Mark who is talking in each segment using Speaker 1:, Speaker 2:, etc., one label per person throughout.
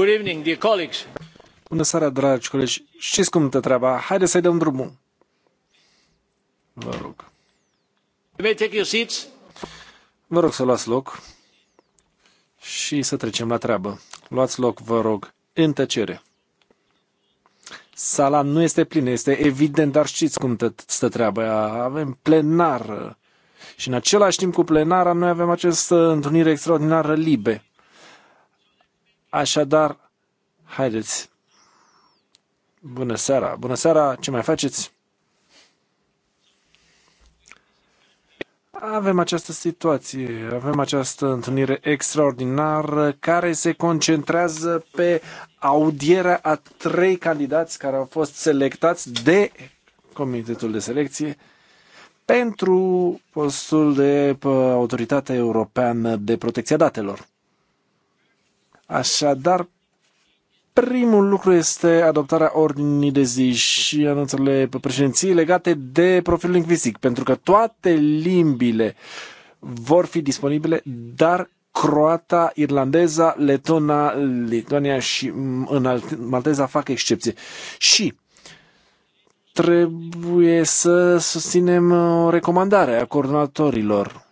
Speaker 1: Good evening, dear colleagues. Bună seara, dragi colegi. Știți cum te treaba. Haideți să-i dăm drumul. Vă rog. You may take your seats. Vă rog să luați loc și să trecem la treabă. Luați loc, vă rog, în tăcere. Sala nu este plină, este evident, dar știți cum stă treaba. Avem plenar și în același timp cu plenara noi avem această întâlnire extraordinară libe. Așadar, haideți. Bună seara! Bună seara! Ce mai faceți? Avem această situație, avem această întâlnire extraordinară care se concentrează pe audierea a trei candidați care au fost selectați de Comitetul de Selecție pentru postul de autoritate europeană de protecție a datelor. Așadar, primul lucru este adoptarea ordinii de zi și anunțurile pe președinții legate de profilul lingvistic, pentru că toate limbile vor fi disponibile, dar croata, irlandeza, letona, lituania și în malteza fac excepție. Și trebuie să susținem o recomandare a coordonatorilor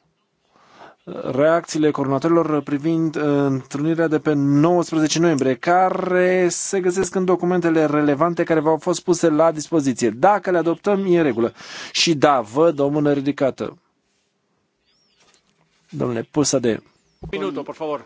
Speaker 1: reacțiile coordonatorilor privind uh, întâlnirea de pe 19 noiembrie, care se găsesc în documentele relevante care v-au fost puse la dispoziție. Dacă le adoptăm, e în regulă. Și da, văd o mână ridicată. Domnule, pusă de... Un minut, por
Speaker 2: favor.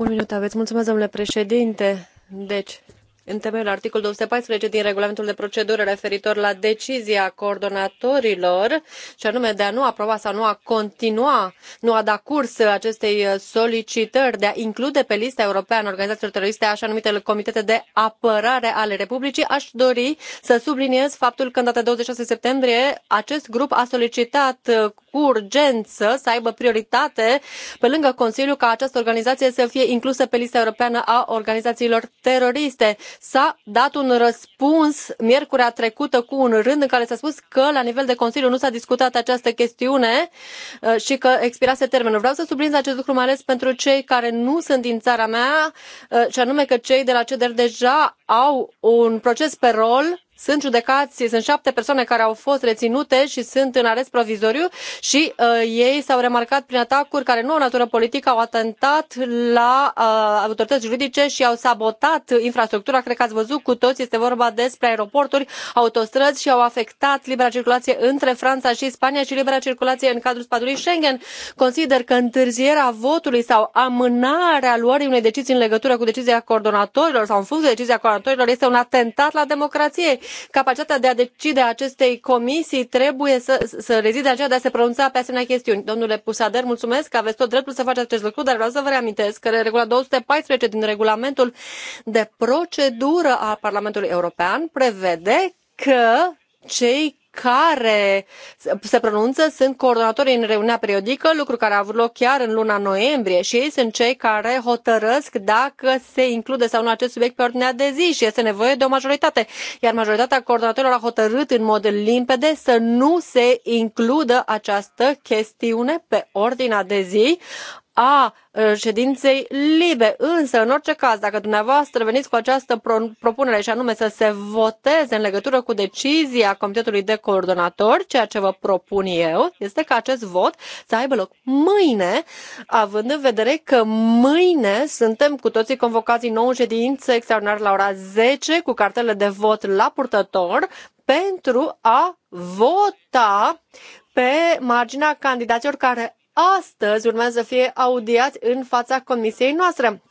Speaker 2: Un minut aveți. Mulțumesc, domnule președinte. Deci, în temeiul articolului paisprezece din regulamentul de procedură referitor la decizia coordonatorilor, și anume de a nu aproba sau nu a continua, nu a da curs acestei solicitări de a include pe lista europeană organizațiilor teroriste așa numitele comitete de apărare ale Republicii, aș dori să subliniez faptul că în data 26 septembrie acest grup a solicitat uh, cu urgență să aibă prioritate pe lângă Consiliu ca această organizație să fie inclusă pe lista europeană a organizațiilor teroriste s-a dat un răspuns miercurea trecută cu un rând în care s-a spus că la nivel de Consiliu nu s-a discutat această chestiune uh, și că expirase termenul. Vreau să subliniez acest lucru mai ales pentru cei care nu sunt din țara mea uh, și anume că cei de la CEDER deja au un proces pe rol sunt judecați, sunt șapte persoane care au fost reținute și sunt în arest provizoriu și uh, ei s-au remarcat prin atacuri care nu au natură politică, au atentat la uh, autorități juridice și au sabotat infrastructura. Cred că ați văzut cu toți, este vorba despre aeroporturi, autostrăzi și au afectat libera circulație între Franța și Spania și libera circulație în cadrul spațiului Schengen. Consider că întârzierea votului sau amânarea luării unei decizii în legătură cu decizia coordonatorilor sau în funcție de decizia coordonatorilor este un atentat la democrație capacitatea de a decide a acestei comisii trebuie să, să rezide aceea de a se pronunța pe asemenea chestiuni. Domnule Pusader, mulțumesc că aveți tot dreptul să faceți acest lucru, dar vreau să vă reamintesc că regula 214 din regulamentul de procedură a Parlamentului European prevede că cei care se pronunță sunt coordonatorii în reuniunea periodică, lucru care a avut loc chiar în luna noiembrie și ei sunt cei care hotărăsc dacă se include sau nu acest subiect pe ordinea de zi și este nevoie de o majoritate. Iar majoritatea coordonatorilor a hotărât în mod limpede să nu se includă această chestiune pe ordinea de zi, a ședinței libe. Însă, în orice caz, dacă dumneavoastră veniți cu această propunere și anume să se voteze în legătură cu decizia Comitetului de Coordonatori, ceea ce vă propun eu este ca acest vot să aibă loc mâine, având în vedere că mâine suntem cu toții convocați în nou în ședință extraordinar la ora 10 cu cartele de vot la purtător pentru a vota pe marginea candidaților care astăzi urmează să fie audiați în fața comisiei noastre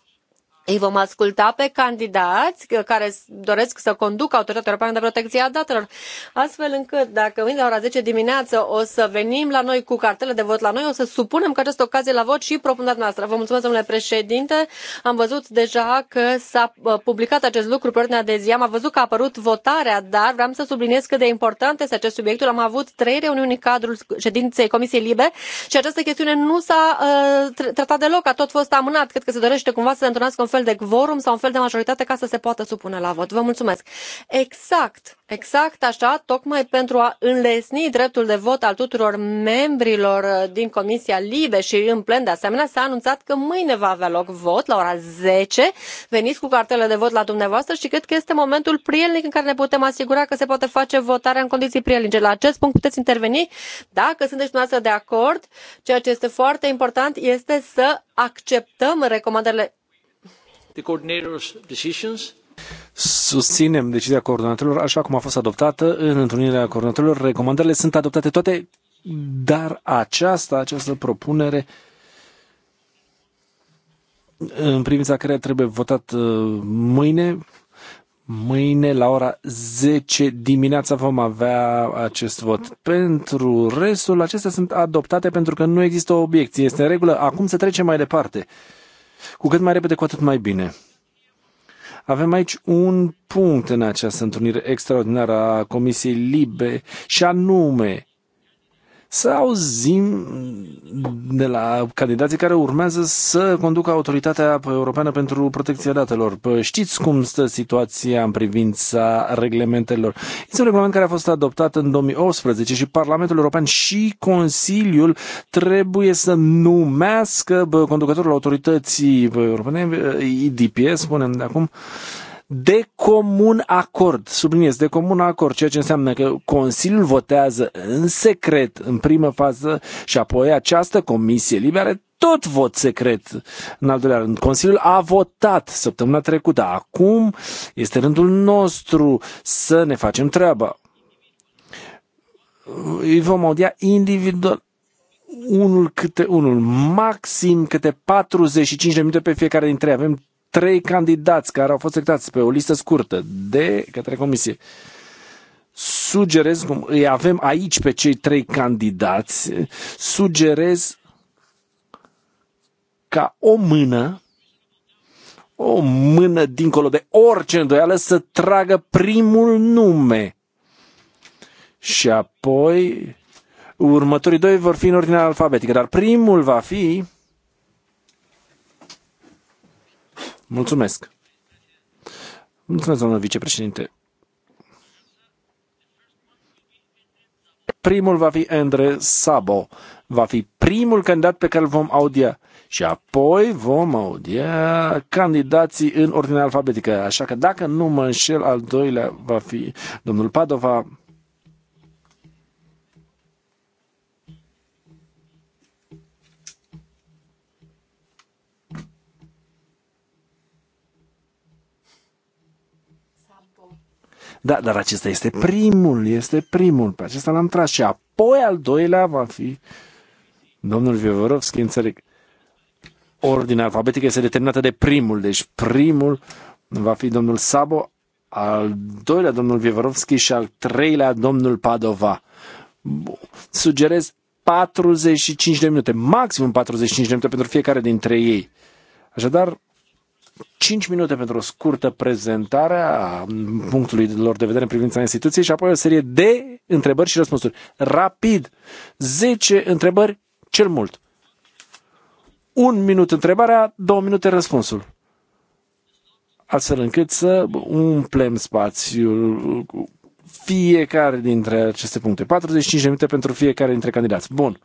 Speaker 2: îi vom asculta pe candidați care doresc să conducă Autoritatea Europeană de Protecție a Datelor, astfel încât dacă mâine la ora 10 dimineață o să venim la noi cu cartele de vot la noi, o să supunem că această ocazie la vot și propunerea noastră. Vă mulțumesc, domnule președinte. Am văzut deja că s-a uh, publicat acest lucru pe ordinea de zi. Am văzut că a apărut votarea, dar vreau să subliniez cât de important este acest subiect. Am avut trei reuniuni în cadrul ședinței Comisiei Libe și această chestiune nu s-a uh, tratat deloc, a tot fost amânat. Cred că se dorește cumva să se întâlnească un fel fel de quorum sau un fel de majoritate ca să se poată supune la vot. Vă mulțumesc. Exact, exact așa, tocmai pentru a înlesni dreptul de vot al tuturor membrilor uh, din Comisia Libe și în plen de asemenea, s-a anunțat că mâine va avea loc vot la ora 10. Veniți cu cartele de vot la dumneavoastră și cred că este momentul prielnic în care ne putem asigura că se poate face votarea în condiții prielnice. La acest punct puteți interveni dacă sunteți dumneavoastră de acord. Ceea ce este foarte important este să acceptăm recomandările
Speaker 1: Susținem decizia coordonatorilor așa cum a fost adoptată în întrunirea coordonatorilor. Recomandările sunt adoptate toate, dar aceasta, această propunere în privința care trebuie votat uh, mâine, mâine la ora 10 dimineața vom avea acest vot. Pentru restul, acestea sunt adoptate pentru că nu există o obiecție. Este în regulă. Acum să trecem mai departe. Cu cât mai repede, cu atât mai bine. Avem aici un punct în această întâlnire extraordinară a Comisiei Libe și anume să auzim de la candidații care urmează să conducă Autoritatea Europeană pentru Protecția Datelor. Știți cum stă situația în privința reglementelor? Este un regulament care a fost adoptat în 2018 și Parlamentul European și Consiliul trebuie să numească conducătorul Autorității Europene, IDPS, spunem de acum, de comun acord, subliniez, de comun acord, ceea ce înseamnă că Consiliul votează în secret în primă fază și apoi această comisie liberă tot vot secret. În al doilea rând, Consiliul a votat săptămâna trecută. Acum este rândul nostru să ne facem treaba. Îi vom audia individual unul câte unul, maxim câte 45 de minute pe fiecare dintre ei. Avem trei candidați care au fost selectați pe o listă scurtă de către comisie. Sugerez, cum îi avem aici pe cei trei candidați, sugerez ca o mână, o mână dincolo de orice îndoială să tragă primul nume. Și apoi următorii doi vor fi în ordine alfabetică, dar primul va fi Mulțumesc. Mulțumesc, domnul vicepreședinte. Primul va fi Andre Sabo. Va fi primul candidat pe care îl vom audia. Și apoi vom audia candidații în ordine alfabetică. Așa că dacă nu mă înșel, al doilea va fi domnul Padova, Da, dar acesta este primul, este primul. Pe acesta l-am tras și apoi al doilea va fi domnul Vievorovski, înțeleg. Ordinea alfabetică este determinată de primul, deci primul va fi domnul Sabo, al doilea domnul Vievorovski și al treilea domnul Padova. Bun. Sugerez 45 de minute, maximum 45 de minute pentru fiecare dintre ei. Așadar, 5 minute pentru o scurtă prezentare a punctului lor de vedere în privința instituției și apoi o serie de întrebări și răspunsuri. Rapid, 10 întrebări cel mult. Un minut întrebarea, două minute răspunsul. Astfel încât să umplem spațiul cu fiecare dintre aceste puncte. 45 de minute pentru fiecare dintre candidați. Bun.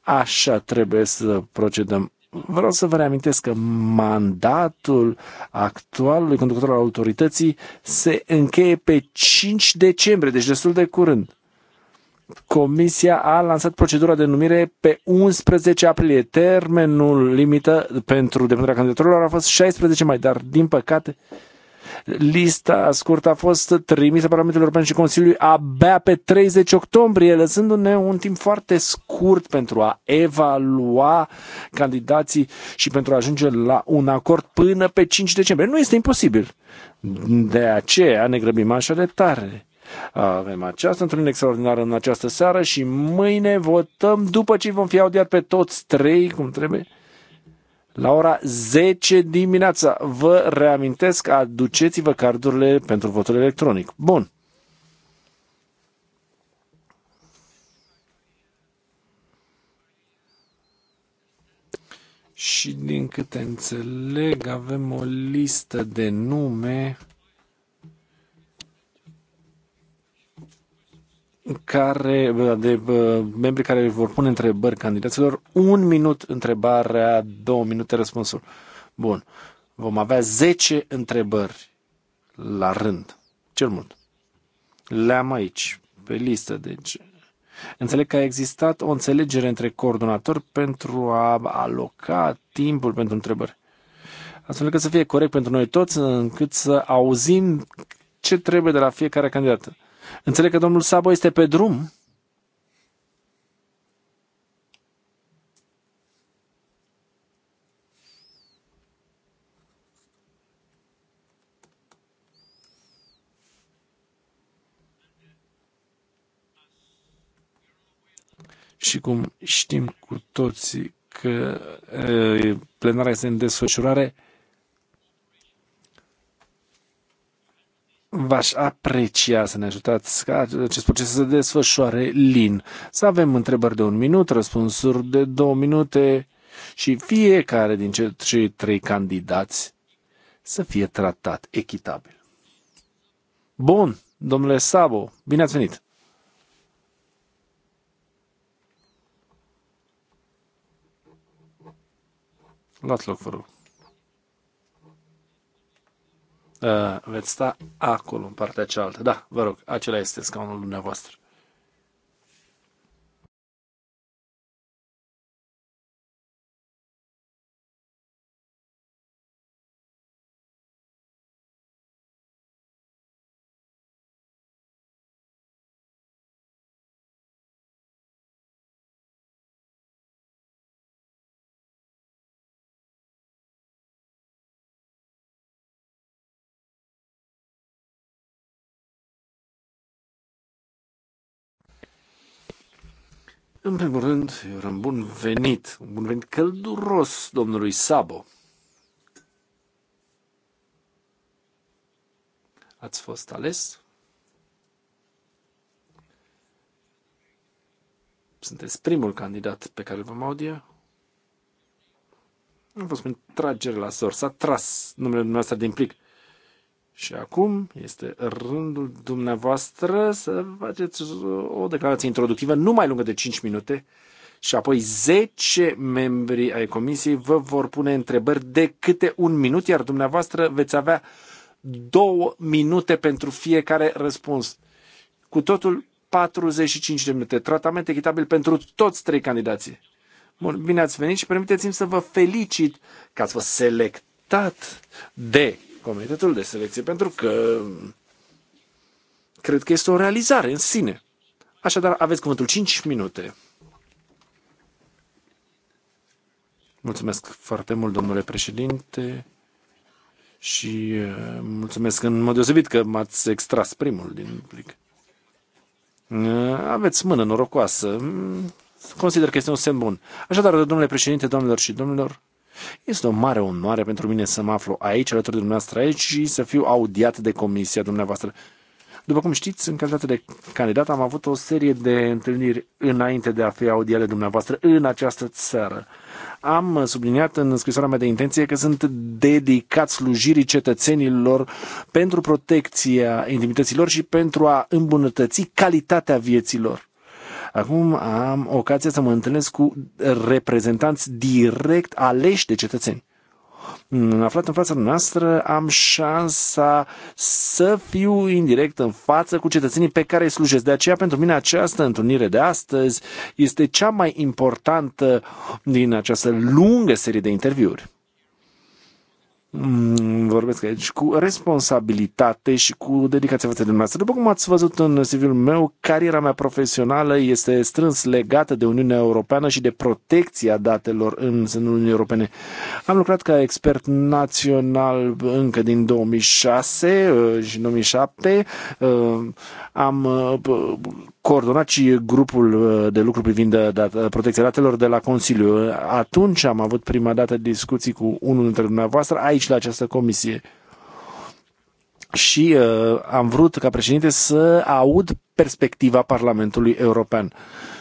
Speaker 1: Așa trebuie să procedăm Vreau să vă reamintesc că mandatul actualului conducător al autorității se încheie pe 5 decembrie, deci destul de curând. Comisia a lansat procedura de numire pe 11 aprilie. Termenul limită pentru depunerea candidaturilor a fost 16 mai, dar din păcate Lista scurtă a fost trimisă Parlamentului European și Consiliului abia pe 30 octombrie, lăsându-ne un timp foarte scurt pentru a evalua candidații și pentru a ajunge la un acord până pe 5 decembrie. Nu este imposibil. De aceea ne grăbim așa de tare. Avem această întâlnire extraordinară în această seară și mâine votăm după ce vom fi audiat pe toți trei, cum trebuie, la ora 10 dimineața. Vă reamintesc, aduceți-vă cardurile pentru votul electronic. Bun. Și din câte înțeleg, avem o listă de nume care, de membri care vor pune întrebări candidaților, un minut întrebarea, două minute răspunsul. Bun. Vom avea 10 întrebări la rând, cel mult. Le-am aici, pe listă, deci. Înțeleg că a existat o înțelegere între coordonatori pentru a aloca timpul pentru întrebări. Astfel că să fie corect pentru noi toți, încât să auzim ce trebuie de la fiecare candidat. Înțeleg că domnul Sabo este pe drum. Și cum știm cu toții că plenarea este în desfășurare, v-aș aprecia să ne ajutați ca acest proces să se desfășoare lin. Să avem întrebări de un minut, răspunsuri de două minute și fiecare din cei trei candidați să fie tratat echitabil. Bun, domnule Sabo, bine ați venit! Luați loc, vă rog. Uh, veți sta acolo, în partea cealaltă. Da, vă rog, acela este scaunul dumneavoastră. În primul rând, eu un bun venit, un bun venit călduros domnului Sabo. Ați fost ales? Sunteți primul candidat pe care îl vom audia? Nu fost spun tragere la sor. S-a tras numele dumneavoastră din plic. Și acum este rândul dumneavoastră să faceți o declarație introductivă nu mai lungă de 5 minute și apoi 10 membri ai comisiei vă vor pune întrebări de câte un minut, iar dumneavoastră veți avea două minute pentru fiecare răspuns. Cu totul 45 de minute. Tratament echitabil pentru toți trei candidații. Bun, bine ați venit și permiteți-mi să vă felicit că ați fost selectat de comitetul de selecție, pentru că cred că este o realizare în sine. Așadar, aveți cuvântul 5 minute. Mulțumesc foarte mult, domnule președinte, și uh, mulțumesc în mod deosebit că m-ați extras primul din plic. Uh, aveți mână norocoasă. Mm, consider că este un semn bun. Așadar, domnule președinte, domnilor și domnilor, este o mare onoare pentru mine să mă aflu aici, alături de dumneavoastră aici și să fiu audiat de comisia dumneavoastră. După cum știți, în calitate de candidat am avut o serie de întâlniri înainte de a fi de dumneavoastră în această țară. Am subliniat în scrisoarea mea de intenție că sunt dedicat slujirii cetățenilor pentru protecția intimităților și pentru a îmbunătăți calitatea vieților. Acum am ocazia să mă întâlnesc cu reprezentanți direct aleși de cetățeni. Aflat în fața noastră, am șansa să fiu indirect în față cu cetățenii pe care îi slujesc. De aceea, pentru mine, această întâlnire de astăzi este cea mai importantă din această lungă serie de interviuri. Mm, vorbesc aici, cu responsabilitate și cu dedicație față de dumneavoastră. După cum ați văzut în civil meu, cariera mea profesională este strâns legată de Uniunea Europeană și de protecția datelor în sânul Uniunii Europene. Am lucrat ca expert național încă din 2006 uh, și 2007. Uh, am uh, coordonat și grupul uh, de lucru privind uh, uh, protecția datelor de la Consiliu. Atunci am avut prima dată discuții cu unul dintre dumneavoastră aici la această comisie. Și uh, am vrut ca președinte să aud perspectiva Parlamentului European. Uh,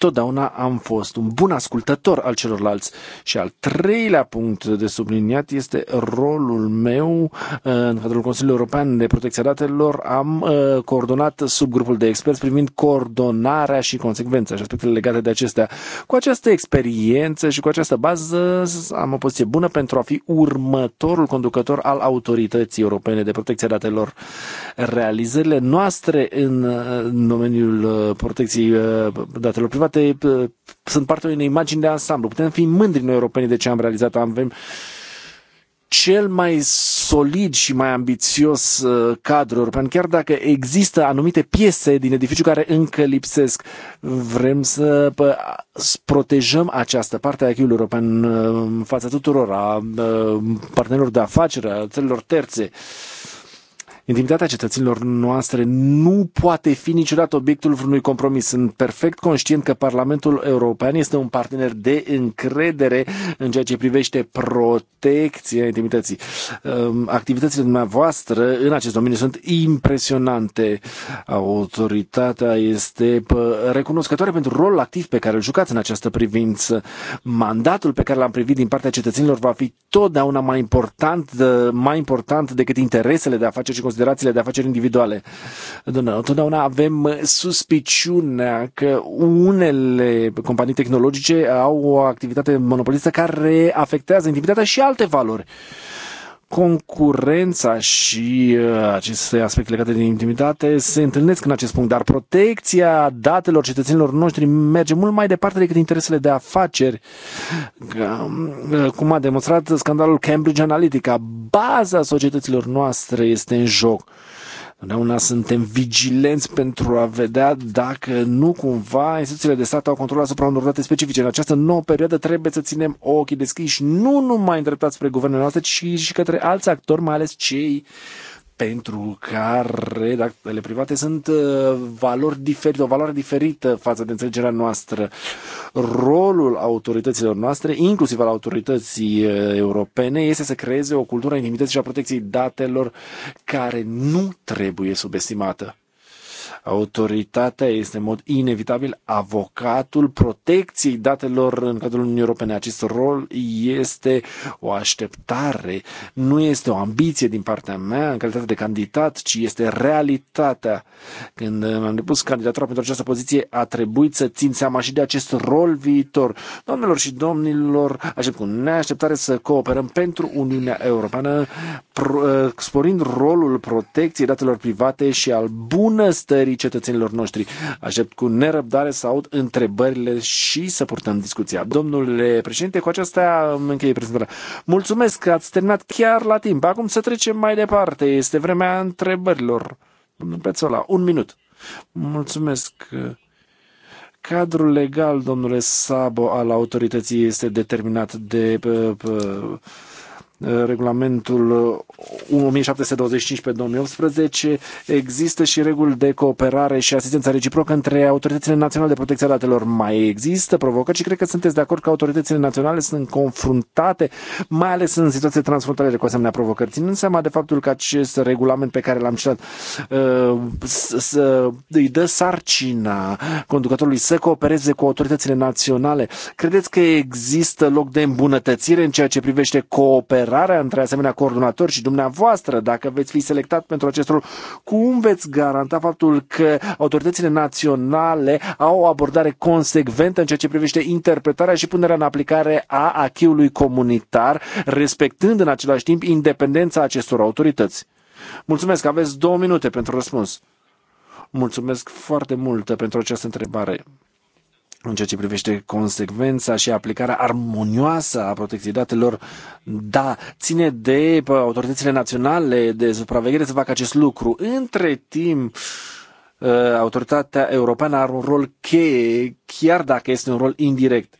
Speaker 1: totdeauna am fost un bun ascultător al celorlalți. Și al treilea punct de subliniat este rolul meu uh, în cadrul Consiliului European de Protecția Datelor. Am uh, coordonat subgrupul de experți privind coordonarea și consecvența și aspectele legate de acestea. Cu această experiență și cu această bază am o poziție bună pentru a fi următorul conducător al Autorității Europene de Protecția Datelor. Realizările noastre în uh, domeniul protecției datelor private rezultate uh, sunt parte din imagini de ansamblu. Putem fi mândri noi europeni de ce am realizat. Avem cel mai solid și mai ambițios uh, cadru european, chiar dacă există anumite piese din edificiu care încă lipsesc. Vrem să protejăm această parte a acquis european uh, în fața tuturor, a partenerilor de afaceri, a țărilor terțe. Uh, Intimitatea cetățenilor noastre nu poate fi niciodată obiectul vreunui compromis. Sunt perfect conștient că Parlamentul European este un partener de încredere în ceea ce privește protecția intimității. Ehm, activitățile dumneavoastră în acest domeniu sunt impresionante. Autoritatea este recunoscătoare pentru rolul activ pe care îl jucați în această privință. Mandatul pe care l-am privit din partea cetățenilor va fi totdeauna mai important, mai important decât interesele de afaceri și considerațiile de afaceri individuale. Întotdeauna avem suspiciunea că unele companii tehnologice au o activitate monopolistă care afectează intimitatea și alte valori. Uh, concurența și uh, aceste aspecte legate de intimitate se întâlnesc în acest punct, dar protecția datelor cetățenilor noștri merge mult mai departe decât interesele de afaceri, um, uh, cum a demonstrat scandalul Cambridge Analytica. Baza societăților noastre este în joc Întotdeauna suntem vigilenți pentru a vedea dacă nu cumva instituțiile de stat au control asupra unor date specifice. În această nouă perioadă trebuie să ținem ochii deschiși nu numai îndreptați spre guvernele noastre, ci și către alți actori, mai ales cei uh, pentru că redactele private sunt uh, valori diferite, o valoare diferită față de înțelegerea noastră. Rolul autorităților noastre, inclusiv al autorității uh, europene, este să creeze o cultură a intimității și a protecției datelor care nu trebuie subestimată. Autoritatea este în mod inevitabil avocatul protecției datelor în cadrul Uniunii Europene. Acest rol este o așteptare, nu este o ambiție din partea mea în calitate de candidat, ci este realitatea. Când am depus candidatura pentru această poziție, a trebuit să țin seama și de acest rol viitor. domnilor și domnilor, aștept cu neașteptare să cooperăm pentru Uniunea Europeană, eh, sporind rolul protecției datelor private și al bunăstării liberii cetățenilor noștri. Aștept cu nerăbdare să aud întrebările și să purtăm discuția. Domnule președinte, cu aceasta încheie prezentarea. Mulțumesc că ați terminat chiar la timp. Acum să trecem mai departe. Este vremea întrebărilor. Domnul Pețola, un minut. Mulțumesc. Cadrul legal, domnule Sabo, al autorității este determinat de uh, uh, regulamentul 1725 uh, pe 2018, există și reguli de cooperare și asistență reciprocă între autoritățile naționale de protecție a datelor. Mai există provocări și cred că sunteți de acord că autoritățile naționale sunt confruntate, mai ales în situații transfrontaliere cu asemenea provocări. Ținând seama de faptul că acest regulament pe care l-am citat uh, îi dă sarcina conducătorului să coopereze cu autoritățile naționale, credeți că există loc de îmbunătățire în ceea ce privește cooperarea cooperarea între asemenea coordonatori și dumneavoastră, dacă veți fi selectat pentru acest rol, cum veți garanta faptul că autoritățile naționale au o abordare consecventă în ceea ce privește interpretarea și punerea în aplicare a achiului comunitar, respectând în același timp independența acestor autorități? Mulțumesc, aveți două minute pentru răspuns. Mulțumesc foarte mult pentru această întrebare în ceea ce privește consecvența și aplicarea armonioasă a protecției datelor, da, ține de autoritățile naționale de supraveghere să facă acest lucru. Între timp, ă, autoritatea europeană are un rol cheie, chiar dacă este un rol indirect.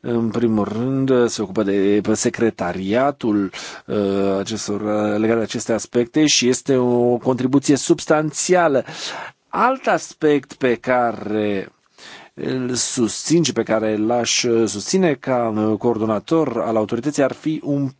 Speaker 1: În primul rând, se ocupă de secretariatul ă, acestor, ă, legat de aceste aspecte și este o contribuție substanțială. Alt aspect pe care îl susțin și pe care l-aș uh, susține ca uh, coordonator al autorității ar fi un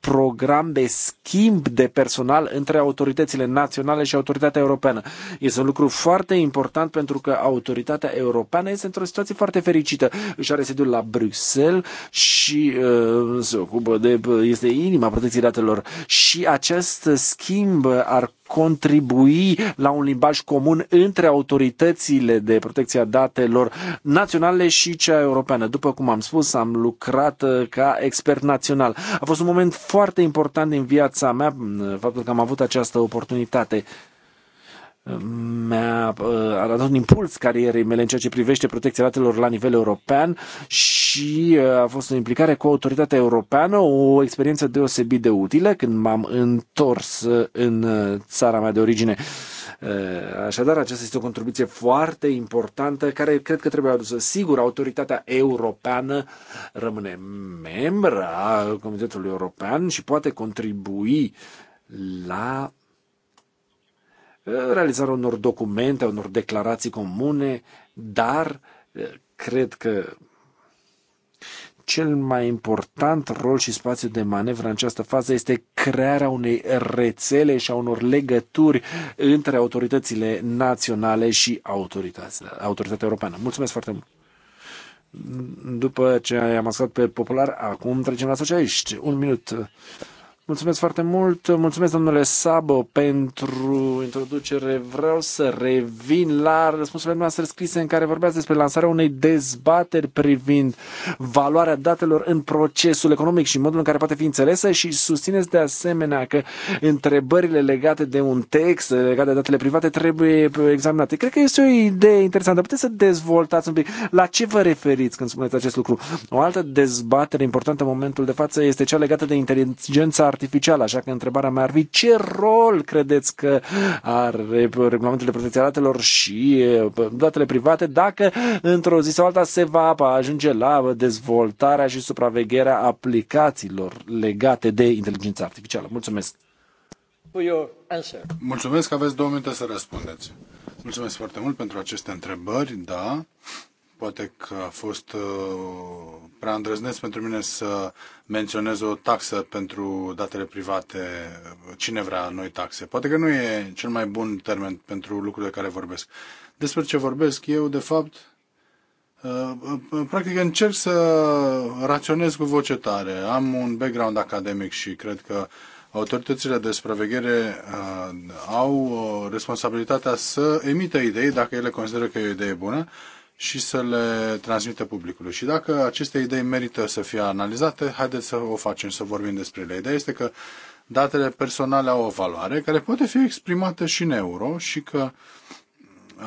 Speaker 1: program de schimb de personal între autoritățile naționale și autoritatea europeană. Este un lucru foarte important pentru că autoritatea europeană este într-o situație foarte fericită. Își are sediul la Bruxelles și uh, se ocupă de, este inima protecției datelor și acest schimb ar contribui la un limbaj comun între autoritățile de protecție a datelor naționale și cea europeană. După cum am spus, am lucrat uh, ca expert național. A fost un moment foarte important din viața mea, mm, faptul că am avut această oportunitate mi-a uh, a dat un impuls carierei mele în ceea ce privește protecția datelor la nivel european și uh, a fost o implicare cu autoritatea europeană, o experiență deosebit de utilă când m-am întors uh, în țara mea de origine. Așadar, aceasta este o contribuție foarte importantă care cred că trebuie adusă. Sigur, autoritatea europeană rămâne membră Comitetului European și poate contribui la Eh, realizarea unor documente, unor declarații comune, dar eh, cred că cel mai important rol și spațiu de manevră în această fază este crearea unei rețele și a unor legături între autoritățile naționale și autoritatea, autoritatea europeană. Mulțumesc foarte mult! După ce am ascultat pe popular, acum trecem la socialiști. Un minut. Mulțumesc foarte mult, mulțumesc domnule Sabo pentru introducere. Vreau să revin la răspunsurile noastre scrise în care vorbeați despre lansarea unei dezbateri privind valoarea datelor în procesul economic și modul în care poate fi înțelesă și susțineți de asemenea că întrebările legate de un text, legate de datele private, trebuie examinate. Cred că este o idee interesantă. Puteți să dezvoltați un pic la ce vă referiți când spuneți acest lucru. O altă dezbatere importantă în momentul de față este cea legată de inteligența artificială. Așa că întrebarea mea ar fi ce rol credeți că are regulamentele protecției datelor și datele private dacă într-o zi sau alta se va ajunge la dezvoltarea și supravegherea aplicațiilor legate de inteligența artificială. Mulțumesc!
Speaker 3: Mulțumesc că aveți două minute să răspundeți. Mulțumesc foarte mult pentru aceste întrebări, da. Poate că a fost uh, prea îndrăzneț pentru mine să menționez o taxă pentru datele private. Cine vrea noi taxe? Poate că nu e cel mai bun termen pentru lucrurile care vorbesc. Despre ce vorbesc eu, de fapt, uh, uh, practic încerc să raționez cu voce tare. Am un background academic și cred că autoritățile de supraveghere au responsabilitatea să emită idei dacă ele consideră că e o idee bună și să le transmită publicului. Și dacă aceste idei merită să fie analizate, haideți să o facem, să vorbim despre ele. Ideea este că datele personale au o valoare care poate fi exprimată și în euro și că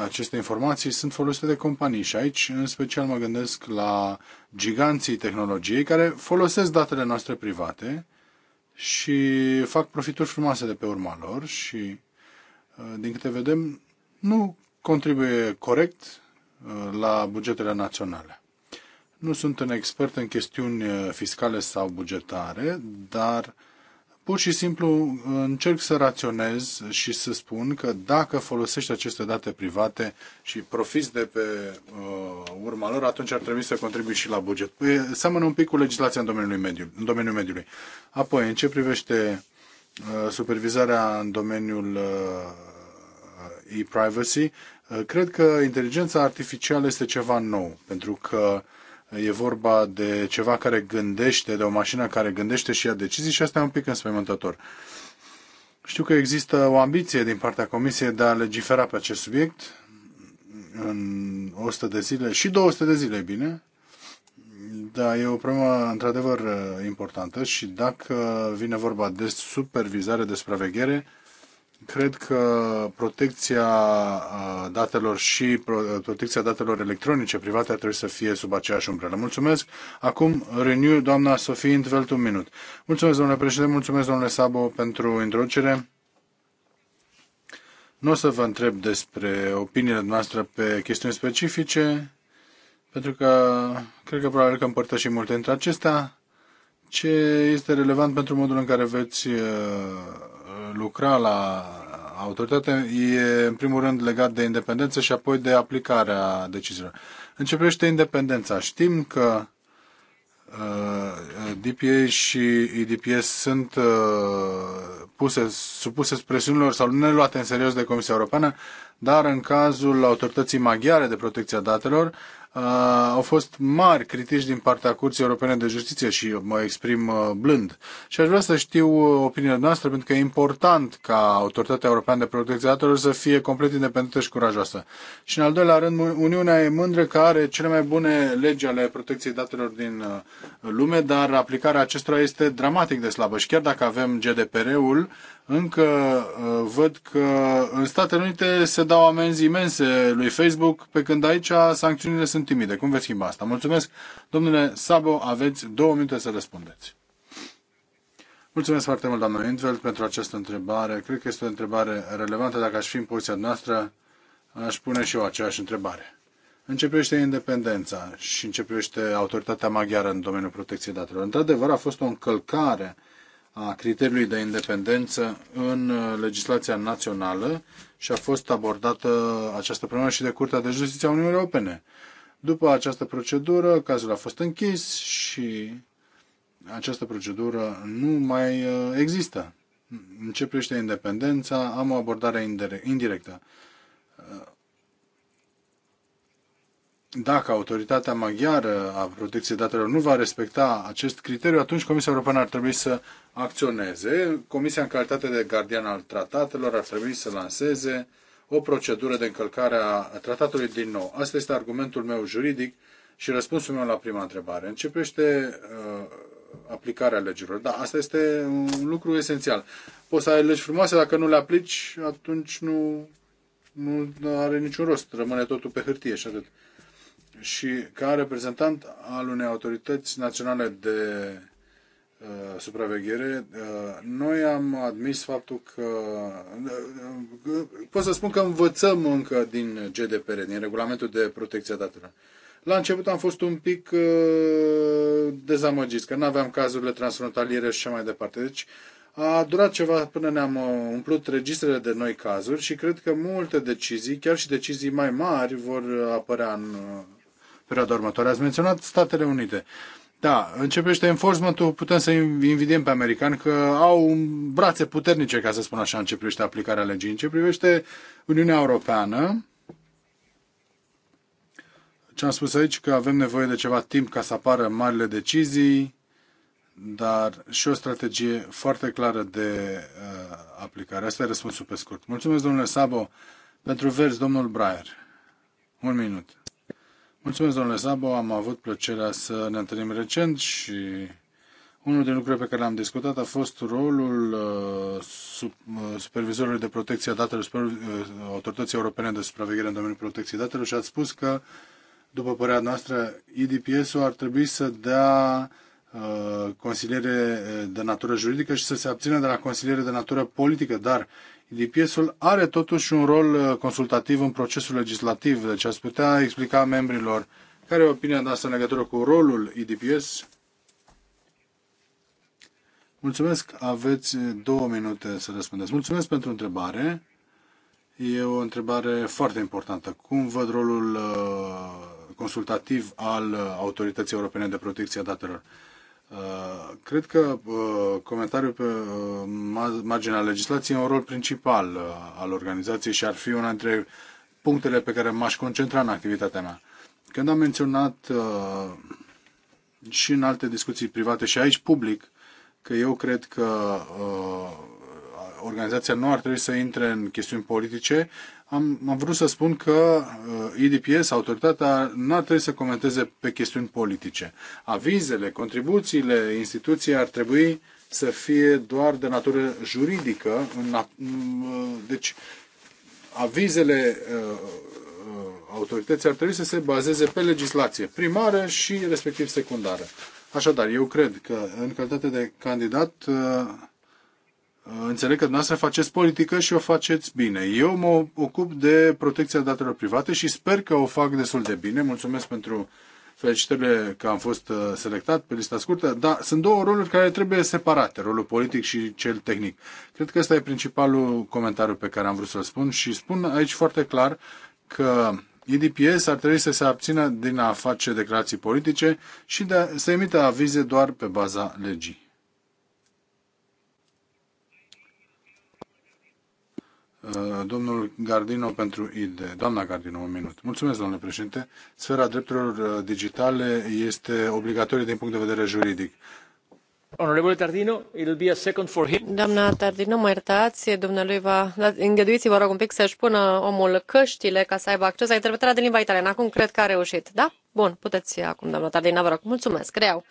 Speaker 3: aceste informații sunt folosite de companii și aici în special mă gândesc la giganții tehnologiei care folosesc datele noastre private și fac profituri frumoase de pe urma lor și uh, din câte vedem nu contribuie corect Uh, la bugetele naționale. Nu sunt un expert în chestiuni uh, fiscale sau bugetare, dar pur și simplu uh, încerc să raționez și să spun că dacă folosești aceste date private și profiți de pe uh, urma lor, atunci ar trebui să contribui și la buget. Păi, seamănă un pic cu legislația în domeniul, mediu, în domeniul mediului. Apoi, în ce privește uh, supervizarea în domeniul uh, e-privacy, Uh, cred că inteligența artificială este ceva nou, pentru că e vorba de ceva care gândește, de o mașină care gândește și ia decizii și asta e un pic înspăimântător. Știu că există o ambiție din partea Comisiei de a legifera pe acest subiect în 100 de zile și 200 de zile, bine. Da, e o problemă într-adevăr uh, importantă și dacă vine vorba de supervizare, de supraveghere, Cred că protecția datelor și protecția datelor electronice private ar trebui să fie sub aceeași umbrelă. Mulțumesc. Acum, Renew, doamna Sofie Intvelt, un minut. Mulțumesc, domnule președinte, mulțumesc, domnule Sabo, pentru introducere. Nu o să vă întreb despre opiniile noastre pe chestiuni specifice, pentru că cred că probabil că împărtășim multe dintre acestea. Ce este relevant pentru modul în care veți uh, lucra la autoritate e, în primul rând, legat de independență și apoi de aplicarea deciziilor. Începește independența. Știm că uh, DPA și IDPS sunt uh, puse, supuse presiunilor sau nu luate în serios de Comisia Europeană, dar în cazul Autorității Maghiare de Protecție a Datelor, au fost mari critici din partea Curții Europene de Justiție și mă exprim uh, blând. Și aș vrea să știu uh, opinia noastră, pentru că e important ca Autoritatea Europeană de Protecție a Datelor să fie complet independentă și curajoasă. Și în al doilea rând, Uniunea e mândră că are cele mai bune legi ale protecției datelor din uh, lume, dar aplicarea acestora este dramatic de slabă. Și chiar dacă avem GDPR-ul, încă văd că în Statele Unite se dau amenzi imense lui Facebook, pe când aici sancțiunile sunt sunt timide. Cum veți schimba asta? Mulțumesc. Domnule Sabo, aveți două minute să răspundeți. Mulțumesc foarte mult, doamna Intveld, pentru această întrebare. Cred că este o întrebare relevantă. Dacă aș fi în poziția noastră, aș pune și eu aceeași întrebare. Începește independența și începește autoritatea maghiară în domeniul protecției datelor. Într-adevăr, a fost o încălcare a criteriului de independență în uh, legislația națională și a fost abordată această problemă și de Curtea de Justiție a Uniunii Europene. După această procedură, cazul a fost închis și această procedură nu mai uh, există. În ce privește independența, am o abordare indirectă. Uh, dacă autoritatea maghiară a protecției datelor nu va respecta acest criteriu, atunci Comisia Europeană ar trebui să acționeze. Comisia, în calitate de gardian al tratatelor, ar trebui să lanseze uh, o procedură de încălcare a tratatului din nou. Asta este argumentul meu juridic și răspunsul meu la prima întrebare. Începește uh, aplicarea legilor. Da, asta este un lucru esențial. Poți să ai legi frumoase, dacă nu le aplici, atunci nu, nu are niciun rost. Rămâne totul pe hârtie și atât. Și ca reprezentant al unei autorități naționale de Uh, supraveghere, uh, noi am admis faptul că, uh, pot să spun că învățăm încă din GDPR, din regulamentul de protecție a datelor. La început am fost un pic dezamăgiți, că nu aveam cazurile transfrontaliere și așa mai departe. Deci a durat ceva până ne-am umplut registrele de noi cazuri și cred că multe decizii, chiar și decizii mai mari, vor apărea în perioada următoare. Ați menționat Statele Unite. Uh, da, începește enforcement-ul, putem să invidiem pe americani că au brațe puternice, ca să spun așa, privește aplicarea legii. În ce privește Uniunea Europeană, ce am spus aici, că avem nevoie de ceva timp ca să apară marile decizii, dar și o strategie foarte clară de uh, aplicare. Asta e răspunsul pe scurt. Mulțumesc, domnule Sabo, pentru vers, domnul Braier. Un minut. Mulțumesc, domnule Sabo. Am avut plăcerea să ne întâlnim recent și unul din lucrurile pe care le-am discutat a fost rolul uh, sub, uh, supervizorului de protecție a datelor, uh, Autorității Europene de Supraveghere în domeniul protecției datelor și ați spus că, după părerea noastră, IDPS-ul ar trebui să dea consiliere de natură juridică și să se abțină de la consiliere de natură politică, dar IDPS-ul are totuși un rol uh, consultativ în procesul legislativ, deci ați putea explica membrilor care e opinia noastră în legătură cu rolul IDPS? Mulțumesc, aveți uh, două minute să răspundeți. Mulțumesc pentru întrebare. E o întrebare foarte importantă. Cum văd rolul uh, consultativ al Autorității Europene de Protecție a Datelor? Uh, cred că uh, comentariul pe uh, marginea legislației e un rol principal al organizației și ar fi una dintre punctele pe care m-aș concentra în activitatea mea. Când am menționat și în alte discuții private și aici public că eu cred că organizația nu ar trebui să intre în chestiuni politice, am, am vrut să spun că IDPS, uh, autoritatea, n-ar trebui să comenteze pe chestiuni politice. Avizele, contribuțiile instituției ar trebui să fie doar de natură juridică. Uh, deci, avizele uh, autorității ar trebui să se bazeze pe legislație primară și respectiv secundară. Așadar, eu cred că în calitate de candidat Uh, înțeleg că dumneavoastră faceți politică și o faceți bine. Eu mă ocup de protecția datelor private și sper că o fac destul de bine. Mulțumesc pentru felicitările că am fost uh, selectat pe lista scurtă, dar sunt două roluri care trebuie separate, rolul politic și cel tehnic. Cred că ăsta e principalul comentariu pe care am vrut să-l spun și spun aici foarte clar că IDPS ar trebui să se abțină din a face declarații politice și de a, să emită avize doar pe baza legii. Uh, domnul Gardino pentru id, Doamna Gardino, un minut. Mulțumesc, domnule președinte. Sfera drepturilor uh, digitale este obligatorie din punct de vedere juridic. Onorevole Tardino, it'll be a second for him.
Speaker 2: Doamna Tardino, mă iertați, domnului va... Îngăduiți-vă, rog, un pic să-și pună omul căștile ca să aibă acces la interpretarea din limba italiană. Acum cred că a reușit, da? Bun, puteți acum, doamna Tardina, vă rog. Mulțumesc, creau.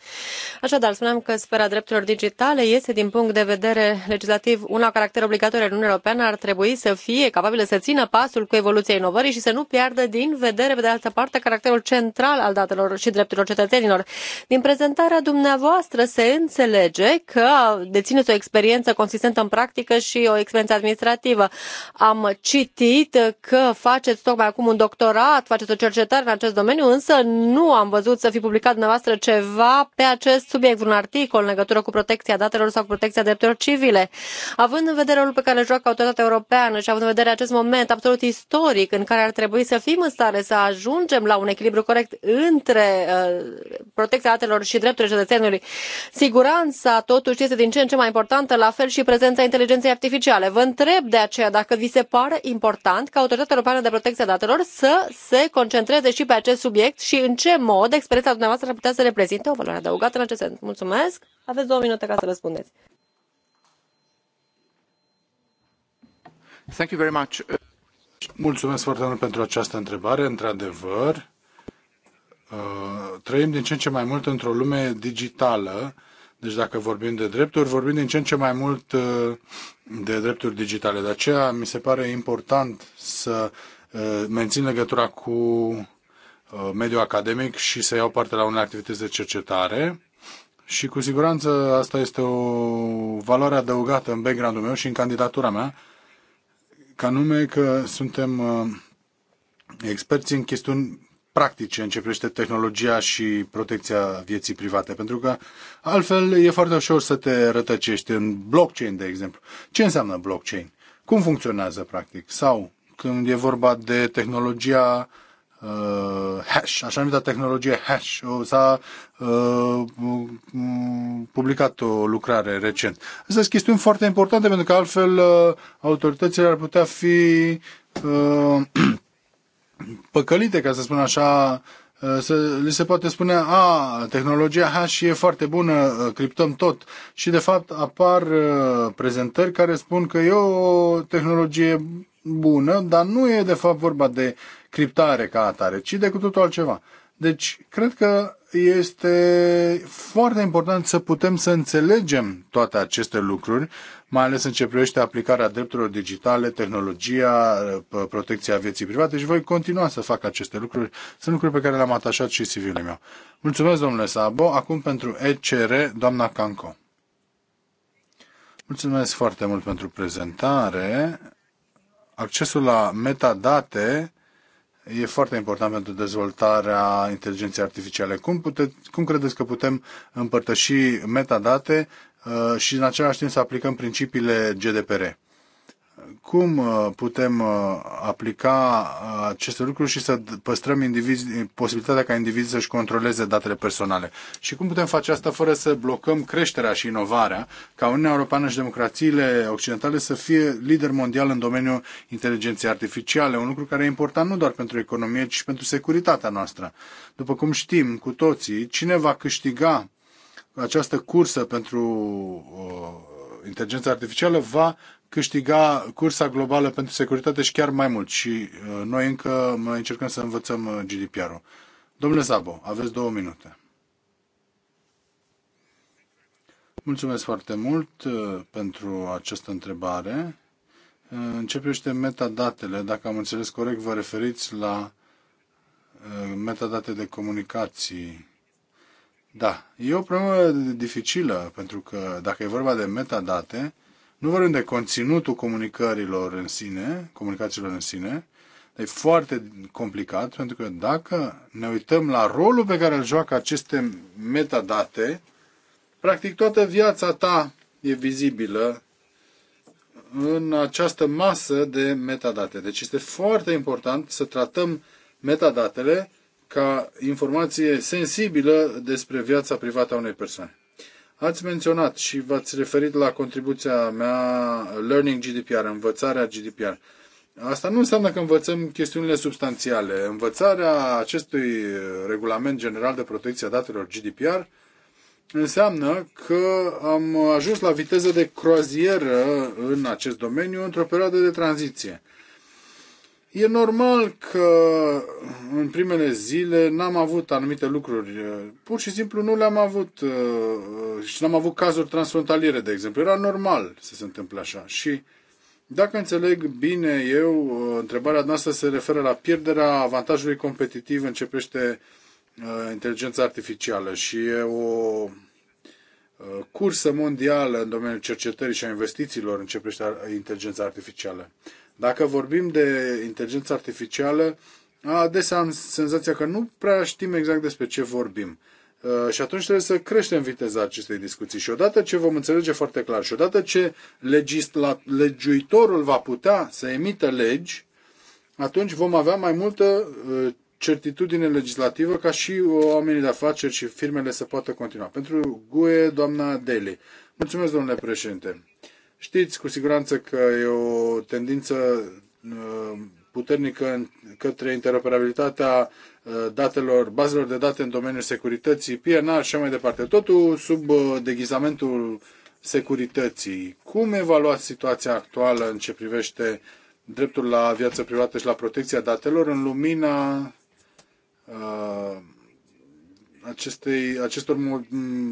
Speaker 2: Așadar, spuneam că sfera drepturilor digitale este, din punct de vedere legislativ, una caracter obligatoriu în Uniunea Europeană, ar trebui să fie capabilă să țină pasul cu evoluția inovării și să nu piardă din vedere, pe de altă parte, caracterul central al datelor și drepturilor cetățenilor. Din prezentarea dumneavoastră se înțelege că dețineți o experiență consistentă în practică și o experiență administrativă. Am citit că faceți tocmai acum un doctorat, faceți o cercetare în acest domeniu, însă nu am văzut să fi publicat dumneavoastră ceva pe acest subiect, un articol în legătură cu protecția datelor sau protecția drepturilor civile. Având în vedere rolul pe care îl joacă autoritatea europeană și având în vedere acest moment absolut istoric în care ar trebui să fim în stare să ajungem la un echilibru corect între uh, protecția datelor și drepturile cetățenului, siguranța totuși este din ce în ce mai importantă, la fel și prezența inteligenței artificiale. Vă întreb de aceea dacă vi se pare important ca autoritatea europeană de protecție a datelor să se concentreze și pe acest subiect și în ce mod experiența dumneavoastră ar putea să reprezinte o valoare adăugată în acest sens. Mulțumesc! Aveți două minute ca să răspundeți.
Speaker 3: Thank you very much. Mulțumesc foarte mult pentru această întrebare. Într-adevăr, uh, trăim din ce în ce mai mult într-o lume digitală. Deci dacă vorbim de drepturi, vorbim din ce în ce mai mult uh, de drepturi digitale. De aceea mi se pare important să uh, mențin legătura cu Uh, mediul academic și să iau parte la unele activități de cercetare. Și cu siguranță asta este o valoare adăugată în background-ul meu și în candidatura mea, ca nume că suntem uh, experți în chestiuni practice în ce privește tehnologia și protecția vieții private, pentru că altfel e foarte ușor să te rătăcești în blockchain, de exemplu. Ce înseamnă blockchain? Cum funcționează practic? Sau când e vorba de tehnologia uh, Uh, hash, așa numită tehnologie hash. S-a uh, publicat o lucrare recent. Asta sunt chestiuni foarte importante pentru că altfel uh, autoritățile ar putea fi uh, păcălite, ca să spun așa, uh, să, li se poate spune, a, tehnologia hash e foarte bună, criptăm tot. Și de fapt apar prezentări care spun că e o tehnologie bună, dar nu e de fapt vorba de criptare ca atare, ci de cu totul altceva. Deci, cred că este foarte important să putem să înțelegem toate aceste lucruri, mai ales în ce privește aplicarea drepturilor digitale, tehnologia, protecția vieții private și voi continua să fac aceste lucruri. Sunt lucruri pe care le-am atașat și civilul meu. Mulțumesc, domnule Sabo. Acum pentru ECR, doamna Canco. Mulțumesc foarte mult pentru prezentare. Accesul la metadate e foarte important pentru dezvoltarea inteligenței artificiale. Cum, pute, cum credeți că putem împărtăși metadate uh, și în același timp să aplicăm principiile GDPR? cum uh, putem uh, aplica uh, aceste lucruri și să păstrăm indivizi, posibilitatea ca indivizii să-și controleze datele personale. Și cum putem face asta fără să blocăm creșterea și inovarea, ca Uniunea Europeană și democrațiile occidentale să fie lider mondial în domeniul inteligenței artificiale, un lucru care e important nu doar pentru economie, ci și pentru securitatea noastră. După cum știm cu toții, cine va câștiga această cursă pentru uh, inteligența artificială va câștiga cursa globală pentru securitate și chiar mai mult. Și uh, noi încă mai încercăm să învățăm uh, GDPR-ul. Domnule Sabo, aveți două minute. Mulțumesc foarte mult uh, pentru această întrebare. Începește metadatele. Dacă am înțeles corect, vă referiți la metadate de comunicații. Da, e o problemă dificilă, pentru că dacă e vorba de metadate, nu vorbim de conținutul comunicărilor în sine, comunicațiilor în sine, e foarte complicat, pentru că dacă ne uităm la rolul pe care îl joacă aceste metadate, practic toată viața ta e vizibilă în această masă de metadate. Deci este foarte important să tratăm metadatele ca informație sensibilă despre viața privată a unei persoane. Ați menționat și v-ați referit la contribuția mea Learning GDPR, învățarea GDPR. Asta nu înseamnă că învățăm chestiunile substanțiale. Învățarea acestui uh, regulament general de protecție a datelor GDPR înseamnă că am ajuns la viteză de croazieră în acest domeniu într-o perioadă de tranziție. E normal că în primele zile n-am avut anumite lucruri. Pur și simplu nu le-am avut și n-am avut cazuri transfrontaliere, de exemplu. Era normal să se întâmple așa. Și dacă înțeleg bine eu, întrebarea noastră se referă la pierderea avantajului competitiv începește inteligența artificială și e o cursă mondială în domeniul cercetării și a investițiilor începește inteligența artificială. Dacă vorbim de inteligență artificială, adesea am senzația că nu prea știm exact despre ce vorbim. Uh, și atunci trebuie să creștem viteza acestei discuții. Și odată ce vom înțelege foarte clar și odată ce legisla- legiuitorul va putea să emită legi, atunci vom avea mai multă uh, certitudine legislativă ca și oamenii de afaceri și firmele să poată continua. Pentru GUE, doamna Deli. Mulțumesc, domnule președinte. Știți cu siguranță că e o tendință uh, puternică către interoperabilitatea uh, datelor, bazelor de date în domeniul securității, PNR și mai departe. Totul sub uh, deghizamentul securității. Cum evaluați situația actuală în ce privește dreptul la viață privată și la protecția datelor în lumina uh, acestei, acestor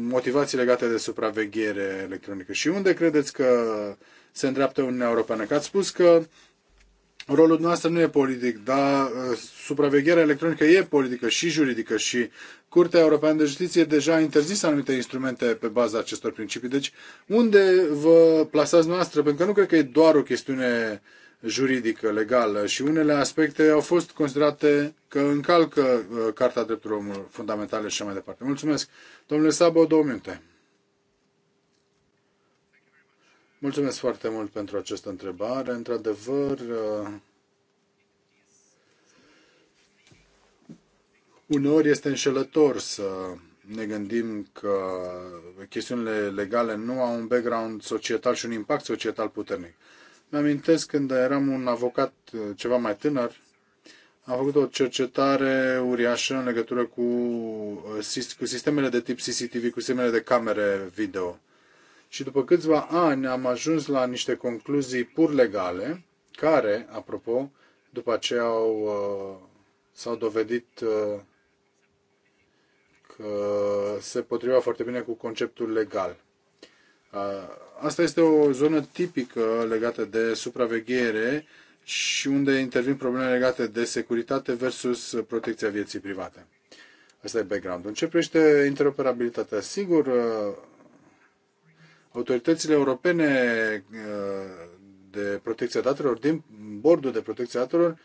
Speaker 3: motivații legate de supraveghere electronică și unde credeți că se îndreaptă Uniunea Europeană? Că ați spus că rolul noastră nu e politic, dar uh, supravegherea electronică e politică și juridică și Curtea Europeană de Justiție deja a interzis anumite instrumente pe baza acestor principii. Deci unde vă plasați noastră? Pentru că nu cred că e doar o chestiune uh, juridică, legală și unele aspecte au fost considerate că încalcă uh, Carta Drepturilor Fundamentale și așa mai departe. Mulțumesc. Domnule Sabo, două minute. Mulțumesc foarte mult pentru această întrebare. Într-adevăr, uh, uneori este înșelător să ne gândim că chestiunile legale nu au un background societal și un impact societal puternic. Mi-amintesc când eram un avocat uh, ceva mai tânăr, am făcut o cercetare uriașă în legătură cu, uh, cu sistemele de tip CCTV, cu sistemele de camere video. Și după câțiva ani am ajuns la niște concluzii pur legale, care, apropo, după aceea au, uh, s-au dovedit că se potriva foarte bine cu conceptul legal. Asta este o zonă tipică legată de supraveghere și unde intervin probleme legate de securitate versus protecția vieții private. Asta e background-ul. În ce privește interoperabilitatea? Sigur, autoritățile europene de protecția datelor, din bordul de protecție a datelor,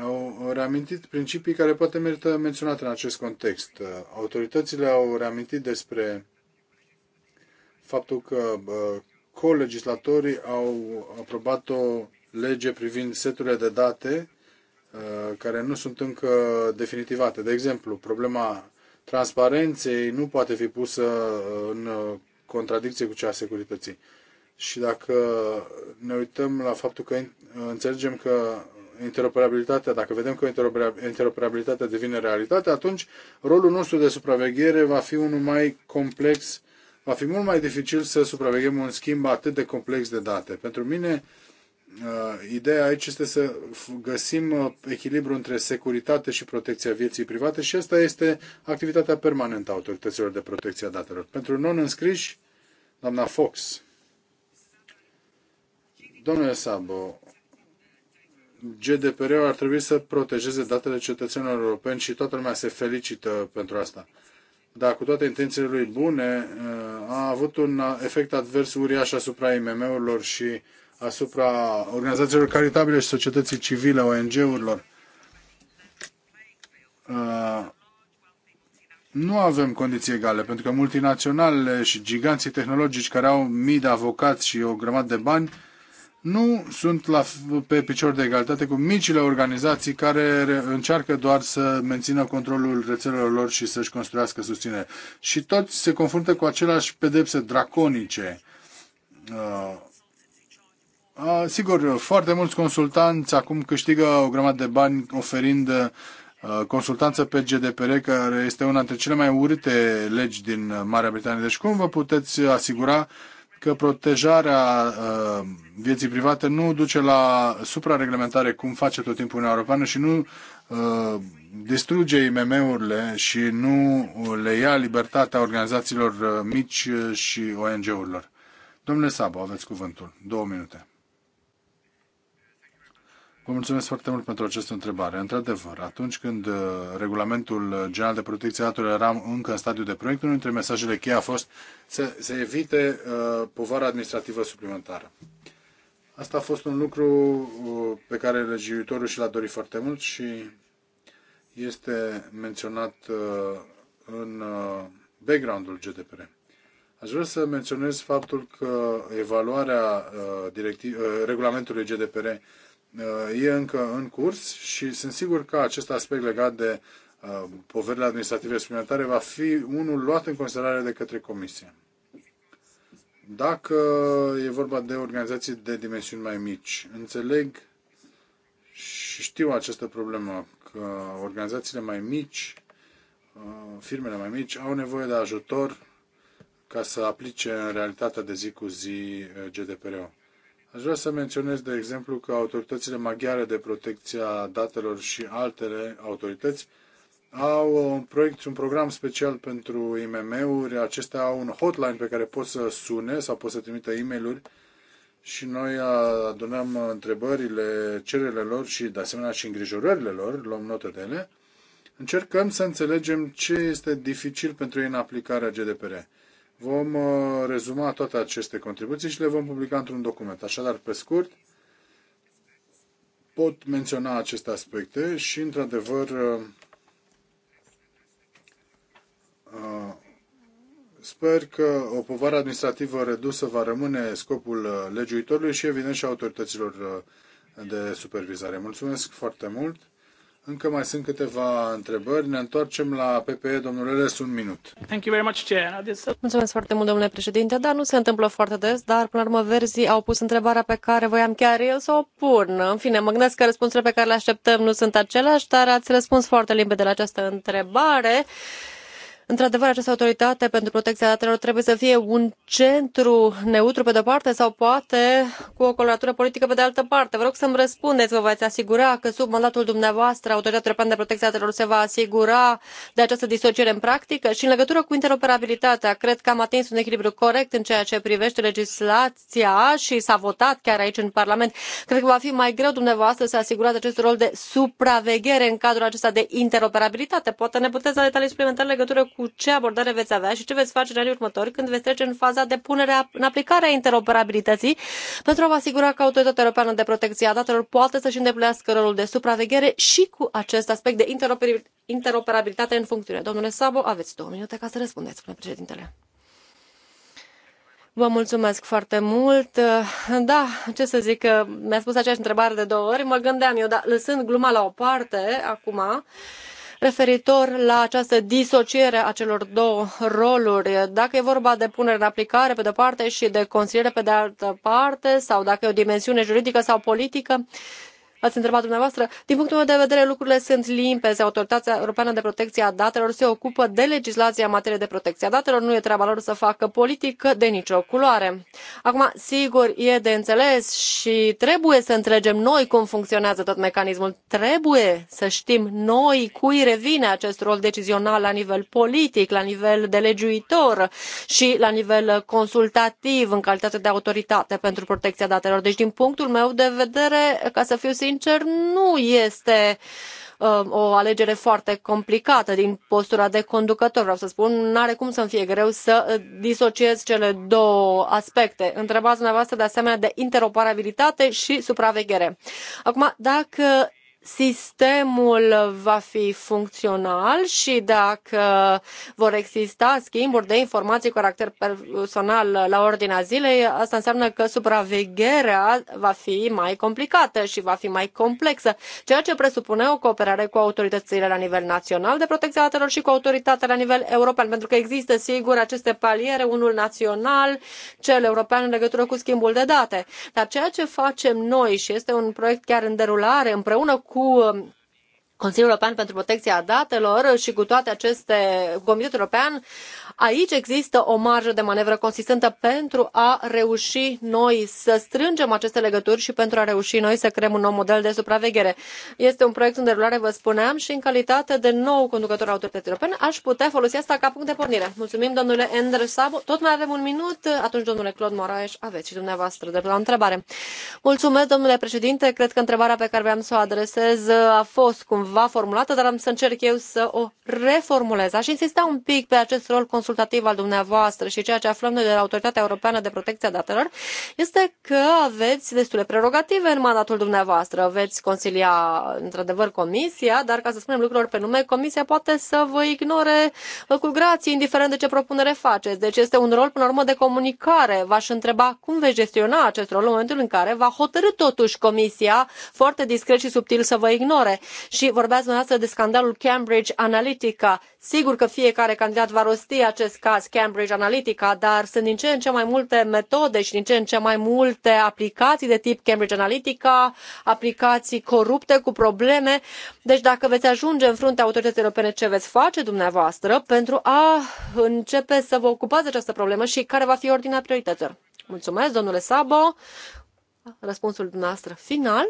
Speaker 3: au reamintit principii care poate merită menționate în acest context. Autoritățile au reamintit despre faptul că colegislatorii au aprobat o lege privind seturile de date care nu sunt încă definitivate. De exemplu, problema transparenței nu poate fi pusă în contradicție cu cea a securității. Și dacă ne uităm la faptul că înțelegem că interoperabilitatea, dacă vedem că interoperabilitatea devine realitate, atunci rolul nostru de supraveghere va fi unul mai complex va fi mult mai dificil să supraveghem un schimb atât de complex de date. Pentru mine, uh, ideea aici este să găsim uh, echilibru între securitate și protecția vieții private și asta este activitatea permanentă a autorităților de protecție a datelor. Pentru non-înscriși, doamna Fox. Domnule Sabo, GDPR-ul ar trebui să protejeze datele cetățenilor europeni și toată lumea se felicită pentru asta dar cu toate intențiile lui bune, uh, a avut un uh, efect advers uriaș asupra IMM-urilor și asupra organizațiilor caritabile și societății civile, ONG-urilor. Uh, nu avem condiții egale, pentru că multinaționalele și giganții tehnologici care au mii de avocați și o grămadă de bani nu sunt la, pe picior de egalitate cu micile organizații care încearcă doar să mențină controlul rețelelor lor și să-și construiască susținere. Și toți se confruntă cu aceleași pedepse draconice. Uh, uh sigur, foarte mulți consultanți acum câștigă o grămadă de bani oferind uh, consultanță pe GDPR, care este una dintre cele mai urâte legi din Marea Britanie. Deci cum vă puteți asigura uh, că protejarea uh, vieții private nu duce la suprareglementare cum face tot timpul Uniunea Europeană și nu uh, distruge IMM-urile și nu le ia libertatea organizațiilor uh, mici uh, și ONG-urilor. Domnule Sabo, aveți cuvântul. Două minute. Vă mulțumesc foarte mult pentru această întrebare. Într-adevăr, atunci când uh, regulamentul general de protecție a datelor era încă în stadiu de proiect, unul dintre mesajele cheie a fost să se evite uh, povara administrativă suplimentară. Asta a fost un lucru uh, pe care legiuitorul și l-a dorit foarte mult și este menționat uh, în uh, background-ul GDPR. Aș vrea să menționez faptul că evaluarea uh, uh, regulamentului GDPR Uh, e încă în curs și sunt sigur că acest aspect legat de uh, poverile administrative suplimentare va fi unul luat în considerare de către Comisie. Dacă e vorba de organizații de dimensiuni mai mici, înțeleg și știu această problemă că organizațiile mai mici, uh, firmele mai mici, au nevoie de ajutor ca să aplice în realitatea de zi cu zi GDPR-ul. Aș vrea să menționez, de exemplu, că autoritățile maghiare de protecție a datelor și altele autorități au un proiect, un program special pentru IMM-uri. Acestea au un hotline pe care pot să sune sau pot să trimită e mail și noi adunăm întrebările, cererile lor și, de asemenea, și îngrijorările lor, luăm notă de ele. Încercăm să înțelegem ce este dificil pentru ei în aplicarea GDPR. Vom uh, rezuma toate aceste contribuții și le vom publica într-un document. Așadar, pe scurt, pot menționa aceste aspecte și, într-adevăr, uh, uh, Sper că o povară administrativă redusă va rămâne scopul legiuitorului și, evident, și autorităților de supervizare. Mulțumesc foarte mult! Încă mai sunt câteva întrebări. Ne întoarcem la PPE. Domnule Les, un minut.
Speaker 2: Thank you very much, Chair. Mulțumesc foarte mult, domnule președinte. Da, nu se întâmplă foarte des, dar până la urmă verzii au pus întrebarea pe care voiam chiar eu să o pun. În fine, mă gândesc că răspunsurile pe care le așteptăm nu sunt aceleași, dar ați răspuns foarte limpede la această întrebare. Într-adevăr, această autoritate pentru protecția datelor trebuie să fie un centru neutru pe de-o parte sau poate cu o coloratură politică pe de altă parte. Vă rog să-mi răspundeți, vă veți asigura că sub mandatul dumneavoastră Autoritatea Europeană de Protecție a Datelor se va asigura de această disociere în practică și în legătură cu interoperabilitatea, cred că am atins un echilibru corect în ceea ce privește legislația și s-a votat chiar aici în Parlament. Cred că va fi mai greu dumneavoastră să asigurați acest rol de supraveghere în cadrul acesta de interoperabilitate. Poate ne puteți da detalii suplimentare în legătură cu cu ce abordare veți avea și ce veți face în anii următori când veți trece în faza de punere în aplicare a interoperabilității pentru a vă asigura că Autoritatea Europeană de Protecție a Datelor poate să-și îndeplinească rolul de supraveghere și cu acest aspect de interoperabilitate în funcțiune. Domnule Sabo, aveți două minute ca să răspundeți, spune președintele. Vă mulțumesc foarte mult. Da, ce să zic, mi-a spus aceeași întrebare de două ori. Mă gândeam eu, dar lăsând gluma la o parte acum, referitor la această disociere a celor două roluri. Dacă e vorba de punere în aplicare pe de-o parte și de consiliere pe de altă parte, sau dacă e o dimensiune juridică sau politică, ați întrebat dumneavoastră. Din punctul meu de vedere, lucrurile sunt limpeze, Autoritatea Europeană de Protecție a Datelor se ocupă de legislația în materie de protecție a datelor. Nu e treaba lor să facă politică de nicio culoare. Acum, sigur, e de înțeles și trebuie să înțelegem noi cum funcționează tot mecanismul. Trebuie să știm noi cui revine acest rol decizional la nivel politic, la nivel de legiuitor și la nivel consultativ în calitate de autoritate pentru protecția datelor. Deci, din punctul meu de vedere, ca să fiu sigur, sincer, nu este um, o alegere foarte complicată din postura de conducător. Vreau să spun, nu are cum să-mi fie greu să uh, disociez cele două aspecte. Întrebați dumneavoastră de asemenea de interoperabilitate și supraveghere. Acum, dacă sistemul va fi funcțional și dacă vor exista schimburi de informații cu caracter personal la ordinea zilei, asta înseamnă că supravegherea va fi mai complicată și va fi mai complexă, ceea ce presupune o cooperare cu autoritățile la nivel național de protecție a datelor și cu autoritatea la nivel european, pentru că există, sigur, aceste paliere, unul național, cel european în legătură cu schimbul de date. Dar ceea ce facem noi și este un proiect chiar în derulare împreună cu cu um, Consiliul European pentru Protecția Datelor și cu toate aceste, Comitetul European, aici există o marjă de manevră consistentă pentru a reuși noi să strângem aceste legături și pentru a reuși noi să creăm un nou model de supraveghere. Este un proiect în derulare, vă spuneam, și în calitate de nou conducător autorității europene aș putea folosi asta ca punct de pornire. Mulțumim, domnule Ender Sabo. Tot mai avem un minut. Atunci, domnule Claude Moraes, aveți și dumneavoastră de la întrebare. Mulțumesc, domnule președinte. Cred că întrebarea pe care vreau să o adresez a fost cumva cumva formulată, dar am să încerc eu să o reformulez. Aș insista un pic pe acest rol consultativ al dumneavoastră și ceea ce aflăm noi de la Autoritatea Europeană de Protecție a Datelor este că aveți destule prerogative în mandatul dumneavoastră. Veți consilia, într-adevăr, Comisia, dar ca să spunem lucrurilor pe nume, Comisia poate să vă ignore cu grație, indiferent de ce propunere faceți. Deci este un rol, până la urmă, de comunicare. V-aș întreba cum veți gestiona acest rol în momentul în care va hotărâ totuși Comisia foarte discret și subtil să vă ignore. Și vorbeați dumneavoastră de scandalul Cambridge Analytica. Sigur că fiecare candidat va rosti acest caz Cambridge Analytica, dar sunt din ce în ce mai multe metode și din ce în ce mai multe aplicații de tip Cambridge Analytica, aplicații corupte cu probleme. Deci dacă veți ajunge în fruntea autorităților europene, ce veți face dumneavoastră pentru a începe să vă ocupați de această problemă și care va fi ordinea priorităților? Mulțumesc, domnule Sabo. Răspunsul dumneavoastră final.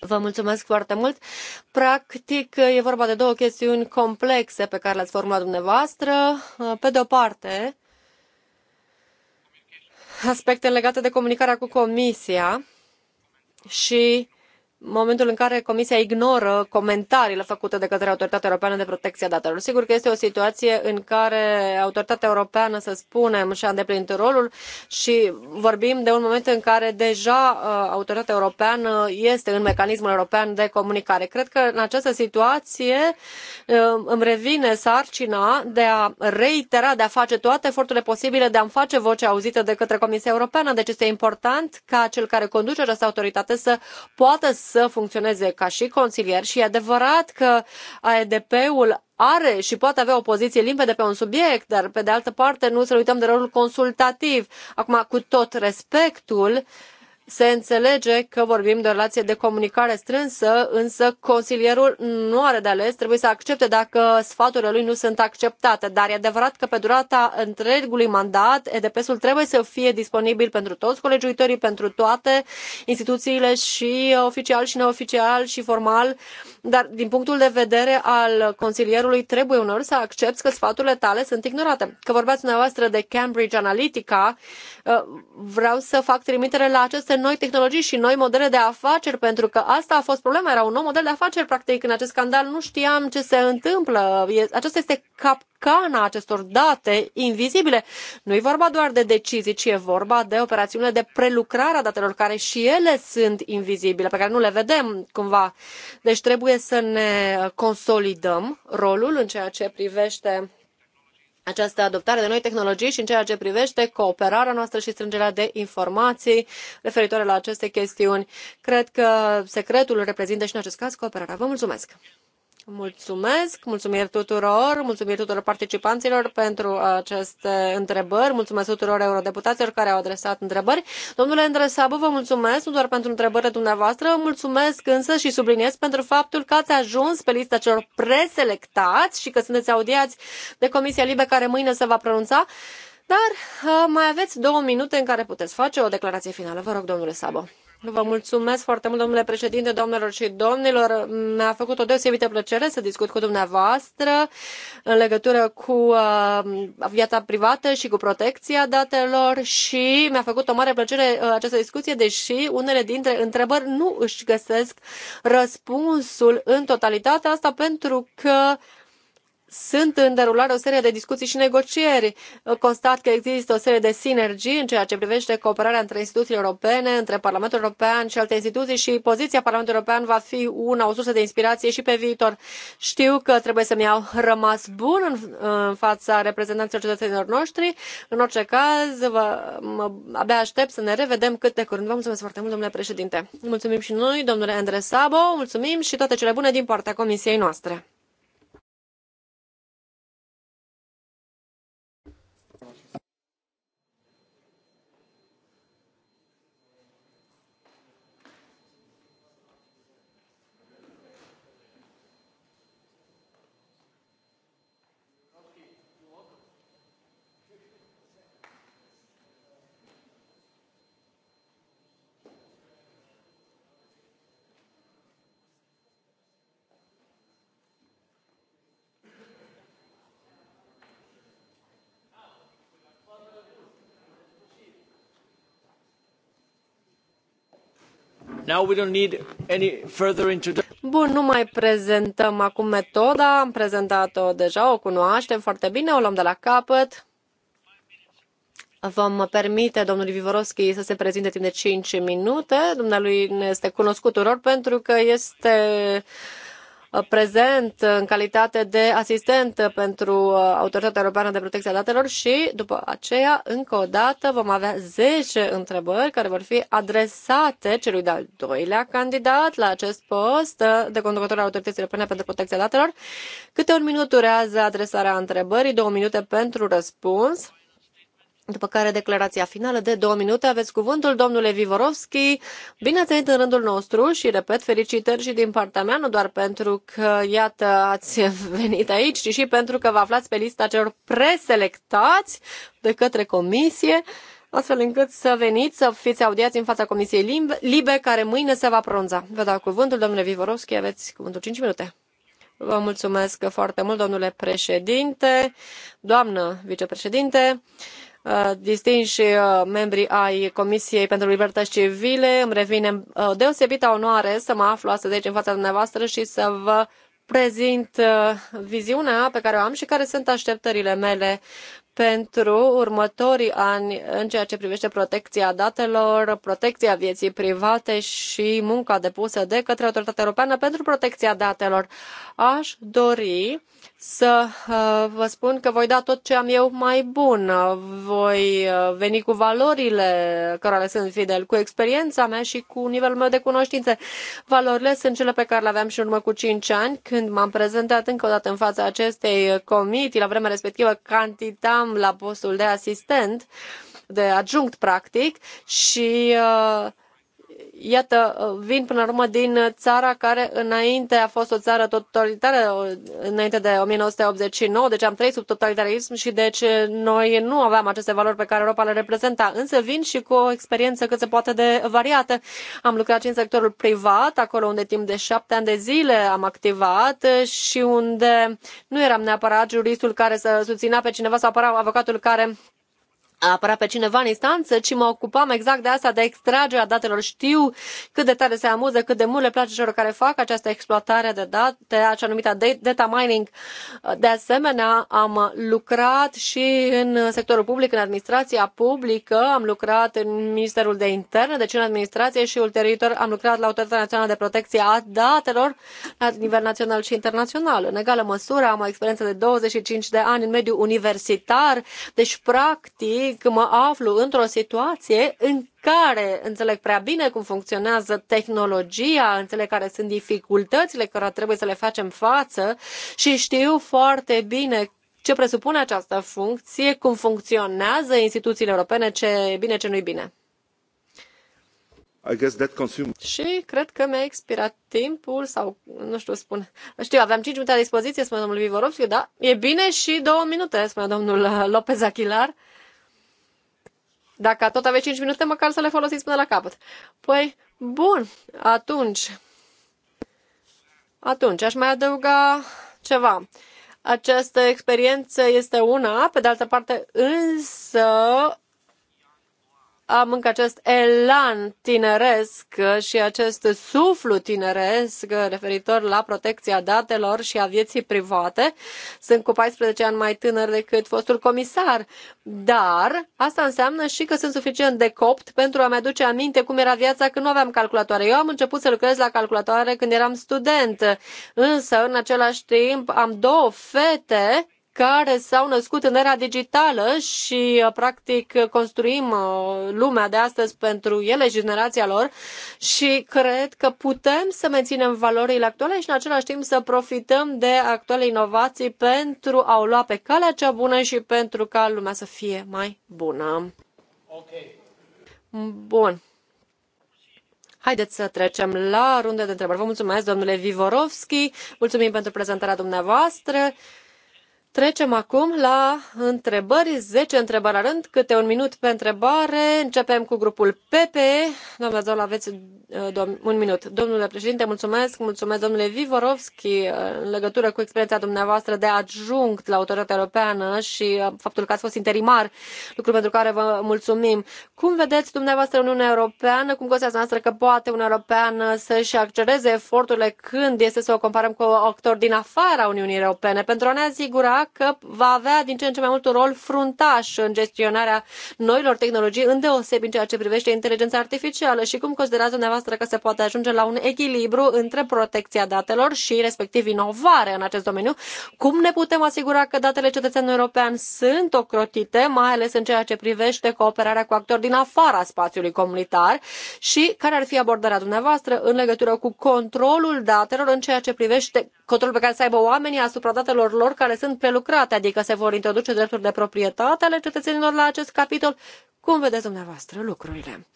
Speaker 2: Vă mulțumesc foarte mult. Practic, e vorba de două chestiuni complexe pe care le-ați formulat dumneavoastră. Pe de o parte, aspecte legate de comunicarea cu Comisia și momentul în care Comisia ignoră comentariile făcute de către Autoritatea Europeană de Protecție a Datelor. Sigur că este o situație în care Autoritatea Europeană, să spunem, și-a îndeplinit rolul și vorbim de un moment în care deja uh, Autoritatea Europeană este în mecanismul european de comunicare. Cred că în această situație uh, îmi revine sarcina de a reitera, de a face toate eforturile posibile, de a-mi face vocea auzită de către Comisia Europeană. Deci este important ca cel care conduce această autoritate să poată să funcționeze ca și consilier și e adevărat că AEDP-ul are și poate avea o poziție limpede pe un subiect, dar pe de altă parte nu să uităm de rolul consultativ. Acum, cu tot respectul, uh, se înțelege că vorbim de o relație de comunicare strânsă, însă consilierul nu are de ales, trebuie să accepte dacă sfaturile lui nu sunt acceptate. Dar e adevărat că pe durata întregului mandat, EDPS-ul trebuie să fie disponibil pentru toți colegiuitorii, pentru toate instituțiile și oficial și neoficial și formal, dar din punctul de vedere al consilierului trebuie unor să accepti că sfaturile tale sunt ignorate. Că vorbeați dumneavoastră de Cambridge Analytica, vreau să fac trimitere la aceste noi tehnologii și noi modele de afaceri, pentru că asta a fost problema, era un nou model de afaceri, practic, în acest scandal nu știam ce se întâmplă. Aceasta este capcana acestor date invizibile. Nu e vorba doar de decizii, ci e vorba de operațiunile de prelucrare a datelor, care și ele sunt invizibile, pe care nu le vedem cumva. Deci trebuie să ne consolidăm rolul în ceea ce privește această adoptare de noi tehnologii și în ceea ce privește cooperarea noastră și strângerea de informații referitoare la aceste chestiuni. Cred că secretul reprezintă și în acest caz cooperarea. Vă mulțumesc! Mulțumesc, mulțumiri tuturor, mulțumiri tuturor participanților pentru aceste întrebări, mulțumesc tuturor eurodeputaților care au adresat întrebări. Domnule Andresabu, vă mulțumesc nu doar pentru întrebările dumneavoastră, mulțumesc însă și subliniez pentru faptul că ați ajuns pe lista celor preselectați și că sunteți audiați de Comisia Libe care mâine se va pronunța. Dar uh, mai aveți două minute în care puteți face o declarație finală. Vă rog, domnule Sabo. Vă mulțumesc foarte mult, domnule președinte, domnilor și domnilor. Mi-a făcut o deosebită plăcere să discut cu dumneavoastră în legătură cu uh, viața privată și cu protecția datelor și mi-a făcut o mare plăcere uh, această discuție, deși unele dintre întrebări nu își găsesc răspunsul în totalitate. Asta pentru că sunt în derulare o serie de discuții și negocieri. Constat că există o serie de sinergii în ceea ce privește cooperarea între instituțiile europene, între Parlamentul European și alte instituții și poziția Parlamentului European va fi una, o sursă de inspirație și pe viitor. Știu că trebuie să-mi iau rămas bun în, în fața reprezentanților cetățenilor noștri. În orice caz, vă, mă, abia aștept să ne revedem cât de curând. Vă mulțumesc foarte mult, domnule președinte. Mulțumim și noi, domnule Sabo. mulțumim și toate cele bune din partea comisiei noastre. Bun, nu mai prezentăm acum metoda, am prezentat-o deja, o cunoaștem foarte bine, o luăm de la capăt. Vom permite domnului Vivorovski să se prezinte timp de 5 minute. Dumnealui ne este cunoscut tuturor pentru că este uh, Uh, prezent în calitate de asistent pentru uh, Autoritatea Europeană de Protecție a Datelor și după aceea, încă o dată, vom avea 10 întrebări care vor fi adresate celui de-al doilea candidat la acest post uh, de conducător al Autorității Europene pentru Protecția Datelor. Câte un minut durează adresarea întrebării, două minute pentru răspuns după care declarația finală de două minute. Aveți cuvântul, domnule Vivorovski. Bine ați venit în rândul nostru și, repet, felicitări și din partea mea, nu doar pentru că, iată, ați venit aici, ci și pentru că vă aflați pe lista celor preselectați de către comisie, astfel încât să veniți, să fiți audiați în fața Comisiei Libe, care mâine se va pronunța. Vă dau cuvântul, domnule Vivorovski, aveți cuvântul 5 minute. Vă mulțumesc foarte mult, domnule președinte, doamnă vicepreședinte. Uh, distinși uh, membri ai Comisiei pentru Libertăți Civile, îmi revine uh, deosebită onoare să mă aflu astăzi aici în fața dumneavoastră și să vă prezint viziunea pe care o am și care sunt așteptările mele pentru următorii ani în ceea ce privește protecția datelor, protecția vieții private și munca depusă de către Autoritatea Europeană pentru protecția datelor. Aș dori să uh, vă spun că voi da tot ce am eu mai bun, voi uh, veni cu valorile cărora sunt fidel, cu experiența mea și cu nivelul meu de cunoștințe. Valorile sunt cele pe care le aveam și în urmă cu 5 ani, când m-am prezentat încă o dată în fața acestei comitii, la vremea respectivă cantitam la postul de asistent, de adjunct practic și uh, iată, vin până la urmă din țara care înainte a fost o țară totalitară, înainte de 1989, deci am trăit sub totalitarism și deci noi nu aveam aceste valori pe care Europa le reprezenta, însă vin și cu o experiență cât se poate de variată. Am lucrat și în sectorul privat, acolo unde timp de șapte ani de zile am activat și unde nu eram neapărat juristul care să susținea pe cineva sau apăra avocatul care apăra pe cineva în instanță, ci mă ocupam exact de asta, de extragerea datelor. Știu cât de tare se amuză, cât de mult le place celor care fac această exploatare de date, acea numită data mining. De asemenea, am lucrat și în sectorul public, în administrația publică, am lucrat în Ministerul de Interne, deci în administrație și ulterior am lucrat la Autoritatea Națională de Protecție a Datelor la nivel național și internațional. În egală măsură am o experiență de 25 de ani în mediul universitar, deci practic practic mă aflu într-o situație în care înțeleg prea bine cum funcționează tehnologia, înțeleg care sunt dificultățile care trebuie să le facem față și știu foarte bine ce presupune această funcție, cum funcționează instituțiile europene, ce e bine, ce nu-i bine.
Speaker 1: I guess that consume...
Speaker 2: Și cred că mi-a expirat timpul sau, nu știu, spun. Știu, aveam 5 minute la dispoziție, spune domnul Vivorovski, da, e bine și două minute, spune domnul Lopez Achilar. Dacă tot aveți 5 minute, măcar să le folosiți până la capăt. Păi, bun, atunci. Atunci, aș mai adăuga ceva. Această experiență este una, pe de altă parte, însă am încă acest elan tineresc și acest suflu tineresc referitor la protecția datelor și a vieții private. Sunt cu 14 ani mai tânăr decât fostul comisar, dar asta înseamnă și că sunt suficient de copt pentru a-mi aduce aminte cum era viața când nu aveam calculatoare. Eu am început să lucrez la calculatoare când eram student, însă în același timp am două fete care s-au născut în era digitală și, uh, practic, uh, construim uh, lumea de astăzi pentru ele și generația lor și cred că putem să menținem valorile actuale și, în același timp, să profităm de actuale inovații pentru a o lua pe calea cea bună și pentru ca lumea să fie mai bună. Okay. Bun. Haideți să trecem la runde de întrebări. Vă mulțumesc, domnule Vivorovski. Mulțumim pentru prezentarea dumneavoastră. Trecem acum la întrebări. 10 întrebări la rând, câte un minut pe întrebare. Începem cu grupul PPE. Doamna Zola, aveți uh, un minut. Domnule președinte, mulțumesc. Mulțumesc, domnule Vivorovski, uh, în legătură cu experiența dumneavoastră de adjunct la Autoritatea Europeană și uh, faptul că ați fost interimar, lucru pentru care vă mulțumim. Cum vedeți dumneavoastră Uniunea Europeană? Cum considerați noastră că poate Uniunea Europeană să-și accereze eforturile când este să o comparăm cu actori din afara Uniunii Europene pentru a ne asigura că va avea din ce în ce mai mult un rol fruntaș în gestionarea noilor tehnologii, îndeosebi în ceea ce privește inteligența artificială și cum considerați dumneavoastră că se poate ajunge la un echilibru între protecția datelor și respectiv inovare în acest domeniu? Cum ne putem asigura că datele cetățenului european sunt ocrotite, mai ales în ceea ce privește cooperarea cu actori din afara spațiului comunitar și care ar fi abordarea dumneavoastră în legătură cu controlul datelor în ceea ce privește controlul pe care să aibă oamenii asupra datelor lor care sunt prelucrate, adică se vor introduce drepturi de proprietate ale cetățenilor la acest capitol. Cum vedeți dumneavoastră lucrurile?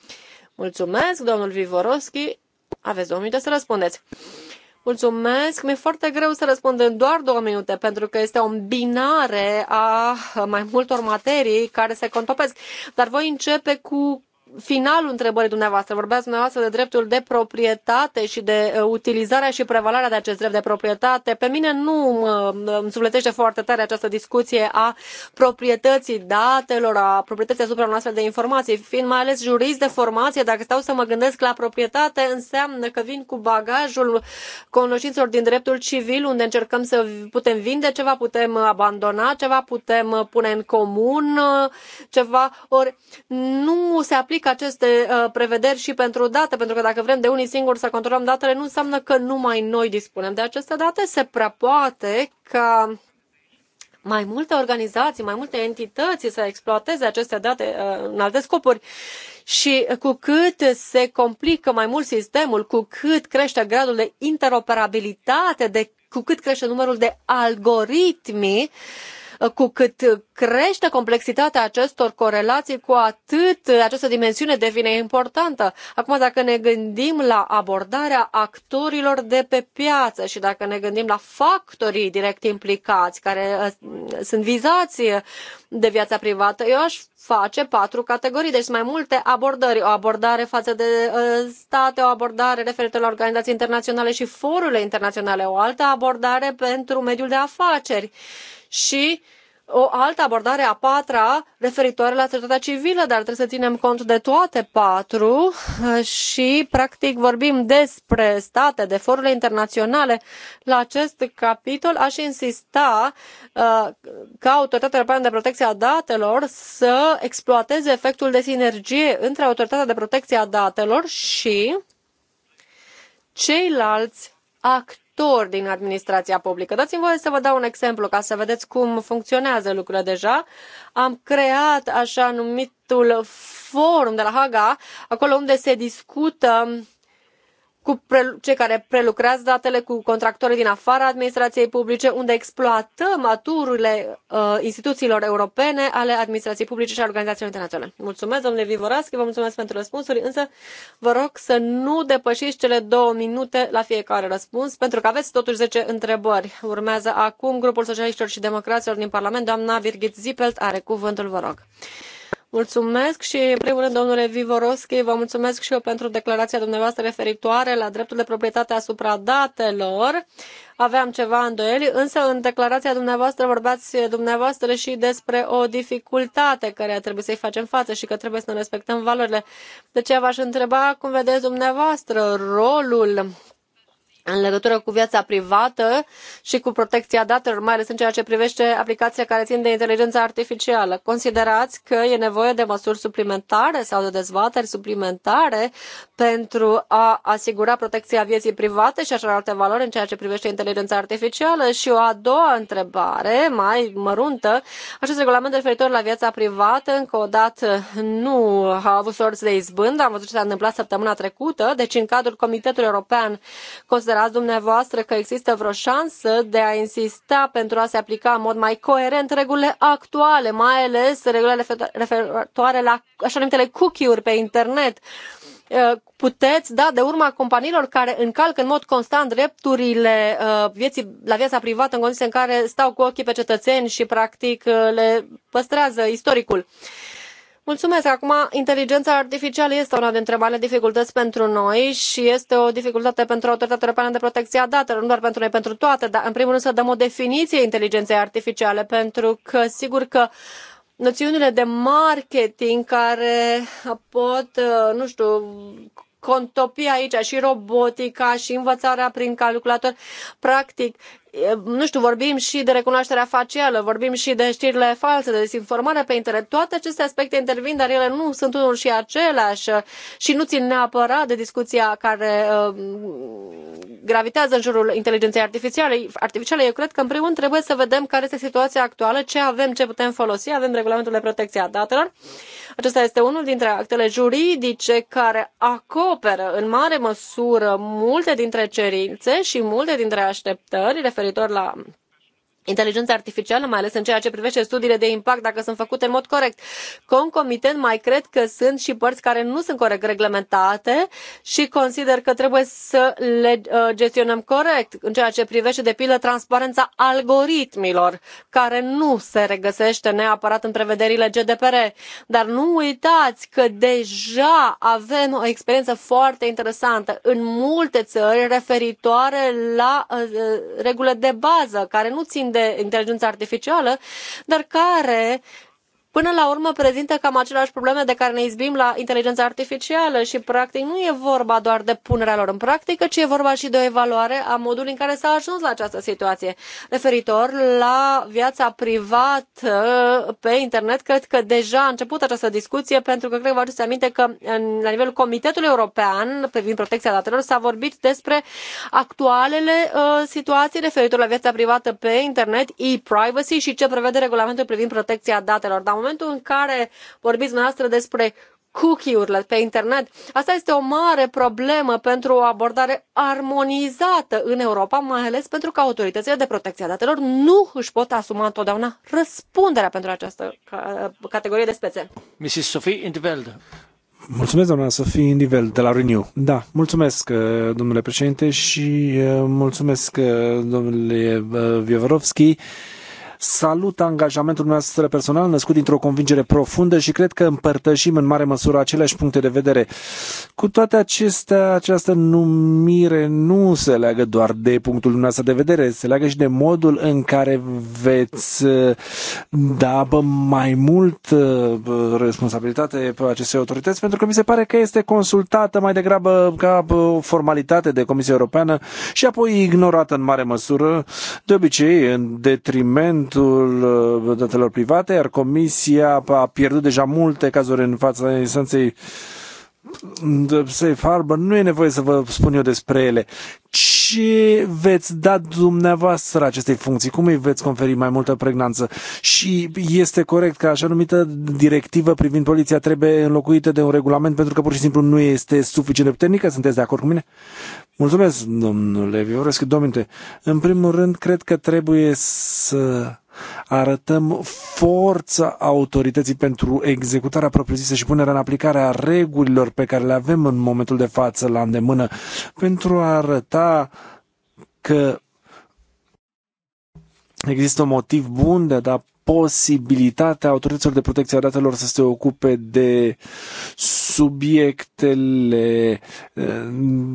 Speaker 2: Mulțumesc, domnul Vivoroschi. Aveți două minute să răspundeți. Mulțumesc. Mi-e foarte greu să răspund în doar două minute, pentru că este o binare a mai multor materii care se contopesc. Dar voi începe cu finalul întrebării dumneavoastră. Vorbeați dumneavoastră de dreptul de proprietate și de uh, utilizarea și prevalarea de acest drept de proprietate. Pe mine nu îmi sufletește foarte tare această discuție a proprietății datelor, a proprietății asupra unor astfel de informații. Fiind mai ales jurist de formație, dacă stau să mă gândesc la proprietate, înseamnă că vin cu bagajul cunoștințelor din dreptul civil, unde încercăm să putem vinde ceva, putem abandona ceva, putem pune în comun uh, ceva. Ori nu se aplică aplică aceste uh, prevederi și pentru date, pentru că dacă vrem de unii singuri să controlăm datele, nu înseamnă că numai noi dispunem de aceste date. Se prea poate ca mai multe organizații, mai multe entități să exploateze aceste date uh, în alte scopuri. Și cu cât se complică mai mult sistemul, cu cât crește gradul de interoperabilitate, de, cu cât crește numărul de algoritmi, uh, cu cât uh, crește complexitatea acestor corelații, cu atât uh, această dimensiune devine importantă. Acum, dacă ne gândim la abordarea actorilor de pe piață și dacă ne gândim la factorii direct implicați, care uh, sunt vizați de viața privată. Eu aș face patru categorii, deci mai multe abordări. O abordare față de uh, state, o abordare referitoare la organizații internaționale și forurile internaționale, o altă abordare pentru mediul de afaceri și uh, o altă abordare a patra referitoare la societatea civilă, dar trebuie să ținem cont de toate patru și, practic, vorbim despre state, de forurile internaționale. La acest capitol aș insista uh, ca Autoritatea Europeană de Protecție a Datelor să exploateze efectul de sinergie între Autoritatea de Protecție a Datelor și ceilalți actori actori din administrația publică. Dați-mi voie să vă dau un exemplu ca să vedeți cum funcționează lucrurile deja. Am creat așa numitul forum de la Haga, acolo unde se discută cu cei care prelucrează datele, cu contractorii din afara administrației publice, unde exploatăm aturile uh, instituțiilor europene ale administrației publice și a organizațiilor internaționale. Mulțumesc, domnule Vivoraschi, vă mulțumesc pentru răspunsuri, însă vă rog să nu depășiți cele două minute la fiecare răspuns, pentru că aveți totuși 10 întrebări. Urmează acum grupul socialiștilor și democraților din Parlament. Doamna Birgit Zipelt are cuvântul, vă rog. Mulțumesc și, în primul rând, domnule Vivoroschi, vă mulțumesc și eu pentru declarația dumneavoastră referitoare la dreptul de proprietate asupra datelor. Aveam ceva îndoieli, însă în declarația dumneavoastră vorbeați dumneavoastră și despre o dificultate care trebuie să-i facem față și că trebuie să ne respectăm valorile. De deci, v-aș întreba cum vedeți dumneavoastră rolul în legătură cu viața privată și cu protecția datelor, mai ales în ceea ce privește aplicația care țin de inteligența artificială. Considerați că e nevoie de măsuri suplimentare sau de dezbateri suplimentare pentru a asigura protecția vieții private și alte valori în ceea ce privește inteligența artificială? Și o a doua întrebare, mai măruntă, acest regulament referitor la viața privată, încă o dată nu a avut sorți de izbândă, am văzut ce s-a întâmplat săptămâna trecută, deci în cadrul Comitetului European considerați dumneavoastră că există vreo șansă de a insista pentru a se aplica în mod mai coerent regulile actuale, mai ales regulile referitoare la așa numitele cookie-uri pe internet? Uh, puteți da de urma companiilor care încalcă în mod constant drepturile uh, vieții, la viața privată în condiții în care stau cu ochii pe cetățeni și practic uh, le păstrează istoricul. Mulțumesc. Acum, inteligența artificială este una dintre marile dificultăți pentru noi și este o dificultate pentru Autoritatea Europeană de Protecție a Datelor, nu doar pentru noi, pentru toate, dar în primul rând să dăm o definiție inteligenței artificiale, pentru că sigur că noțiunile de marketing care pot, uh, nu știu, contopi aici și robotica și învățarea prin calculator. Practic, nu știu, vorbim și de recunoașterea facială, vorbim și de știrile false, de dezinformare pe internet. Toate aceste aspecte intervin, dar ele nu sunt unul și același și nu țin neapărat de discuția care uh, gravitează în jurul inteligenței artificiale. artificiale. Eu cred că, în primul rând, trebuie să vedem care este situația actuală, ce avem, ce putem folosi. Avem regulamentul de protecție a datelor. Acesta este unul dintre actele juridice care acoperă în mare măsură multe dintre cerințe și multe dintre așteptări referitoare referitor la inteligența artificială, mai ales în ceea ce privește studiile de impact, dacă sunt făcute în mod corect. Concomitent, mai cred că sunt și părți care nu sunt corect reglementate și consider că trebuie să le uh, gestionăm corect în ceea ce privește, de pildă, transparența algoritmilor, care nu se regăsește neapărat în prevederile GDPR. Dar nu uitați că deja avem o experiență foarte interesantă în multe țări referitoare la regulă uh, uh, regulile de bază, care nu țin de inteligența artificială, dar care până la urmă prezintă cam aceleași probleme de care ne izbim la inteligența artificială și practic nu e vorba doar de punerea lor în practică, ci e vorba și de o evaluare a modului în care s-a ajuns la această situație. Referitor la viața privată pe internet, cred că deja a început această discuție pentru că cred că vă aduceți aminte că în, la nivelul Comitetului European privind protecția datelor s-a vorbit despre actualele uh, situații referitor la viața privată pe internet, e-privacy și ce prevede regulamentul privind protecția datelor. Dar momentul în care vorbiți dumneavoastră despre cookie-urile pe internet. Asta este o mare problemă pentru o abordare armonizată în Europa, mai ales pentru că autoritățile de protecție a datelor nu își pot asuma întotdeauna răspunderea pentru această categorie de spețe. Mrs.
Speaker 1: Sophie Indveld. Mulțumesc, doamna Sofie Indivel, de la Renew. Da, mulțumesc, uh, domnule președinte, și uh, mulțumesc, uh, domnule Vievorovski. Salut angajamentul noastră personal născut dintr-o convingere profundă și cred că împărtășim în mare măsură aceleași puncte de vedere. Cu toate acestea, această numire nu se leagă doar de punctul dumneavoastră de vedere, se leagă și de modul în care veți uh, da mai mult uh, responsabilitate pe aceste autorități, pentru că mi se pare că este consultată mai degrabă ca o formalitate de Comisia Europeană și apoi ignorată în mare măsură, de obicei în detriment Institutul uh, Datelor Private, iar Comisia a pierdut deja multe cazuri în fața instanței mm, Safe Harbor, nu e nevoie să vă spun eu despre ele. Ce veți da dumneavoastră acestei funcții? Cum îi veți conferi mai multă pregnanță? Și este corect că așa numită directivă privind poliția trebuie înlocuită de un regulament pentru că pur și simplu nu este suficient de puternică? Sunteți de acord cu mine? Mulțumesc, domnule Vioresc, domnule. În primul rând, cred că trebuie să arătăm forța autorității pentru executarea propriu-zisă și punerea în aplicare a regulilor pe care le avem în momentul de față la îndemână, pentru a arăta că Există un motiv bun de a da posibilitatea autorităților de protecție a datelor să se ocupe de subiectele eh,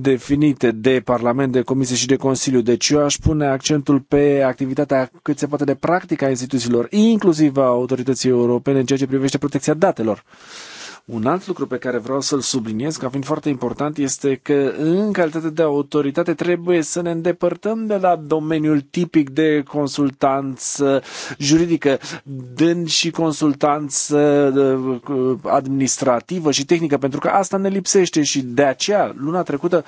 Speaker 1: definite de Parlament, de Comisie și de Consiliu. Deci eu aș pune accentul pe activitatea cât se poate de practică a instituțiilor, inclusiv a autorității europene în ceea ce privește protecția datelor. Uh, un alt lucru pe care vreau să-l subliniez ca fiind foarte important este că în calitate de autoritate trebuie să ne îndepărtăm de la domeniul tipic de consultanță juridică, dând și consultanță administrativă și tehnică, pentru că asta ne lipsește și de aceea luna trecută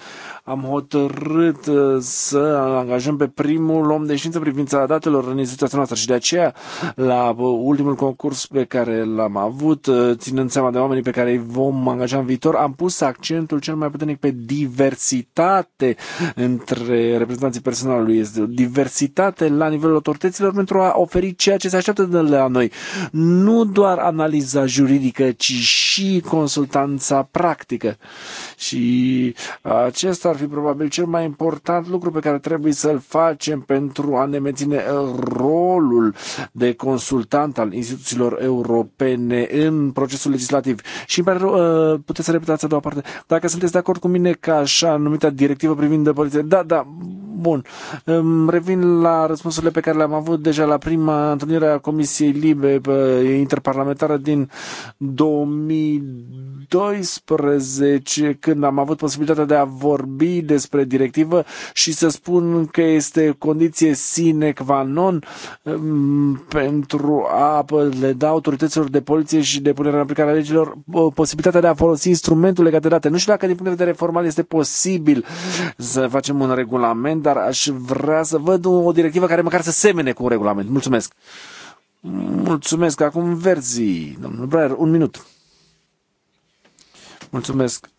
Speaker 1: am hotărât uh, să angajăm pe primul om de știință privința datelor în instituția noastră și de aceea la uh, ultimul concurs pe care l-am avut, uh, ținând seama de oamenii pe care îi vom angaja în viitor, am pus accentul cel mai puternic pe diversitate între reprezentanții personalului. Este diversitate la nivelul autorităților pentru a oferi ceea ce se așteaptă de la noi. Nu doar analiza juridică, ci și consultanța practică. Și acesta ar fi probabil cel mai important lucru pe care trebuie să-l facem pentru a ne menține rolul de consultant al instituțiilor europene în procesul legislativ. Și îmi pare uh, puteți să repetați a doua parte. Dacă sunteți de acord cu mine ca așa numită directivă privind de poliție. Da, da, bun. Revin la răspunsurile pe care le-am avut deja la prima întâlnire a Comisiei Libe interparlamentară din 2012, când am avut posibilitatea de a vorbi vorbi despre directivă și să spun că este condiție sine qua non mm, pentru a le da autorităților de poliție și de punere în aplicare a legilor posibilitatea de a folosi instrumentul legat de date. Nu știu dacă din punct de vedere formal este posibil să facem un regulament, dar aș vrea să văd o directivă care măcar să semene cu un regulament. Mulțumesc! Mulțumesc! Acum verzii, domnul Breyer, un minut. Mulțumesc!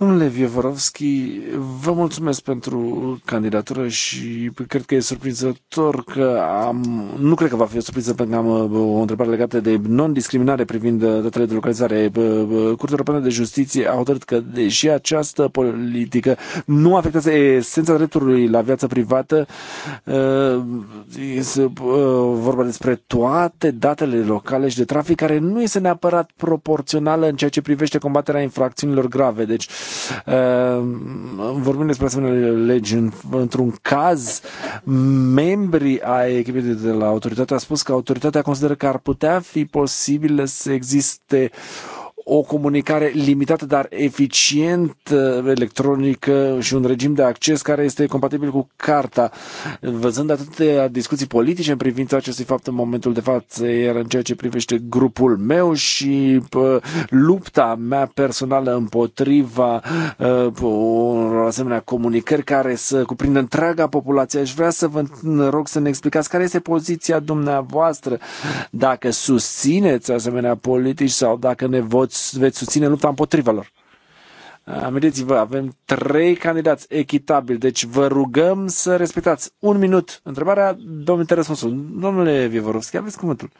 Speaker 1: Domnule Vievorovski, vă mulțumesc pentru candidatură și cred că e surprinzător că am... Nu cred că va fi o surpriză pentru că am uh, o întrebare legată de non-discriminare privind uh, datele de localizare. Curtea Europeană de Justiție a hotărât că, deși această politică nu afectează esența dreptului la viața privată, este uh, vorba despre toate datele locale și de trafic, care nu este neapărat proporțională în ceea ce privește combaterea infracțiunilor grave. Deci, Ehm, vorbim despre asemenea legi. Într-un caz, membrii ai echipei de la autoritate a spus că autoritatea consideră că ar putea fi posibil să existe o comunicare limitată, dar eficient uh, electronică și un regim de acces care este compatibil cu carta. Văzând atâtea discuții politice în privința acestui fapt în momentul de față, iar în ceea ce privește grupul meu și uh, lupta mea personală împotriva uh, unor asemenea comunicări care să cuprindă întreaga populație, aș vrea să vă rog să ne explicați care este poziția dumneavoastră, dacă susțineți asemenea politici sau dacă ne vot veți susține lupta împotriva lor. Amintiți-vă, uh, avem trei candidați echitabili, deci vă rugăm să respectați un minut întrebarea, domnul te răspunsul. Domnule Vievorovski, aveți cuvântul.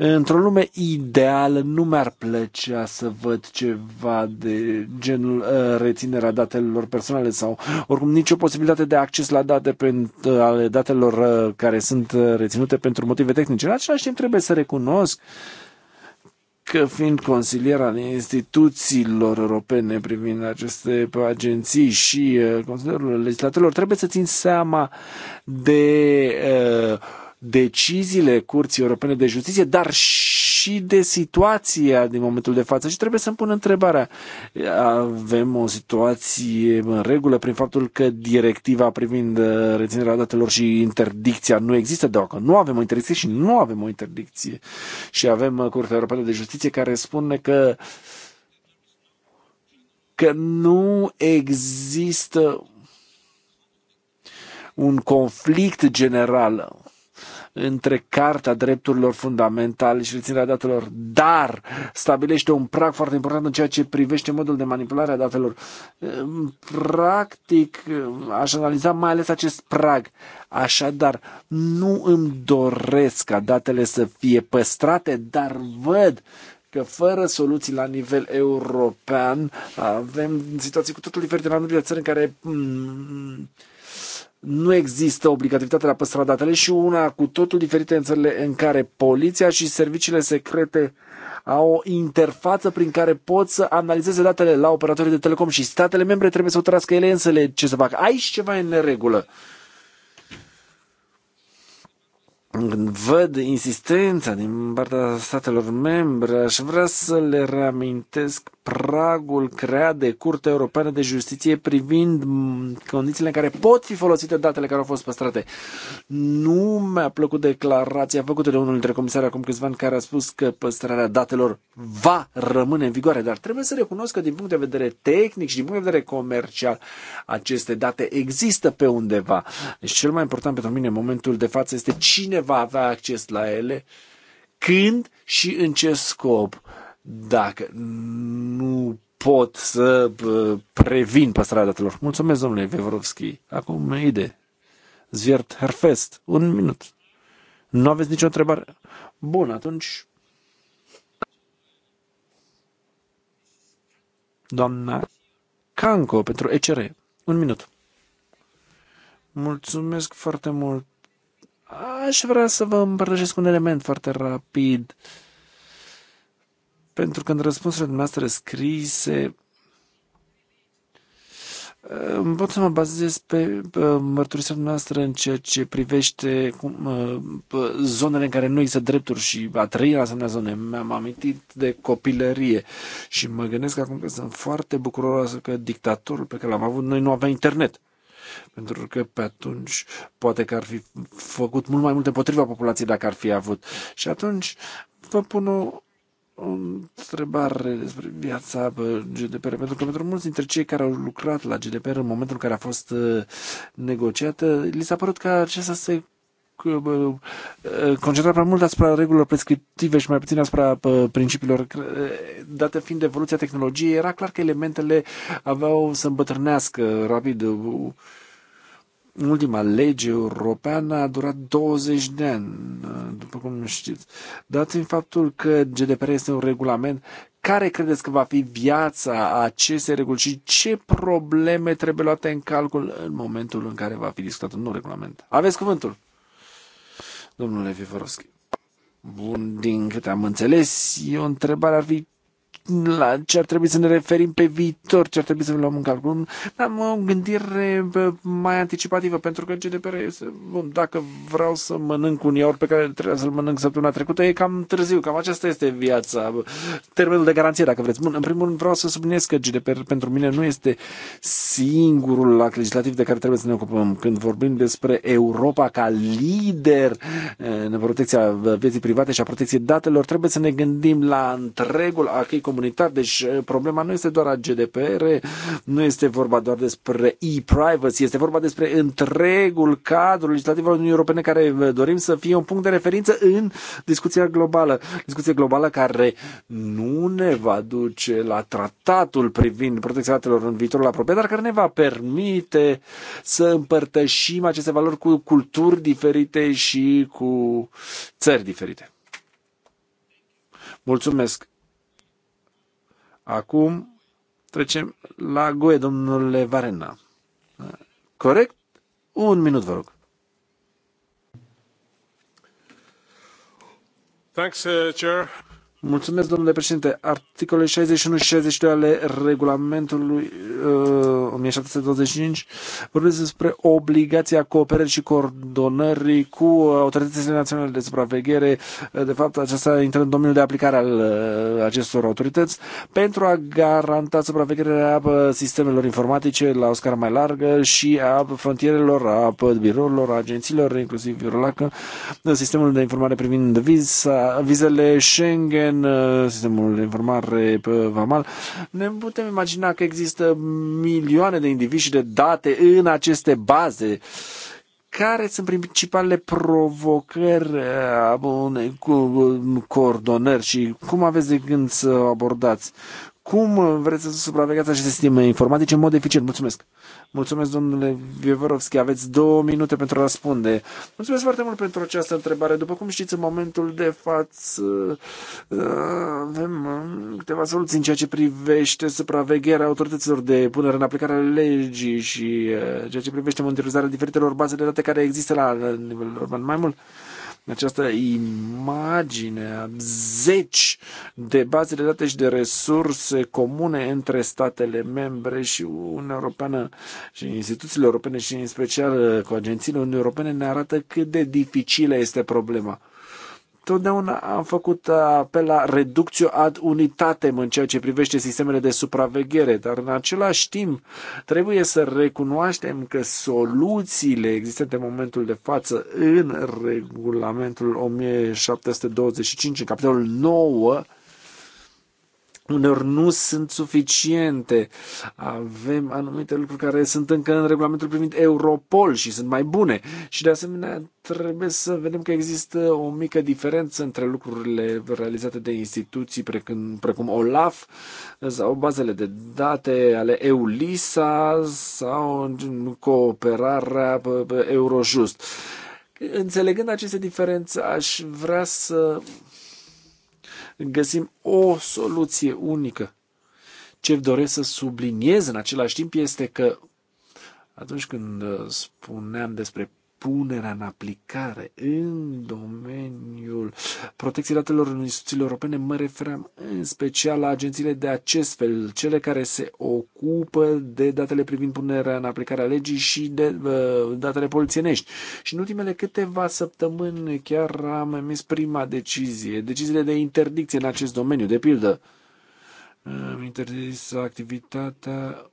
Speaker 1: Într-o lume ideală nu mi-ar plăcea să văd ceva de genul uh, reținerea datelor personale sau oricum nicio posibilitate de acces la date pentru, uh, ale datelor uh, care sunt uh, reținute pentru motive tehnice. În același timp trebuie să recunosc uh, fiind consilier al instituțiilor europene privind aceste agenții și uh, consilierul legislatorilor, trebuie să țin seama de uh, deciziile Curții Europene de Justiție, dar și de situația din momentul de față. Și trebuie să-mi pun întrebarea. Avem o situație în regulă prin faptul că directiva privind uh, reținerea datelor și interdicția nu există deocamdată. Nu avem o interdicție și nu avem o interdicție. Și avem uh, Curtea Europeană de Justiție care spune că că nu există un conflict general între Carta Drepturilor Fundamentale și reținerea datelor, dar stabilește un prag foarte important în ceea ce privește modul de manipulare a datelor. Practic, aș analiza mai ales acest prag. Așadar, nu îmi doresc ca datele să fie păstrate, dar văd că fără soluții la nivel european avem situații cu totul diferite în anumite țări în care mm, nu există obligativitatea de a păstra datele și una cu totul diferită în țările în care poliția și serviciile secrete au o interfață prin care pot să analizeze datele la operatorii de telecom și statele membre trebuie să hotărască ele însele ce să facă. Aici ceva e în neregulă. Când văd insistența din partea statelor membre, aș vrea să le reamintesc pragul creat de Curtea Europeană de Justiție privind condițiile în care pot fi folosite datele care au fost păstrate. Nu mi-a plăcut declarația făcută de unul dintre comisari acum câțiva ani care a spus că păstrarea datelor va rămâne în vigoare, dar trebuie să recunosc că din punct de vedere tehnic și din punct de vedere comercial aceste date există pe undeva. Deci cel mai important pentru mine în momentul de față este cine va avea acces la ele, când și în ce scop dacă nu pot să previn păstrarea datelor. Mulțumesc, domnule Vevrovski. Acum ide. Zviert Herfest. Un minut. Nu aveți nicio întrebare? Bun, atunci... Doamna Canco pentru ECR. Un minut. Mulțumesc foarte mult. Aș vrea să vă împărtășesc un element foarte rapid. Uh, pentru că în răspunsurile dumneavoastră scrise pot să mă bazez pe mărturisirea noastră în ceea ce privește cum, zonele în care nu există drepturi și a trăi în asemenea zone. Mi-am amintit de copilărie și mă gândesc acum că sunt foarte bucuroasă că dictatorul pe care l-am avut noi nu avea internet. Pentru că pe atunci poate că ar fi făcut mult mai multe împotriva populației dacă ar fi avut. Și atunci vă pun o o întrebare despre viața GDPR, pentru că pentru mulți dintre cei care au lucrat la GDPR în momentul în care a fost uh, negociată, li s-a părut că acesta se uh, concentra prea mult asupra regulilor prescriptive și mai puțin asupra principiilor uh, date fiind evoluția tehnologiei, era clar că elementele aveau să îmbătrânească rapid ultima lege europeană a durat 20 de ani, după cum știți. Dat în faptul că GDPR este un regulament, care credeți că va fi viața acestei reguli și ce probleme trebuie luate în calcul în momentul în care va fi discutat un nou regulament? Aveți cuvântul, domnule Vivorovski. Bun, din câte am înțeles, e o întrebare ar fi la ce ar trebui să ne referim pe viitor, ce ar trebui să luăm în calcul. Am o gândire mai anticipativă, pentru că GDPR este, bun, dacă vreau să mănânc un iaurt pe care trebuia să-l mănânc săptămâna trecută, e cam târziu, cam aceasta este viața, termenul de garanție, dacă vreți. Bun, în primul rând vreau să subliniez că GDPR pentru mine nu este singurul act legislativ de care trebuie să ne ocupăm. Când vorbim despre Europa ca lider eh, în protecția vieții private și a protecției datelor, trebuie să ne gândim la întregul comunitate comunitar. Deci eh, problema nu este doar a GDPR, nu este vorba doar despre e-privacy, este vorba despre întregul cadru legislativ al Uniunii Europene care eh, dorim să fie un punct de referință în discuția globală. discuția globală care nu ne va duce la tratatul privind protecția datelor în viitorul apropiat, dar care ne va permite să împărtășim aceste valori cu culturi diferite și cu țări diferite. Mulțumesc! Acum trecem la GUE, domnule Varena. Corect? Un minut, vă rog.
Speaker 3: Thanks, uh, Chair.
Speaker 1: Mulțumesc, domnule președinte. Articolele 61 și 62 ale regulamentului uh, 1725 vorbesc despre obligația cooperării și coordonării cu autoritățile naționale de supraveghere. Uh, de fapt, aceasta intră în domeniul de aplicare al uh, acestor autorități pentru a garanta supravegherea uh, sistemelor informatice la o scară mai largă și a frontierelor, a birourilor, a agențiilor, inclusiv Eurolac, sistemul de informare privind viz, vizele Schengen, Schengen, uh, sistemul de informare pe uh, VAMAL, ne putem imagina că există milioane de indivizi și de date în aceste baze care sunt principalele provocări uh, cu coordonări și cum aveți de gând să abordați? Cum vreți să supravegheați aceste sisteme informatice în mod eficient? Mulțumesc! Mulțumesc, domnule Vievorovski, aveți două minute pentru a răspunde. Mulțumesc foarte mult pentru această întrebare. După cum știți, în momentul de față uh, avem uh, câteva soluții în ceea ce privește supravegherea autorităților de punere în aplicare a legii și uh, ceea ce privește monitorizarea diferitelor baze de date care există la nivel urban. Mai mult, în această imagine a zeci de baze de date și de resurse comune între statele membre și Uniunea Europeană și instituțiile europene și în special cu agențiile Uniunii Europene ne arată cât de dificilă este problema. Totdeauna am făcut apel la reducție ad unitatem în ceea ce privește sistemele de supraveghere, dar în același timp trebuie să recunoaștem că soluțiile existente în momentul de față în regulamentul 1725, în capitolul 9, uneori nu sunt suficiente. Avem anumite lucruri care sunt încă în regulamentul privind Europol și sunt mai bune. Și de asemenea trebuie să vedem că există o mică diferență între lucrurile realizate de instituții precum, precum OLAF sau bazele de date ale EULISA sau cooperarea Eurojust. Înțelegând aceste diferențe, aș vrea să găsim o soluție unică. Ce doresc să subliniez în același timp este că atunci când uh, spuneam despre punerea în aplicare în domeniul protecției datelor în instituțiile europene, mă referam în special la agențiile de acest fel, cele care se ocupă de datele privind punerea în aplicare a legii și de uh, datele polițienești. Și în ultimele câteva săptămâni chiar am emis prima decizie, deciziile de interdicție în acest domeniu, de pildă. Am interzis activitatea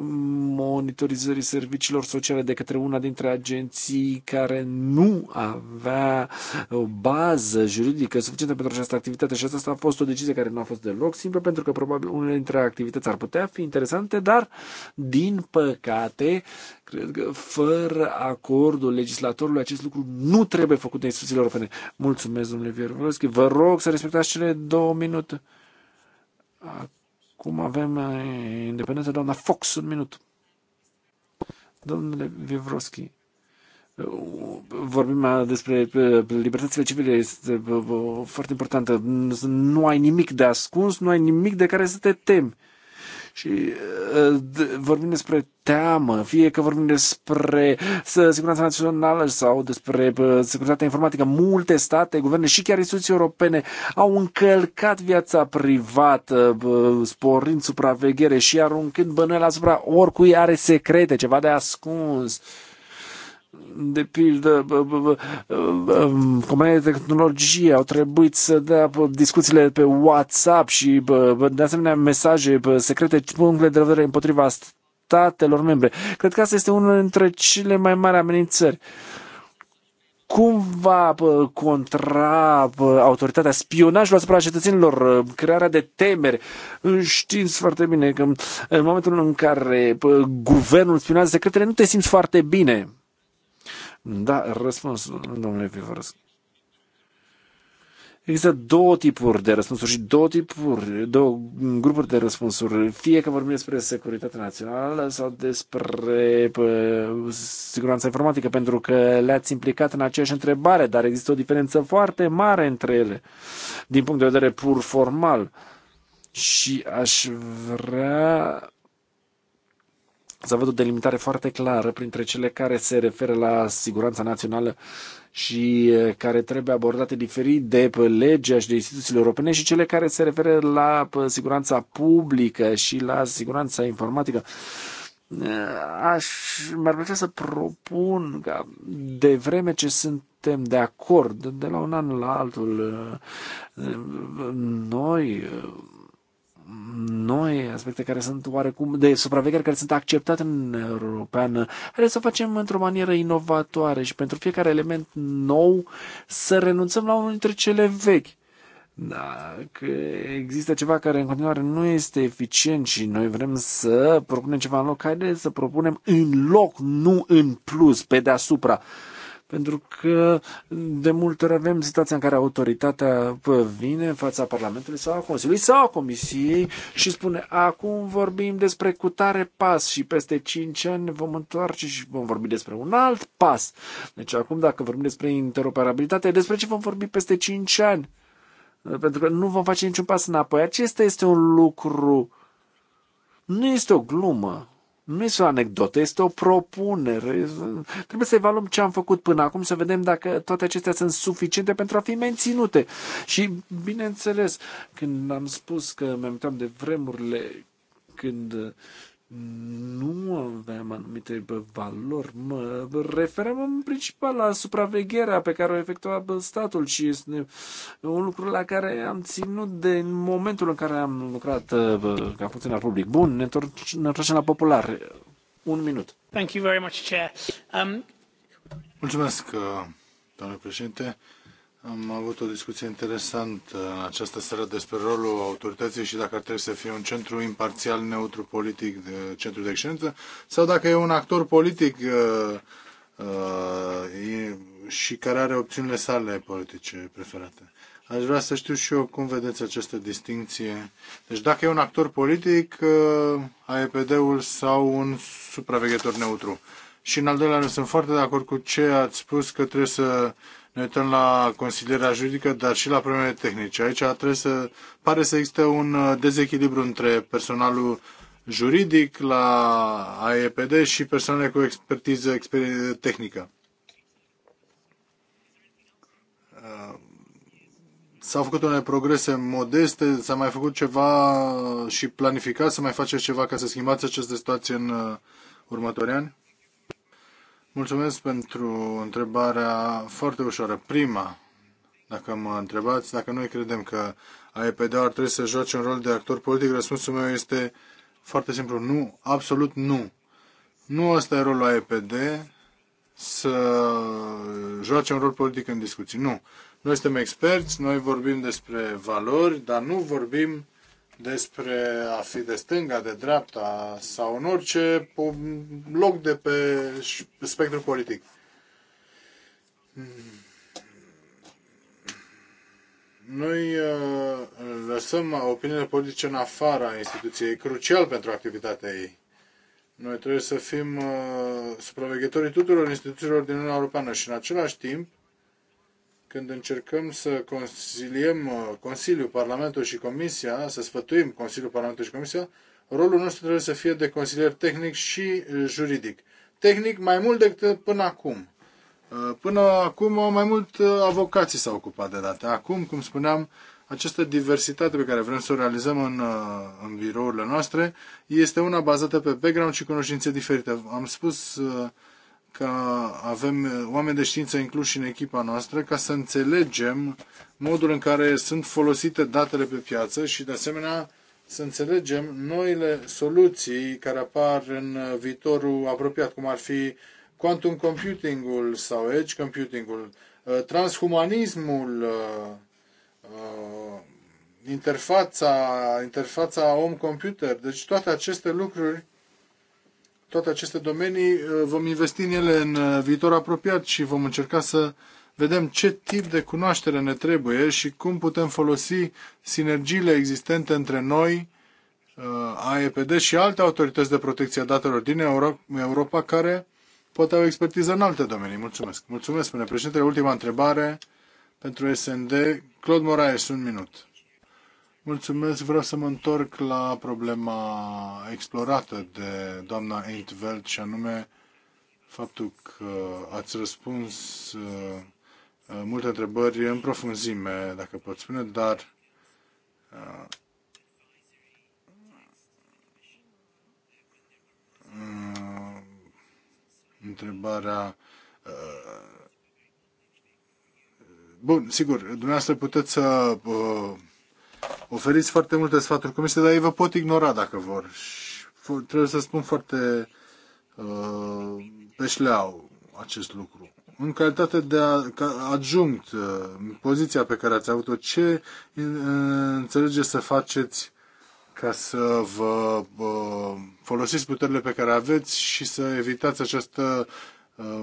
Speaker 1: monitorizării serviciilor sociale de către una dintre agenții care nu avea o bază juridică suficientă pentru această activitate și asta a fost o decizie care nu a fost deloc simplă pentru că probabil unele dintre activități ar putea fi interesante, dar din păcate cred că fără acordul legislatorului acest lucru nu trebuie făcut de instituțiile europene. Mulțumesc, domnule Viervolski. Vă rog să respectați cele două minute. Acum cum avem eh, independența doamna Fox, un minut. Domnule Vivroschi, eh, vorbim eh, despre libertățile civile, este foarte importantă. Nu ai nimic de ascuns, nu ai nimic de care să te temi. Și vorbim despre teamă, fie că vorbim despre siguranța națională sau despre securitatea informatică, multe state, guverne și chiar instituții europene au încălcat viața privată, sporind supraveghere și aruncând bănuiala asupra oricui are secrete, ceva de ascuns. Uh, de pildă, companiile de tehnologie au trebuit să dea discuțiile pe WhatsApp și de asemenea mesaje secrete, punctele de vedere împotriva statelor membre. Cred că asta este unul dintre cele mai mari amenințări. Cum va contra autoritatea spionajul asupra cetățenilor, crearea de temeri? Știți foarte bine că în momentul în care guvernul spionează secretele, nu te simți foarte bine da, răspuns, domnule Pivorschi. Există două tipuri de răspunsuri și două tipuri, două grupuri de răspunsuri. Fie că vorbim despre securitatea națională sau despre siguranța informatică, pentru că le-ați implicat în aceeași întrebare, dar există o diferență foarte mare între ele, din punct de vedere pur formal. Și aș vrea să văd o delimitare foarte clară printre cele care se referă la siguranța națională și care trebuie abordate diferit de legea și de instituțiile europene și cele care se referă la siguranța publică și la siguranța informatică aș, mi-ar plăcea să propun că de vreme ce suntem de acord de la un an la altul noi noi, aspecte care sunt oarecum de supraveghere, care sunt acceptate în Europeană. Haideți să o facem într-o manieră inovatoare și pentru fiecare element nou să renunțăm la unul dintre cele vechi. Da, că există ceva care în continuare nu este eficient și noi vrem să propunem ceva în loc. Haideți să propunem în loc, nu în plus, pe deasupra. Uh, pentru că de multe ori avem situația în care autoritatea vine în fața Parlamentului sau a Consiliului sau a Comisiei și spune acum vorbim despre cutare pas și peste 5 ani ne vom întoarce și vom vorbi despre un alt pas. Deci acum dacă vorbim despre interoperabilitate, despre ce vom vorbi peste 5 ani? Pentru că nu vom face niciun pas înapoi. Acesta este un lucru, nu este o glumă nu este o anecdotă, este o propunere. Trebuie să evaluăm ce am făcut până acum, să vedem dacă toate acestea sunt suficiente pentru a fi menținute. Și, bineînțeles, când am spus că mi-am uitat de vremurile când nu avem anumite valori. Mă referăm în principal la supravegherea pe care o efectua statul și este un lucru la care am ținut de momentul în care am lucrat ca funcționar public. Bun, ne întoarcem la popular. Un minut.
Speaker 3: Thank you very much, Chair. Um... Mulțumesc, uh, doamne președinte. Am avut o discuție interesantă în această seară despre rolul autorității și dacă ar trebui să fie un centru imparțial, neutru politic, de, centru de excelență, sau dacă e un actor politic uh, uh, și care are opțiunile sale politice preferate. Aș vrea să știu și eu cum vedeți această distinție. Deci dacă e un actor politic, uh, AEPD-ul sau un supraveghetor neutru. Și în al doilea rând, sunt foarte de acord cu ce ați spus că trebuie să uh, ne uităm la consilierea juridică, dar și la problemele tehnice. Aici trebuie să, pare să existe un uh, dezechilibru între personalul juridic la AEPD și persoanele cu expertiză tehnică. Uh, s-au făcut unele progrese modeste, s-a mai făcut ceva și planificat să mai faceți ceva ca să schimbați această situație în uh, următorii ani? Mulțumesc pentru întrebarea foarte ușoară. Prima, dacă mă întrebați, dacă noi credem că aepd ar trebui să joace un rol de actor politic, răspunsul meu este foarte simplu, nu, absolut nu. Nu ăsta e rolul AEPD, să joace un rol politic în discuții. Nu. Noi suntem experți, noi vorbim despre valori, dar nu vorbim despre a fi de stânga, de dreapta sau în orice loc de pe spectrul politic. Noi uh, lăsăm opiniile politice în afara instituției, e crucial pentru activitatea ei. Noi trebuie să fim uh, supraveghetorii tuturor instituțiilor din Uniunea Europeană și în același timp când încercăm să consiliem uh, Consiliul, Parlamentul și Comisia, să sfătuim Consiliul, Parlamentul și Comisia, rolul nostru trebuie să fie de consilier tehnic și uh, juridic. Tehnic mai mult decât până acum. Uh, până acum mai mult avocații s-au ocupat de date. Acum, cum spuneam, această diversitate pe care vrem să o realizăm în, în birourile noastre este una bazată pe background și cunoștințe diferite. Am spus uh, ca avem uh, oameni de știință incluși în echipa noastră ca să înțelegem modul în care sunt folosite datele pe piață și, de asemenea, să înțelegem noile soluții care apar în uh, viitorul apropiat, cum ar fi quantum computing-ul sau edge computing-ul, uh, transhumanismul, interfața, interfața om-computer. Deci toate aceste lucruri toate aceste domenii, uh, vom investi în ele în uh, viitor apropiat și vom încerca să vedem ce tip de cunoaștere ne trebuie și cum putem folosi sinergiile existente între noi, uh, AEPD și alte autorități de protecție a datelor din Europa care pot avea expertiză în alte domenii. Mulțumesc. Mulțumesc, spune președintele. Ultima întrebare pentru SND. Claude Moraes, un minut. Mulțumesc. Vreau să mă întorc la problema explorată de doamna Eintveld și anume faptul că ați răspuns uh, multe întrebări în profunzime, dacă pot spune, dar uh, întrebarea uh, Bun, sigur, dumneavoastră puteți să uh, Oferiți foarte multe sfaturi comisiei, dar ei vă pot ignora dacă vor. Și trebuie să spun foarte uh, pe șleau acest lucru. În calitate de adjunct, uh, poziția pe care ați avut-o, ce uh, înțelegeți să faceți ca să vă uh, folosiți puterile pe care aveți și să evitați această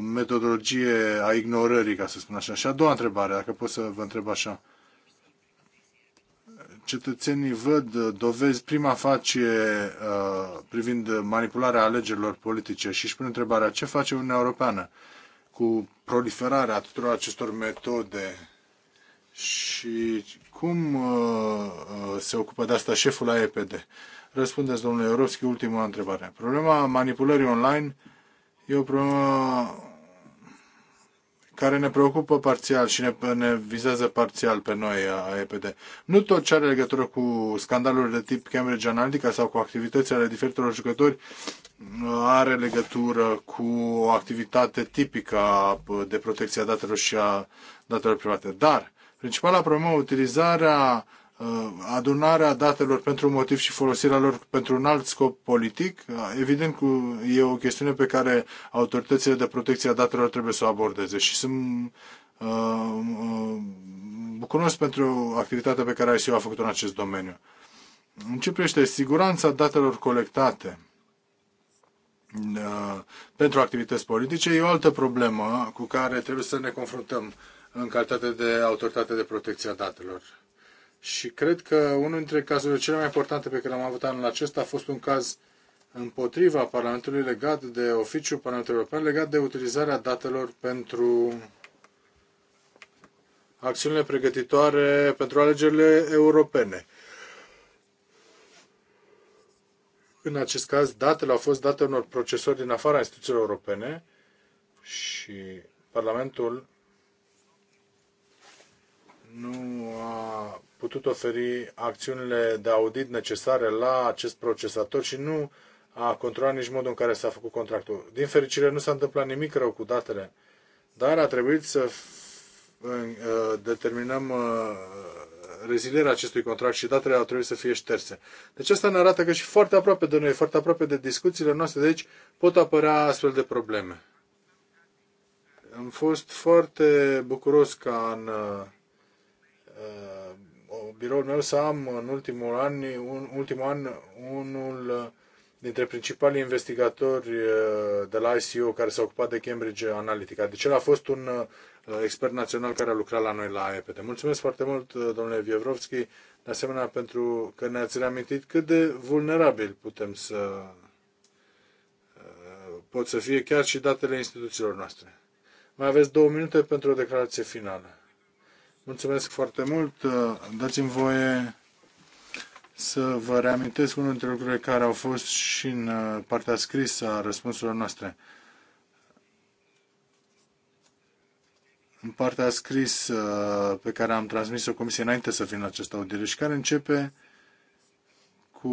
Speaker 3: metodologie a ignorării, ca să spun așa. Și a doua întrebare, dacă pot să vă întreb așa cetățenii văd uh, dovezi prima facie uh, privind manipularea alegerilor politice și își pun întrebarea ce face Uniunea Europeană cu proliferarea tuturor acestor metode și cum uh, se ocupă de asta șeful AEPD? EPD? Răspundeți, domnule Eurovski, ultima întrebare. Problema manipulării online e o problemă care ne preocupă parțial și ne, ne vizează parțial pe noi a EPD. Nu tot ce are legătură cu scandalurile de tip Cambridge Analytica sau cu activitățile ale diferitelor jucători uh, are legătură cu o activitate tipică de protecție a datelor și a datelor private. Dar principala problemă, utilizarea Uh, adunarea datelor pentru un motiv și folosirea lor pentru un alt scop politic, uh, evident că e o chestiune pe care autoritățile de protecție a datelor trebuie să o abordeze și sunt bucuros uh, pentru activitatea pe care ICO a făcut-o în acest domeniu. În ce privește siguranța datelor colectate pentru activități politice, e o altă problemă cu care trebuie să ne confruntăm în calitate de autoritate de protecție a datelor și cred că unul dintre cazurile cele mai importante pe care l-am avut anul acesta a fost un caz împotriva Parlamentului legat de oficiul Parlamentului European, legat de utilizarea datelor pentru acțiunile pregătitoare pentru alegerile europene. În acest caz, datele au fost date unor procesori din afara instituțiilor europene și Parlamentul nu a putut oferi acțiunile de audit necesare la acest procesator și nu a controlat nici modul în care s-a făcut contractul. Din fericire, nu s-a întâmplat nimic rău cu datele, dar a trebuit să uh, determinăm uh, rezilierea acestui contract și datele au trebuit să fie șterse. Deci asta ne arată că și foarte aproape de noi, foarte aproape de discuțiile noastre, deci pot apărea astfel de probleme. Am fost foarte bucuros ca în uh, biroul meu să am în ultimul an, un, ultimul an unul dintre principalii investigatori uh, de la ICO care s-a ocupat de Cambridge Analytica. Deci el a fost un uh, expert național care a lucrat la noi la EPT. Mulțumesc foarte mult, uh, domnule Vievrovski, de asemenea pentru că ne-ați reamintit cât de vulnerabil putem să pot să fie chiar și datele instituțiilor noastre. Mai aveți două minute pentru o declarație finală. Mulțumesc foarte mult. Uh, dați-mi voie să vă reamintesc unul dintre lucrurile care au fost și în uh, partea scrisă a răspunsurilor noastre. În partea scrisă uh, pe care am transmis-o comisie înainte să în această audiere și care începe cu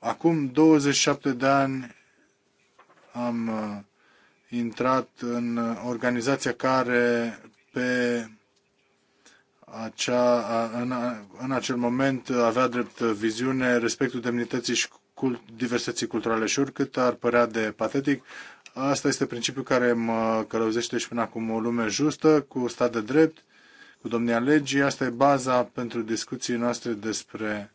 Speaker 3: acum 27 de ani am intrat în organizația care pe acea, în, în acel moment avea drept viziune respectul demnității și cult, diversității culturale și oricât ar părea de patetic, asta este principiul care mă călăuzește și până acum o lume justă, cu stat de drept, cu domnia legii. Asta e baza pentru discuții noastre despre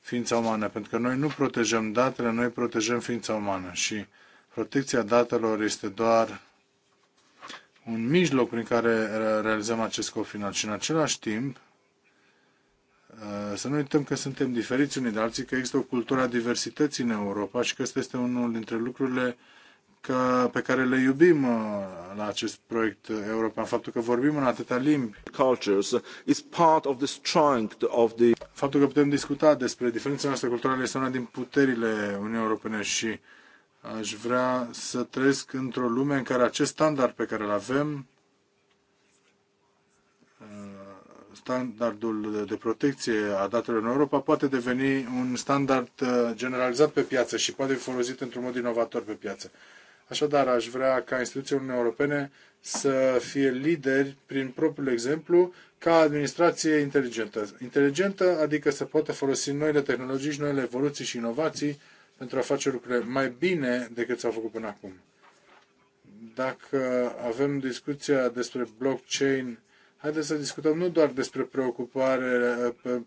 Speaker 3: ființa umană, pentru că noi nu protejăm datele, noi protejăm ființa umană și protecția datelor este doar un mijloc prin care realizăm acest final Și în același timp, uh, să nu uităm că suntem diferiți unii de alții, că există o cultură a diversității în Europa și că acesta este unul dintre lucrurile că, pe care le iubim uh, la acest proiect european, faptul că vorbim în atâtea limbi. Cultures uh, is part of the strength of the... Faptul că putem discuta despre diferențele noastre culturale este una din puterile Uniunii Europene și uh, Aș vrea să trăiesc într-o lume în care acest standard pe care îl avem, uh, standardul de protecție a datelor în Europa, poate deveni un standard uh, generalizat pe piață și poate fi folosit într-un mod inovator pe piață. Așadar, aș vrea ca instituțiile Uniunii Europene să fie lideri prin propriul exemplu ca administrație inteligentă. Inteligentă, adică să poată folosi noile tehnologii și noile evoluții și inovații pentru a face lucrurile mai bine decât s-au făcut până acum. Dacă avem discuția despre blockchain, haideți să discutăm nu doar despre preocupare,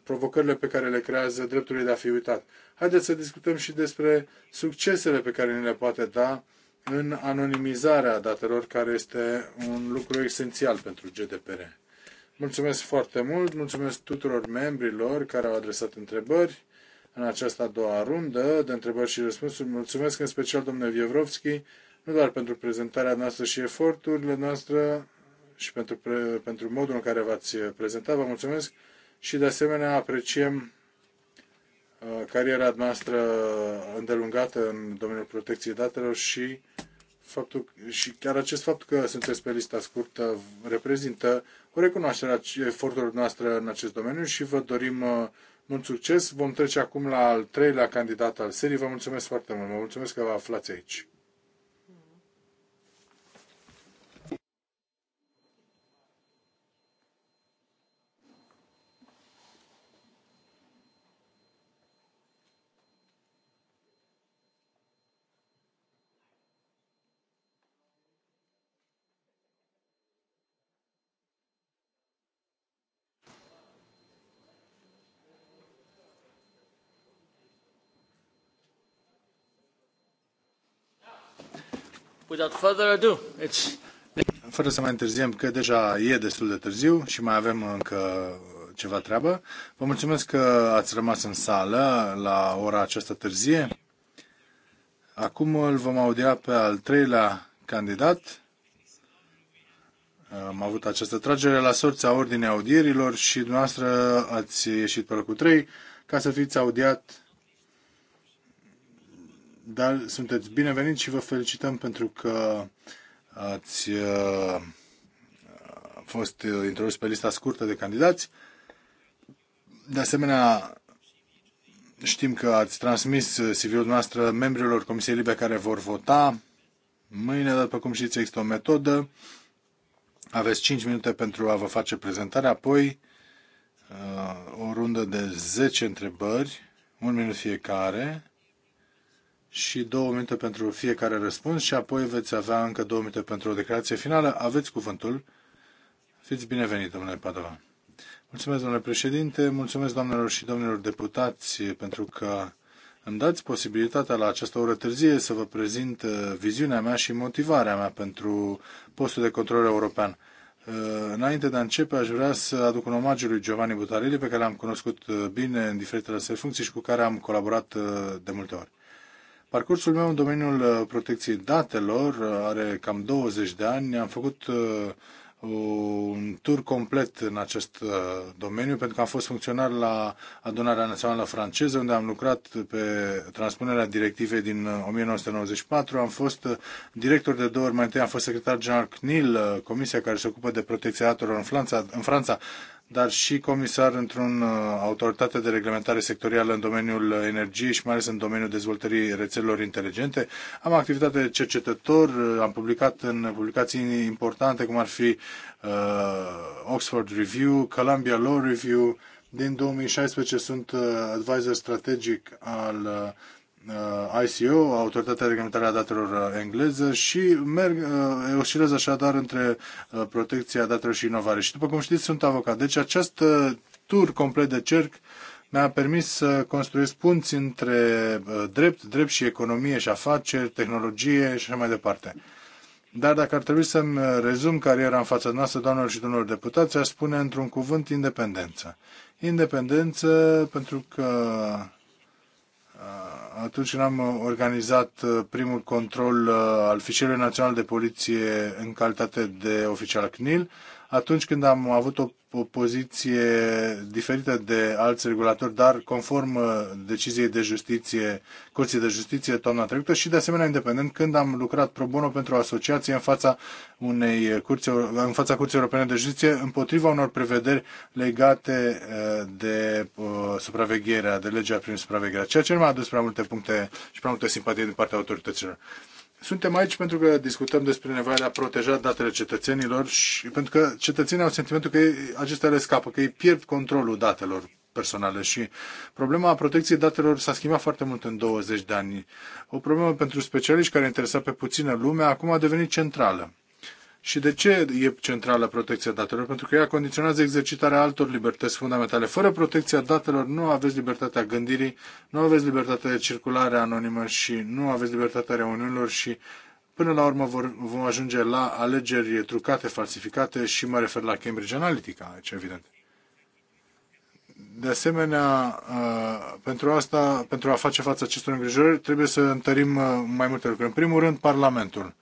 Speaker 3: provocările pe care le creează drepturile de a fi uitat. Haideți să discutăm și despre succesele pe care ni le poate da în anonimizarea datelor, care este un lucru esențial pentru GDPR. Mulțumesc foarte mult, mulțumesc tuturor membrilor care au adresat întrebări în această a doua rundă de întrebări și răspunsuri. Mulțumesc în special, domnule Vievrovski, nu doar pentru prezentarea noastră și eforturile noastre și pentru, pentru modul în care v-ați prezentat. Vă mulțumesc și, de asemenea, apreciem uh, cariera noastră îndelungată în domeniul protecției datelor și faptul și chiar acest fapt că sunteți pe lista scurtă reprezintă o recunoaștere a eforturilor noastre în acest domeniu și vă dorim uh, mult succes! Vom trece acum la al treilea candidat al serii. Vă mulțumesc foarte mult! Vă mulțumesc că vă aflați aici!
Speaker 1: Without further ado, it's...
Speaker 3: Fără să mai întârziem, că deja e destul de târziu și mai avem încă ceva treabă. Vă mulțumesc că ați rămas în sală la ora aceasta târzie. Acum îl vom audia pe al treilea candidat. Am avut această tragere la sorța ordinei audierilor și dumneavoastră ați ieșit pe locul 3 ca să fiți audiat dar sunteți binevenit și vă felicităm pentru că ați uh, uh, fost introdus pe lista scurtă de candidați. De asemenea, știm că ați transmis CV-ul noastră membrilor Comisiei Libe care vor vota mâine, dar după cum știți există o metodă. Aveți 5 minute pentru a vă face prezentarea, apoi uh, o rundă de 10 întrebări, un minut fiecare, și două minute pentru fiecare răspuns și apoi veți avea încă două minute pentru o declarație finală. Aveți cuvântul. Fiți binevenit, domnule Padova. Mulțumesc, domnule președinte, mulțumesc doamnelor și domnilor deputați pentru că îmi dați posibilitatea la această oră târzie să vă prezint uh, viziunea mea și motivarea mea pentru postul de control european. Uh, înainte de a începe, aș vrea să aduc un omagiu lui Giovanni Butarelli, pe care l-am cunoscut uh, bine în diferitele sale funcții și cu care am colaborat de multe ori. Parcursul meu în domeniul uh, protecției datelor uh, are cam 20 de ani. Am făcut uh, un tur complet în acest domeniu, pentru că am fost funcționar la Adunarea Națională Franceză, unde am lucrat pe transpunerea directivei din 1994. Am fost director de două ori, mai întâi am fost secretar general CNIL, comisia care se ocupă de protecția datelor în Franța. În Franța dar și comisar într-un uh, autoritate de reglementare sectorială în domeniul energiei și mai ales în domeniul dezvoltării rețelelor inteligente. Am activitate de cercetător, uh, am publicat în publicații importante cum ar fi uh, Oxford Review, Columbia Law Review. Din 2016 sunt uh, advisor strategic al Uh, ICO, Autoritatea Reglementare a Datelor uh, Engleză și merg, uh, oscilez așadar între protecția datelor și inovare. Și după cum știți, sunt avocat. Deci acest tur complet de cerc mi-a permis să construiesc punți între drept, drept și economie și afaceri, tehnologie și așa mai departe. Dar dacă ar trebui să-mi rezum cariera în fața noastră, doamnelor și domnilor deputați, aș spune într-un cuvânt independență. Independență pentru că atunci când am organizat uh, primul control uh, al Fișierului Național de Poliție în calitate de oficial CNIL, atunci când am avut o poziție diferită de alți regulatori, dar conform uh, deciziei de justiție, Curții de Justiție toamna trecută și de asemenea independent când am lucrat pro bono pentru o asociație în fața unei curți, în fața Curții Europene de Justiție împotriva unor prevederi legate uh, de uh, supravegherea, de legea prin supravegherea, ceea ce nu m-a adus prea multe puncte și prea multe simpatie din partea autorităților. Suntem aici pentru că discutăm despre nevoia de a proteja datele cetățenilor și pentru că cetățenii au sentimentul că acestea le scapă, că ei pierd controlul datelor personale și problema protecției datelor s-a schimbat foarte mult în 20 de ani. O problemă pentru specialiști care interesa pe puțină lume acum a devenit centrală. Și de ce e centrală protecția datelor? Pentru că ea condiționează exercitarea altor libertăți fundamentale. Fără protecția datelor nu aveți libertatea gândirii, nu aveți libertatea de circulare anonimă și nu aveți libertatea reuniunilor și până la urmă vor, vom ajunge la alegeri trucate, falsificate și mă refer la Cambridge Analytica, aici evident. De asemenea, uh, pentru asta, pentru a face față acestor îngrijorări, trebuie să întărim uh, mai multe lucruri. În primul rând, Parlamentul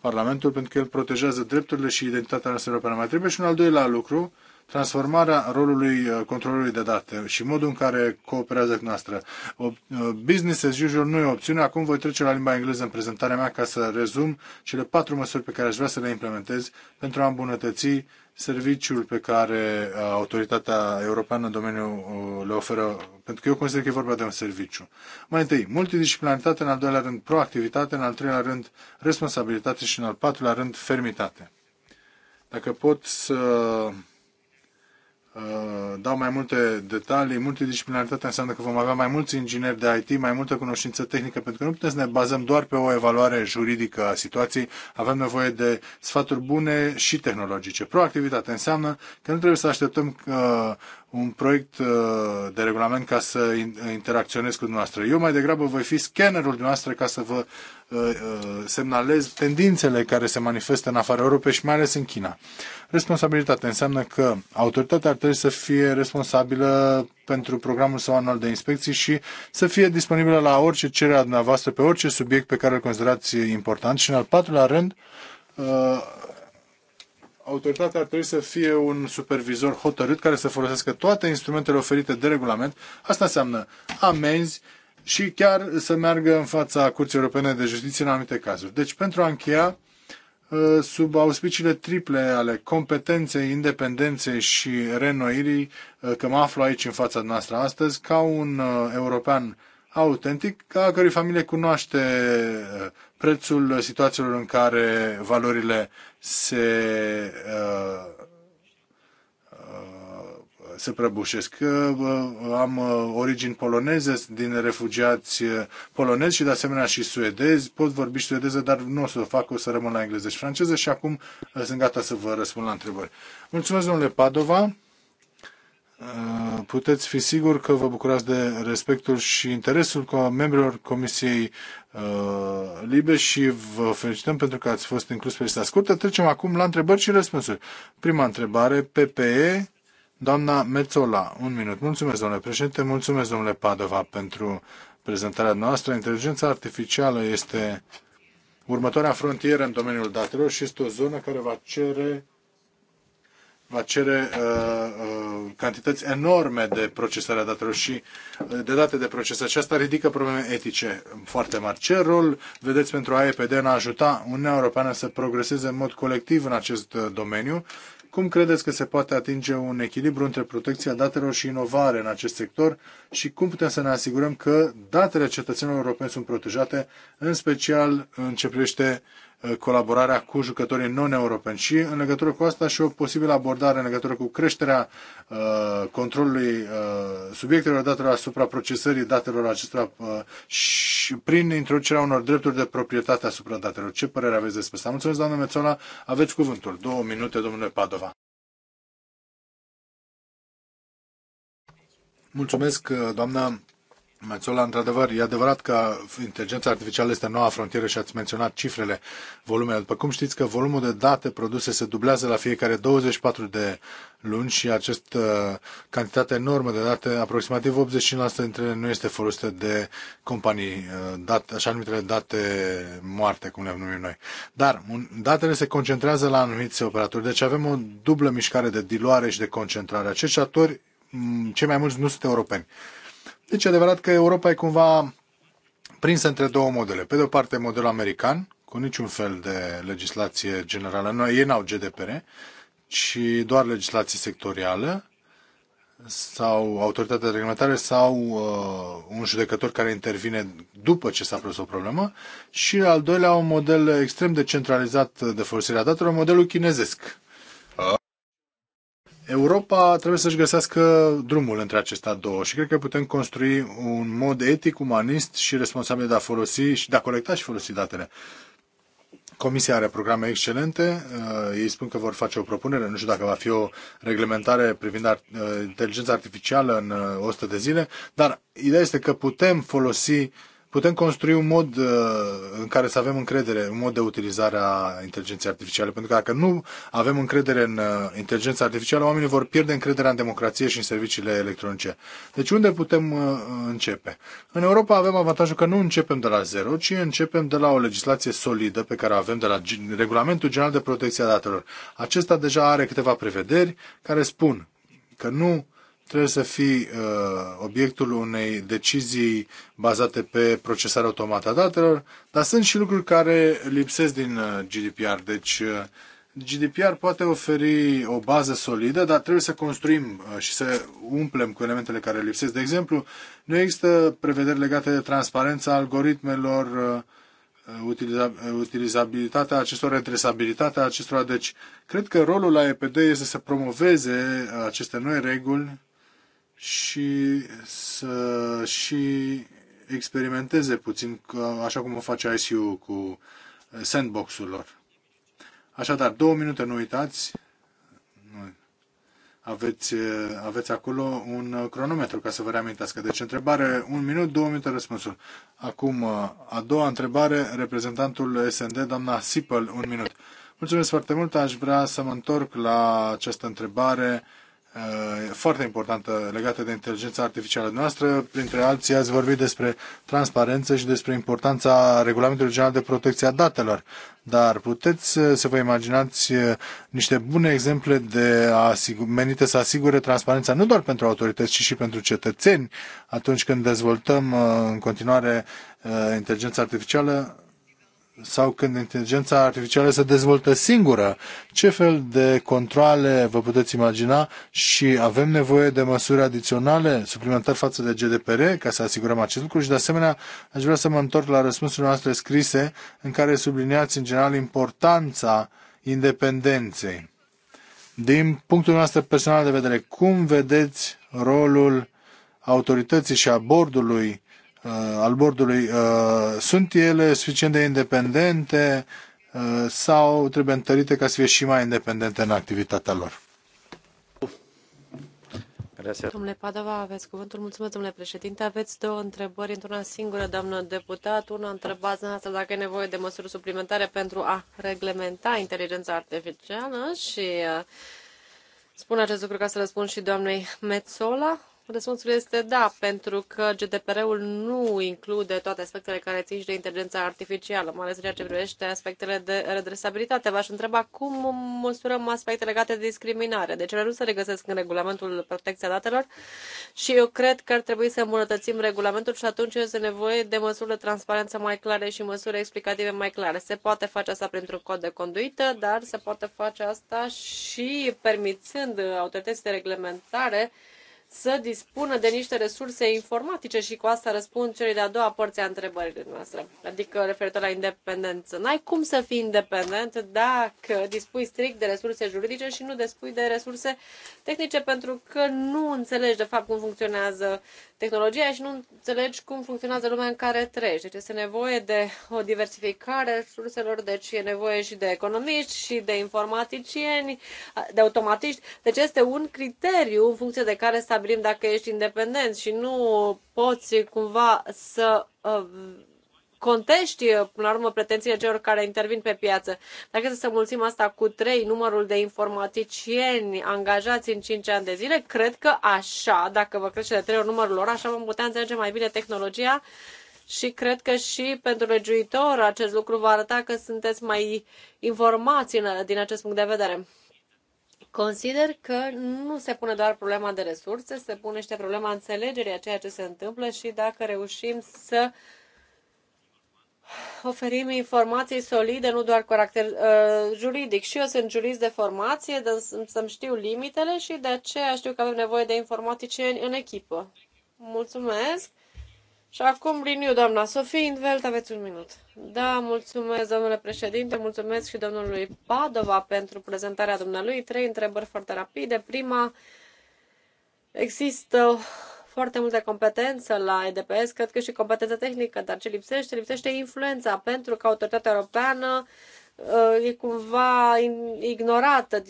Speaker 3: Parlamentul pentru că el protejează drepturile și identitatea noastră europeană. Mai trebuie și un al doilea lucru, transformarea rolului uh, controlului de date și modul în care cooperează cu noastră. Uh, business as usual nu e o opțiune. Acum voi trece la limba engleză în prezentarea mea ca să rezum cele patru măsuri pe care aș vrea să le implementez pentru a îmbunătăți serviciul pe care uh, autoritatea europeană în domeniu uh, le oferă, pentru că eu consider că e vorba de un serviciu. Mai întâi, multidisciplinaritate, în al doilea rând, proactivitate, în al treilea rând, responsabilitate și în al patrulea rând, fermitate. Dacă pot să Uh, dau mai multe detalii. multidisciplinaritate înseamnă că vom avea mai mulți ingineri de IT, mai multă cunoștință tehnică, pentru că nu putem să ne bazăm doar pe o evaluare juridică a situației. Avem nevoie de sfaturi bune și tehnologice. Proactivitate înseamnă că nu trebuie să așteptăm uh, un proiect uh, de regulament ca să uh, interacționez cu dumneavoastră. Eu mai degrabă voi fi scannerul dumneavoastră ca să vă uh, semnalez tendințele care se manifestă în afara Europei și mai ales în China. Responsabilitate înseamnă că autoritatea ar trebui să fie responsabilă pentru programul său anual de inspecții și să fie disponibilă la orice cerere a dumneavoastră pe orice subiect pe care îl considerați important și în al patrulea rând autoritatea ar trebui să fie un supervizor hotărât care să folosească toate instrumentele oferite de regulament. Asta înseamnă amenzi și chiar să meargă în fața Curții Europene de Justiție în anumite cazuri. Deci, pentru a încheia, ă, sub auspiciile triple ale competenței, independenței și renoirii, ă, că mă aflu aici în fața noastră astăzi, ca un ă, european autentic, a cărui familie cunoaște uh, prețul situațiilor în care valorile se, uh, uh, se prăbușesc. Am origini poloneze din refugiați polonezi și de asemenea și suedezi. Pot vorbi suedeză, dar nu o să o fac, o să rămân la engleză și franceză și acum sunt gata să vă răspund la întrebări. Mulțumesc, domnule Padova. Uh, puteți fi sigur că vă bucurați de respectul și interesul ca membrilor Comisiei uh, Libe și vă felicităm pentru că ați fost inclus pe lista scurtă. Trecem acum la întrebări și răspunsuri. Prima întrebare, PPE, doamna Mețola, un minut. Mulțumesc, domnule președinte, mulțumesc, domnule Padova, pentru prezentarea noastră. Inteligența artificială este următoarea frontieră în domeniul datelor și este o zonă care va cere va cere uh, uh, cantități enorme de procesare a datelor și uh, de date de proces. Aceasta ridică probleme etice foarte mari. Ce rol vedeți pentru AEPD în a ajuta Uniunea Europeană să progreseze în mod colectiv în acest uh, domeniu? Cum credeți că se poate atinge un echilibru între protecția datelor și inovare în acest sector și cum putem să ne asigurăm că datele cetățenilor europeni sunt protejate, în special în ce privește Uh, colaborarea cu jucătorii non-europeni și în legătură cu asta și o posibilă abordare în legătură cu creșterea uh, controlului uh, subiectelor datelor asupra procesării datelor acestora și prin introducerea unor drepturi de proprietate asupra datelor. Ce părere aveți despre asta? Mulțumesc, doamnă Mețola. Aveți cuvântul. Două minute, domnule Padova. Mulțumesc, doamna Mațola, într-adevăr, e adevărat că inteligența artificială este noua frontieră și ați menționat cifrele, volumele. După cum știți că volumul de date produse se dublează la fiecare 24 de luni și această uh, cantitate enormă de date, aproximativ 85% dintre ele nu este folosită de companii, uh, dat, așa numitele date moarte, cum le numim noi. Dar datele se concentrează la anumiți operatori, deci avem o dublă mișcare de diluare și de concentrare. Acești actori, mm, cei mai mulți nu sunt europeni deci e adevărat că Europa e cumva prinsă între două modele. Pe de o parte, modelul american, cu niciun fel de legislație generală. Noi, ei n-au GDPR, ci doar legislație sectorială sau autoritatea de reglementare sau uh, un judecător care intervine după ce s-a produs o problemă și al doilea un model extrem de centralizat de folosirea datelor, modelul chinezesc Europa trebuie să-și găsească drumul între acestea două și cred că putem construi un mod etic, umanist și responsabil de a folosi și de a colecta și folosi datele. Comisia are programe excelente, uh, ei spun că vor face o propunere, nu știu dacă va fi o reglementare privind uh, inteligența artificială în 100 uh, de zile, dar ideea este că putem folosi putem construi un mod uh, în care să avem încredere, un mod de utilizare a inteligenței artificiale. Pentru că dacă nu avem încredere în uh, inteligența artificială, oamenii vor pierde încrederea în democrație și în serviciile electronice. Deci unde putem uh, începe? În Europa avem avantajul că nu începem de la zero, ci începem de la o legislație solidă pe care o avem de la Regulamentul General de Protecție a Datelor. Acesta deja are câteva prevederi care spun că nu trebuie să fii uh, obiectul unei decizii bazate pe procesare automată a datelor, dar sunt și lucruri care lipsesc din uh, GDPR. Deci uh, GDPR poate oferi o bază solidă, dar trebuie să construim uh, și să umplem cu elementele care lipsesc. De exemplu, nu există prevederi legate de transparența algoritmelor, uh, utilizabilitatea acestor, redresabilitatea acestora. Deci, cred că rolul AEPD este să promoveze uh, aceste noi reguli și să și experimenteze puțin, așa cum o face ICU cu sandbox-ul lor. Așadar, două minute, nu uitați. Aveți, aveți acolo un cronometru ca să vă reamintească. Deci, întrebare, un minut, două minute răspunsul. Acum, a doua întrebare, reprezentantul SND, doamna Sipel, un minut. Mulțumesc foarte mult, aș vrea să mă întorc la această întrebare foarte importantă legată de inteligența artificială noastră. Printre alții ați vorbit despre transparență și despre importanța Regulamentului General de Protecție a Datelor. Dar puteți să vă imaginați niște bune exemple de menite să asigure transparența nu doar pentru autorități, ci și pentru cetățeni atunci când dezvoltăm în continuare inteligența artificială sau când inteligența artificială se dezvoltă singură. Ce fel de controle vă puteți imagina și avem nevoie de măsuri adiționale, suplimentar față de GDPR, ca să asigurăm acest lucru și de asemenea aș vrea să mă întorc la răspunsurile noastre scrise în care subliniați în general importanța independenței. Din punctul nostru personal de vedere, cum vedeți rolul autorității și a bordului Uh, al bordului, uh, sunt ele suficient de independente uh, sau trebuie întărite ca să fie și mai independente în activitatea lor?
Speaker 2: Domnule Padova, aveți cuvântul. Mulțumesc, domnule președinte. Aveți două întrebări într-una singură, doamnă deputat. Una întrebați în asta dacă e nevoie de măsuri suplimentare pentru a reglementa inteligența artificială și spun acest lucru ca să răspund și doamnei Metzola Răspunsul este da, pentru că GDPR-ul nu include toate aspectele care țin și de inteligența artificială, mai ales ceea ce privește aspectele de redresabilitate. V-aș întreba cum măsurăm aspecte legate de discriminare. Deci ele nu se regăsesc în regulamentul protecția datelor și eu cred că ar trebui să îmbunătățim regulamentul și atunci este nevoie de măsuri de transparență mai clare și măsuri explicative mai clare. Se poate face asta printr-un cod de conduită, dar se poate face asta și permițând autorității de reglementare să dispună de niște resurse informatice și cu asta răspund celei de-a doua părți a întrebării noastre, adică referitor la independență. N-ai cum să fii independent dacă dispui strict de resurse juridice și nu dispui de resurse tehnice pentru că nu înțelegi de fapt cum funcționează tehnologia și nu înțelegi cum funcționează lumea în care trăiești. Deci este nevoie de o diversificare a resurselor, deci e nevoie și de economiști și de informaticieni, de automatiști. Deci este un criteriu în funcție de care să stabilim dacă ești independent și nu poți cumva să uh, contești, uh, până la urmă, pretențiile celor care intervin pe piață. Dacă să mulțim asta cu trei numărul de informaticieni angajați în 5 ani de zile, cred că așa, dacă vă crește de trei ori numărul lor, așa vom putea înțelege mai bine tehnologia și cred că și pentru legiuitor acest lucru va arăta că sunteți mai informați din acest punct de vedere. Consider că nu se pune doar problema de resurse, se pune și problema înțelegerii a ceea ce se întâmplă și dacă reușim să oferim informații solide, nu doar cu caracter uh, juridic. Și eu sunt jurist de formație, dar să-mi știu limitele și de aceea știu că avem nevoie de informaticieni în echipă. Mulțumesc! Și acum, liniu, doamna Sofie Invelt, aveți un minut. Da, mulțumesc, domnule președinte, mulțumesc și domnului Padova pentru prezentarea dumnealui. Trei întrebări foarte rapide. Prima, există foarte multă competență la EDPS, cred că și competență tehnică, dar ce lipsește? Lipsește influența, pentru că autoritatea europeană uh, e cumva ignorată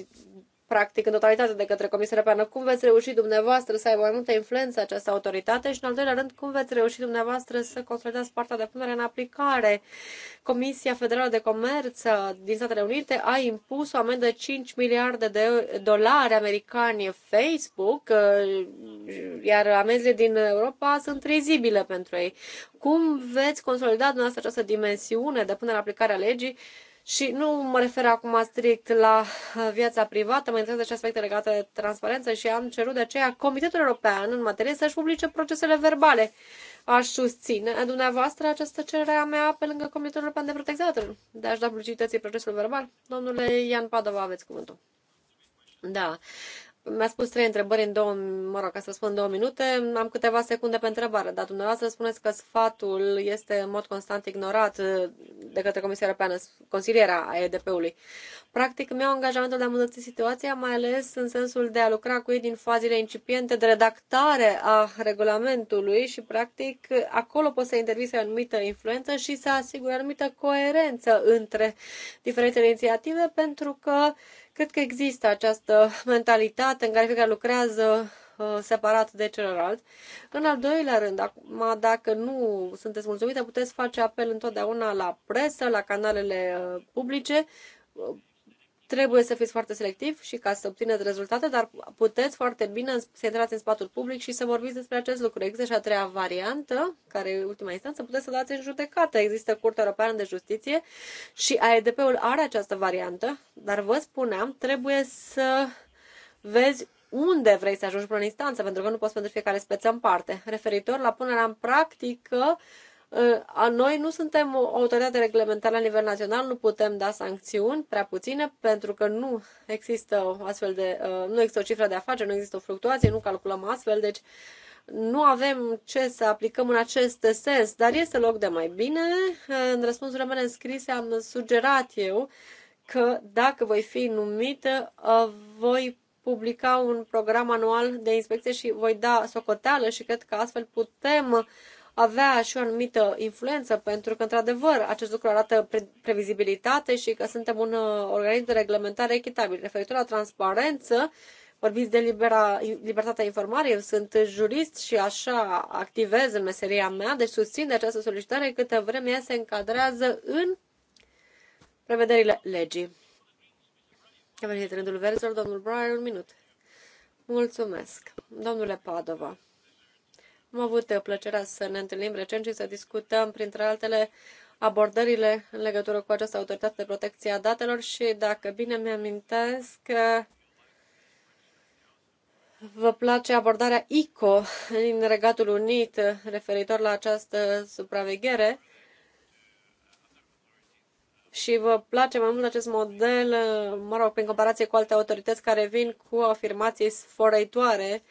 Speaker 2: practic în totalitate de către Comisia Europeană. Cum veți reuși dumneavoastră să aibă mai multă influență această autoritate și, în al doilea rând, cum veți reuși dumneavoastră să consolidați partea de punere în aplicare? Comisia Federală de Comerț din Statele Unite a impus o amendă de 5 miliarde de dolari americani Facebook, iar amenzile din Europa sunt trezibile pentru ei. Cum veți consolida dumneavoastră această dimensiune de punere în aplicare a legii și nu mă refer acum strict la uh, viața privată, mă interesează și aspecte legate de transparență și am cerut de aceea Comitetul European în materie să-și publice procesele verbale. Aș susține dumneavoastră această cerere a mea pe lângă Comitetul European de Protecție Datelor, de a-și da publicității procesul verbal. Domnule Ian Padova, aveți cuvântul. Da mi-a spus trei întrebări în două, mă rog, ca să spun două minute, am câteva secunde pe întrebare, dar dumneavoastră spuneți că sfatul este în mod constant ignorat de către Comisia Europeană, consiliera a EDP-ului. Practic, mi-au angajamentul de a îmbunătăți situația, mai ales în sensul de a lucra cu ei din fazile incipiente de redactare a regulamentului și, practic, acolo poți să intervise o anumită influență și să asigure anumită coerență între diferitele inițiative, pentru că Cred că există această mentalitate în care fiecare lucrează uh, separat de celălalt. În al doilea rând, acum, dacă nu sunteți mulțumite, puteți face apel întotdeauna la presă, la canalele uh, publice, uh, Trebuie să fiți foarte selectiv și ca să obțineți rezultate, dar puteți foarte bine să intrați în spatul public și să vorbiți despre acest lucru. Există și a treia variantă, care e ultima instanță, puteți să dați în judecată. Există Curtea Europeană de Justiție și AEDP-ul are această variantă, dar vă spuneam, trebuie să vezi unde vrei să ajungi până în instanță, pentru că nu poți pentru fiecare speță în parte. Referitor la punerea în practică, uh, Ă, noi nu suntem o autoritate reglementară la nivel național, nu putem da sancțiuni, prea puține, pentru că nu există astfel de, ă, nu există o cifră de afaceri, nu există o fluctuație, nu calculăm astfel, deci nu avem ce să aplicăm în acest sens, dar este loc de mai bine. În răspunsurile mele înscrise am sugerat eu că dacă voi fi numită, voi publica un program anual de inspecție și voi da socoteală și cred că astfel putem avea și o anumită influență, pentru că, într-adevăr, acest lucru arată pre- previzibilitate și că suntem un uh, organism de reglementare echitabil. Referitor la transparență, vorbiți de libera, libertatea informării, eu sunt jurist și așa activez în meseria mea, deci susțin de această solicitare câtă vreme ea se încadrează în prevederile legii. A venit rândul verzilor, domnul Brian, un minut. Mulțumesc. Domnule Padova, am avut uh, plăcerea să ne întâlnim recent și să discutăm, printre altele, abordările în legătură cu această autoritate de protecție a datelor și, dacă bine mi-amintesc, uh, vă place abordarea ICO în Regatul Unit referitor la această supraveghere și vă place mai mult acest model, uh, mă rog, prin comparație cu alte autorități care vin cu afirmații sfărăitoare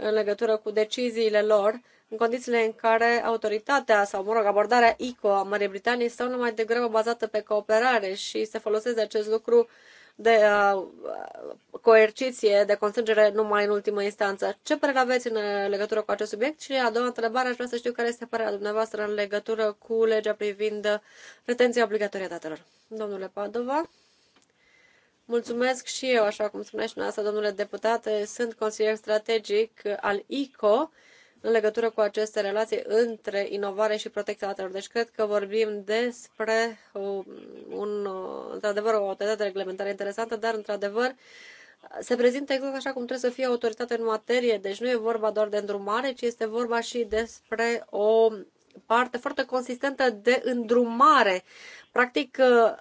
Speaker 2: în legătură cu deciziile lor, în condițiile în care autoritatea sau, mă rog, abordarea ICO a Marii Britanii este numai mai degrabă bazată pe cooperare și se folosește acest lucru de uh, coerciție, de constrângere numai în ultimă instanță. Ce părere aveți în legătură cu acest subiect? Și a doua întrebare, aș vrea să știu care este părerea dumneavoastră în legătură cu legea privind retenția obligatorie a datelor. Domnule Padova. Mulțumesc și eu, așa cum spunea și noastră, domnule deputat, sunt consilier strategic al ICO în legătură cu aceste relații între inovare și protecția datelor. Deci cred că vorbim despre uh, un, uh, într-adevăr, o autoritate reglementare interesantă, dar într-adevăr se prezintă exact așa cum trebuie să fie autoritate în materie. Deci nu e vorba doar de îndrumare, ci este vorba și despre o parte foarte consistentă de îndrumare. Practic, uh,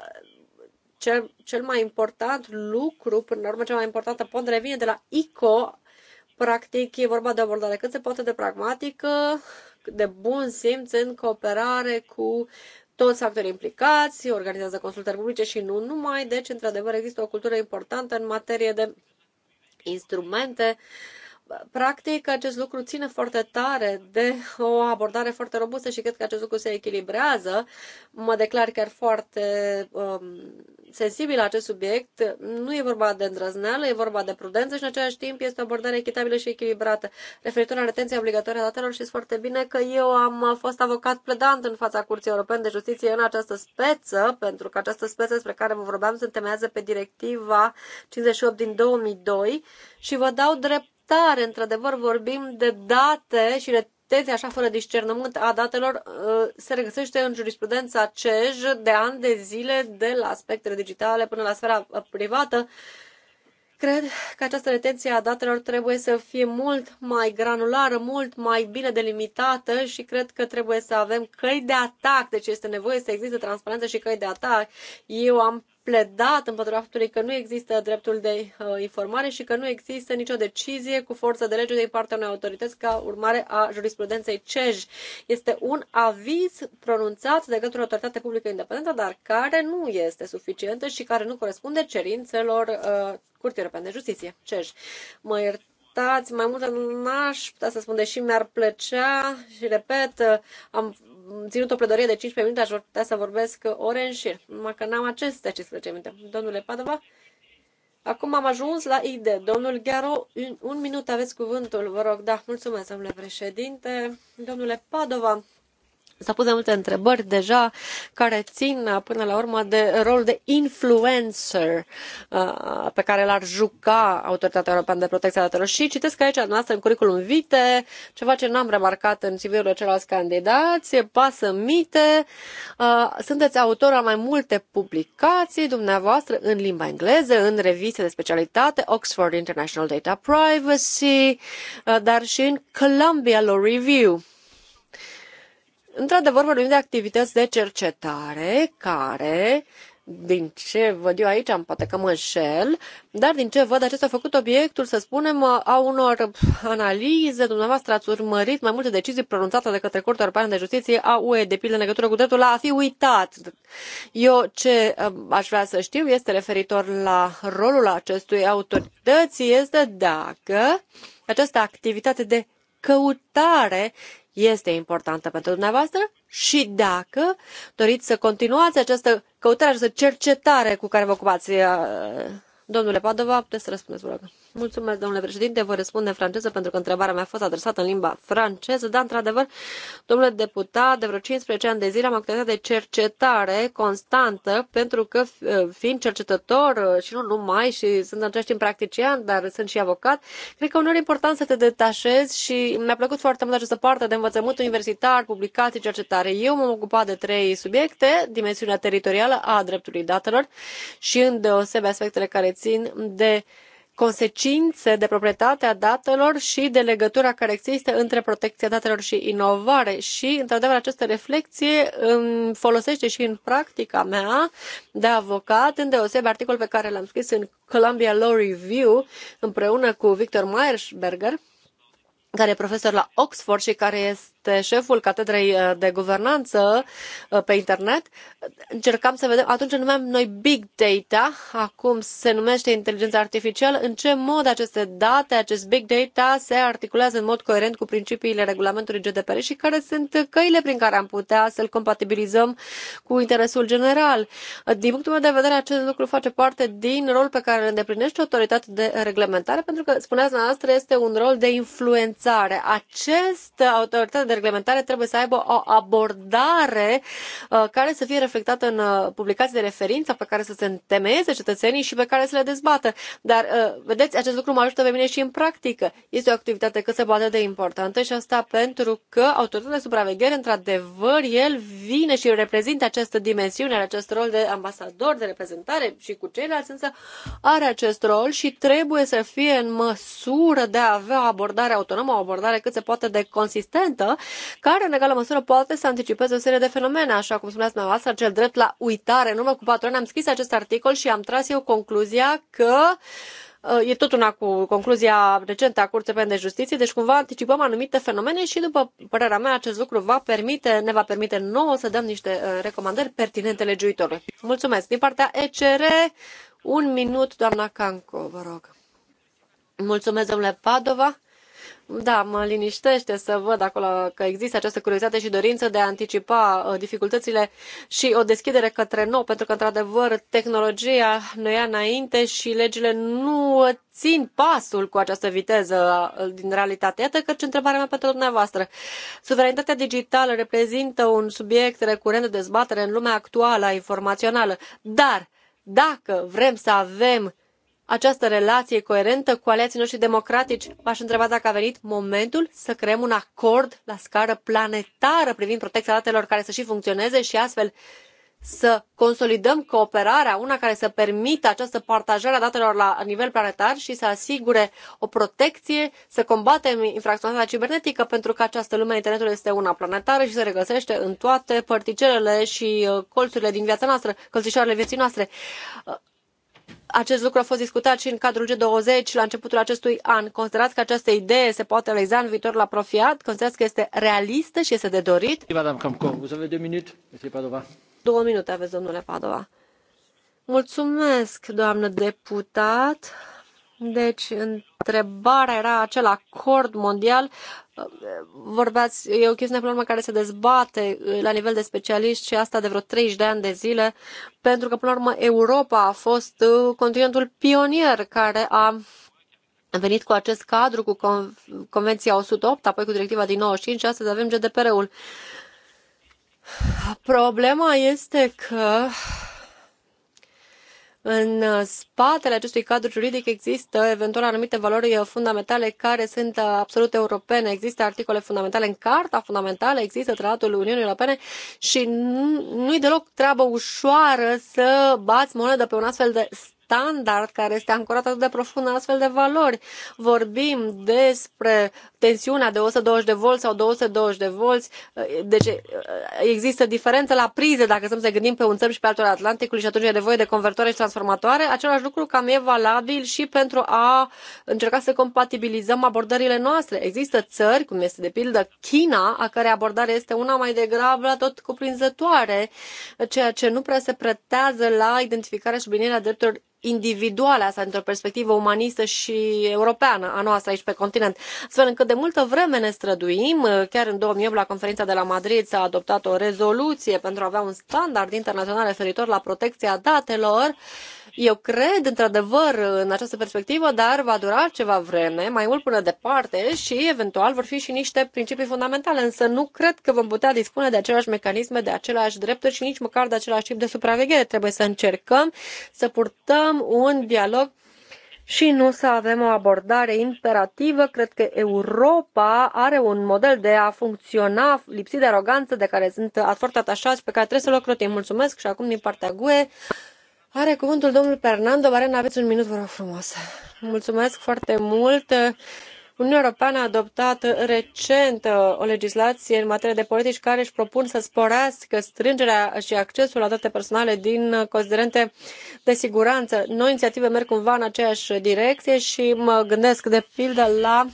Speaker 2: cel, cel mai important lucru, până la urmă cea mai importantă pondere vine de la ICO. Practic e vorba de abordare cât se poate de pragmatică, de bun simț în cooperare cu toți actorii implicați, organizează consultări publice și nu numai, deci într-adevăr există o cultură importantă în materie de instrumente uh, practic, acest lucru ține foarte tare de o abordare foarte robustă și cred că acest lucru se echilibrează. Mă declar chiar foarte um, sensibil la acest subiect. Nu e vorba de îndrăzneală, e vorba de prudență și, în același timp, este o abordare echitabilă și echilibrată. Referitor la retenția obligatorie a datelor, știți foarte bine că eu am fost avocat pledant în fața Curții Europene de Justiție în această speță, pentru că această speță despre care vă vorbeam se întemeiază pe directiva 58 din 2002 și vă dau drept tare, într-adevăr, vorbim de date și retenția așa fără discernământ a datelor uh, se regăsește în jurisprudența CEJ de ani de zile, de la aspectele digitale până la sfera uh, privată. Cred că această retenție a datelor trebuie să fie mult mai granulară, mult mai bine delimitată și cred că trebuie să avem căi de atac, deci este nevoie să existe transparență și căi de atac. Eu am pledat împotriva faptului că nu există dreptul de uh, informare și că nu există nicio decizie cu forță de lege de partea unei autorități ca urmare a jurisprudenței CEJ. Este un aviz pronunțat de către o autoritate publică independentă, dar care nu este suficientă și care nu corespunde cerințelor uh, Curții Europene de Justiție, CEJ. Mă iert iertați, mai multe n-aș putea să spun, deși mi-ar plăcea și repet, uh, am ținut o plădărie de 15 minute, aș putea să vorbesc ore în șir. Numai că n-am aceste 15 minute. Domnule Padova, acum am ajuns la idee. Domnul Ghearo, un, un minut aveți cuvântul, vă rog. Da, mulțumesc, domnule președinte. Domnule Padova, S-au pus de multe întrebări deja care țin uh, până la urmă de rol de influencer uh, pe care l-ar juca Autoritatea Europeană de Protecție a Datelor. Și citesc aici noastră în curriculum vitae ceva ce n-am remarcat în CV-urile celorlalți candidați, pasă mite. Uh, sunteți autor a mai multe publicații dumneavoastră în limba engleză, în reviste de specialitate, Oxford International Data Privacy, dar și în Columbia Law Review Într-adevăr, vorbim de activități de cercetare care din ce văd eu aici, am poate că mă înșel, dar din ce văd, acesta a făcut obiectul, să spunem, a unor analize. Dumneavoastră ați urmărit mai multe decizii pronunțate de către Curtea Europeană de Justiție a UE, de pildă în legătură cu dreptul la a fi uitat. Eu ce um, aș vrea să știu este referitor la rolul acestui autorități, este dacă această activitate de căutare este importantă pentru dumneavoastră și dacă doriți să continuați această căutare, această cercetare cu care vă ocupați. Uh, domnule Padova, puteți să răspundeți, vă rog. Mulțumesc, domnule președinte. Vă răspunde în franceză pentru că întrebarea mea a fost adresată în limba franceză, dar, într-adevăr, domnule deputat, de vreo 15 ani de zile am activitate de cercetare constantă, pentru că, eh, fiind cercetător eh, și nu numai, și sunt în același timp practician, dar sunt și avocat, cred că uneori e important să te detașezi și mi-a plăcut foarte mult această parte de învățământ universitar, publicații, cercetare. Eu m-am ocupat de trei subiecte, dimensiunea teritorială a dreptului datelor și îndeosebe aspectele care țin de consecințe de proprietate a datelor și de legătura care există între protecția datelor și inovare. Și, într-adevăr, această reflexie îmi folosește și în practica mea de avocat, îndeosebi articol pe care l-am scris în Columbia Law Review împreună cu Victor Meyersberger, care e profesor la Oxford și care este este șeful Catedrei uh, de Guvernanță uh, pe internet, încercam să vedem, atunci numeam noi Big Data, acum se numește inteligența artificială, în ce mod aceste date, acest Big Data se articulează în mod coerent cu principiile regulamentului GDPR și care sunt căile prin care am putea să-l compatibilizăm cu interesul general. Din punctul meu de vedere, acest lucru face parte din rolul pe care îl îndeplinește autoritatea de reglementare, pentru că, spuneați noastră, este un rol de influențare. Acest autoritate de reglementare trebuie să aibă o abordare uh, care să fie reflectată în uh, publicații de referință pe care să se întemeieze cetățenii și pe care să le dezbată. Dar, uh, vedeți, acest lucru mă ajută pe mine și în practică. Este o activitate cât se poate de importantă și asta pentru că autoritatea de supraveghere, într-adevăr, el vine și reprezintă această dimensiune, are acest rol de ambasador, de reprezentare și cu ceilalți, însă are acest rol și trebuie să fie în măsură de a avea o abordare autonomă, o abordare cât se poate de consistentă care în egală măsură poate să anticipeze o serie de fenomene, așa cum spuneați dumneavoastră, cel drept la uitare. În urmă cu patru ani am scris acest articol și am tras eu concluzia că uh, e tot una cu concluzia recentă a Curții Penale de Justiție, deci cumva anticipăm anumite fenomene și, după părerea mea, acest lucru va permite, ne va permite nouă să dăm niște uh, recomandări pertinente legiuitorului. Mulțumesc. Din partea ECR, un minut, doamna Canco, vă rog. Mulțumesc, domnule Padova. Da, mă liniștește să văd acolo că există această curiozitate și dorință de a anticipa uh, dificultățile și o deschidere către nou, pentru că, într-adevăr, tehnologia ne ia înainte și legile nu țin pasul cu această viteză uh, din realitate. Iată că ce întrebarea mea pentru dumneavoastră. Suveranitatea digitală reprezintă un subiect recurent de dezbatere în lumea actuală informațională, dar dacă vrem să avem această relație coerentă cu aliații noștri democratici, v-aș întreba dacă a venit momentul să creăm un acord la scară planetară privind protecția datelor care să și funcționeze și astfel să consolidăm cooperarea, una care să permită această partajare a datelor la nivel planetar și să asigure o protecție, să combatem infracționalitatea cibernetică, pentru că această lume a internetului este una planetară și se regăsește în toate părticelele și uh, colțurile din viața noastră, colțișoarele vieții noastre. Uh, acest lucru a fost discutat și în cadrul G20 la începutul acestui an. Considerați că această idee se poate realiza în viitor la profiat? Considerați că este realistă și este de dorit? Două minute aveți, domnule Padova. Mulțumesc, doamnă deputat. Deci, întrebarea era acel acord mondial. Vorbeați, e o chestiune până la urmă care se dezbate la nivel de specialiști și asta de vreo 30 de ani de zile, pentru că până la urmă Europa a fost continentul pionier care a venit cu acest cadru, cu Convenția 108, apoi cu Directiva din 95 și astăzi avem GDPR-ul. Problema este că în uh, spatele acestui cadru juridic există eventual anumite valori uh, fundamentale care sunt uh, absolut europene. Există articole fundamentale în Carta Fundamentală, există Tratatul Uniunii Europene și nu-i deloc treabă ușoară să bați monedă pe un astfel de standard care este ancorat atât de profund în astfel de valori. Vorbim despre tensiunea de 120 de volți sau 220 de volți. Deci eh, există diferență la prize dacă să ne gândim pe un țăr și pe altul Atlanticului și atunci e nevoie de convertoare și transformatoare. Același lucru cam e valabil și pentru a încerca să compatibilizăm abordările noastre. Există țări, cum este de pildă China, a care abordare este una mai degrabă tot cuprinzătoare, ceea ce nu prea se pretează la identificarea și sublinierea drepturilor individuale, asta într-o perspectivă umanistă și europeană a noastră aici pe continent, astfel încât de multă vreme ne străduim, chiar în 2008 la conferința de la Madrid s-a adoptat o rezoluție pentru a avea un standard internațional referitor la protecția datelor, eu cred, într-adevăr, în această perspectivă, dar va dura ceva vreme, mai mult până departe și, eventual, vor fi și niște principii fundamentale, însă nu cred că vom putea dispune de aceleași mecanisme, de aceleași drepturi și nici măcar de același tip de supraveghere. Trebuie să încercăm să purtăm un dialog și nu să avem o abordare imperativă. Cred că Europa are un model de a funcționa lipsit de aroganță de care sunt foarte atașați, pe care trebuie să-l ocrotim. Mulțumesc și acum din partea GUE, are cuvântul domnul Fernando Barena, aveți un minut, vă rog frumos. Mulțumesc foarte mult. Uniunea Europeană a adoptat recent o legislație în materie de politici care își propun să sporească strângerea și accesul la date personale din considerente de siguranță. Noi inițiative merg cumva în aceeași direcție și mă gândesc de pildă la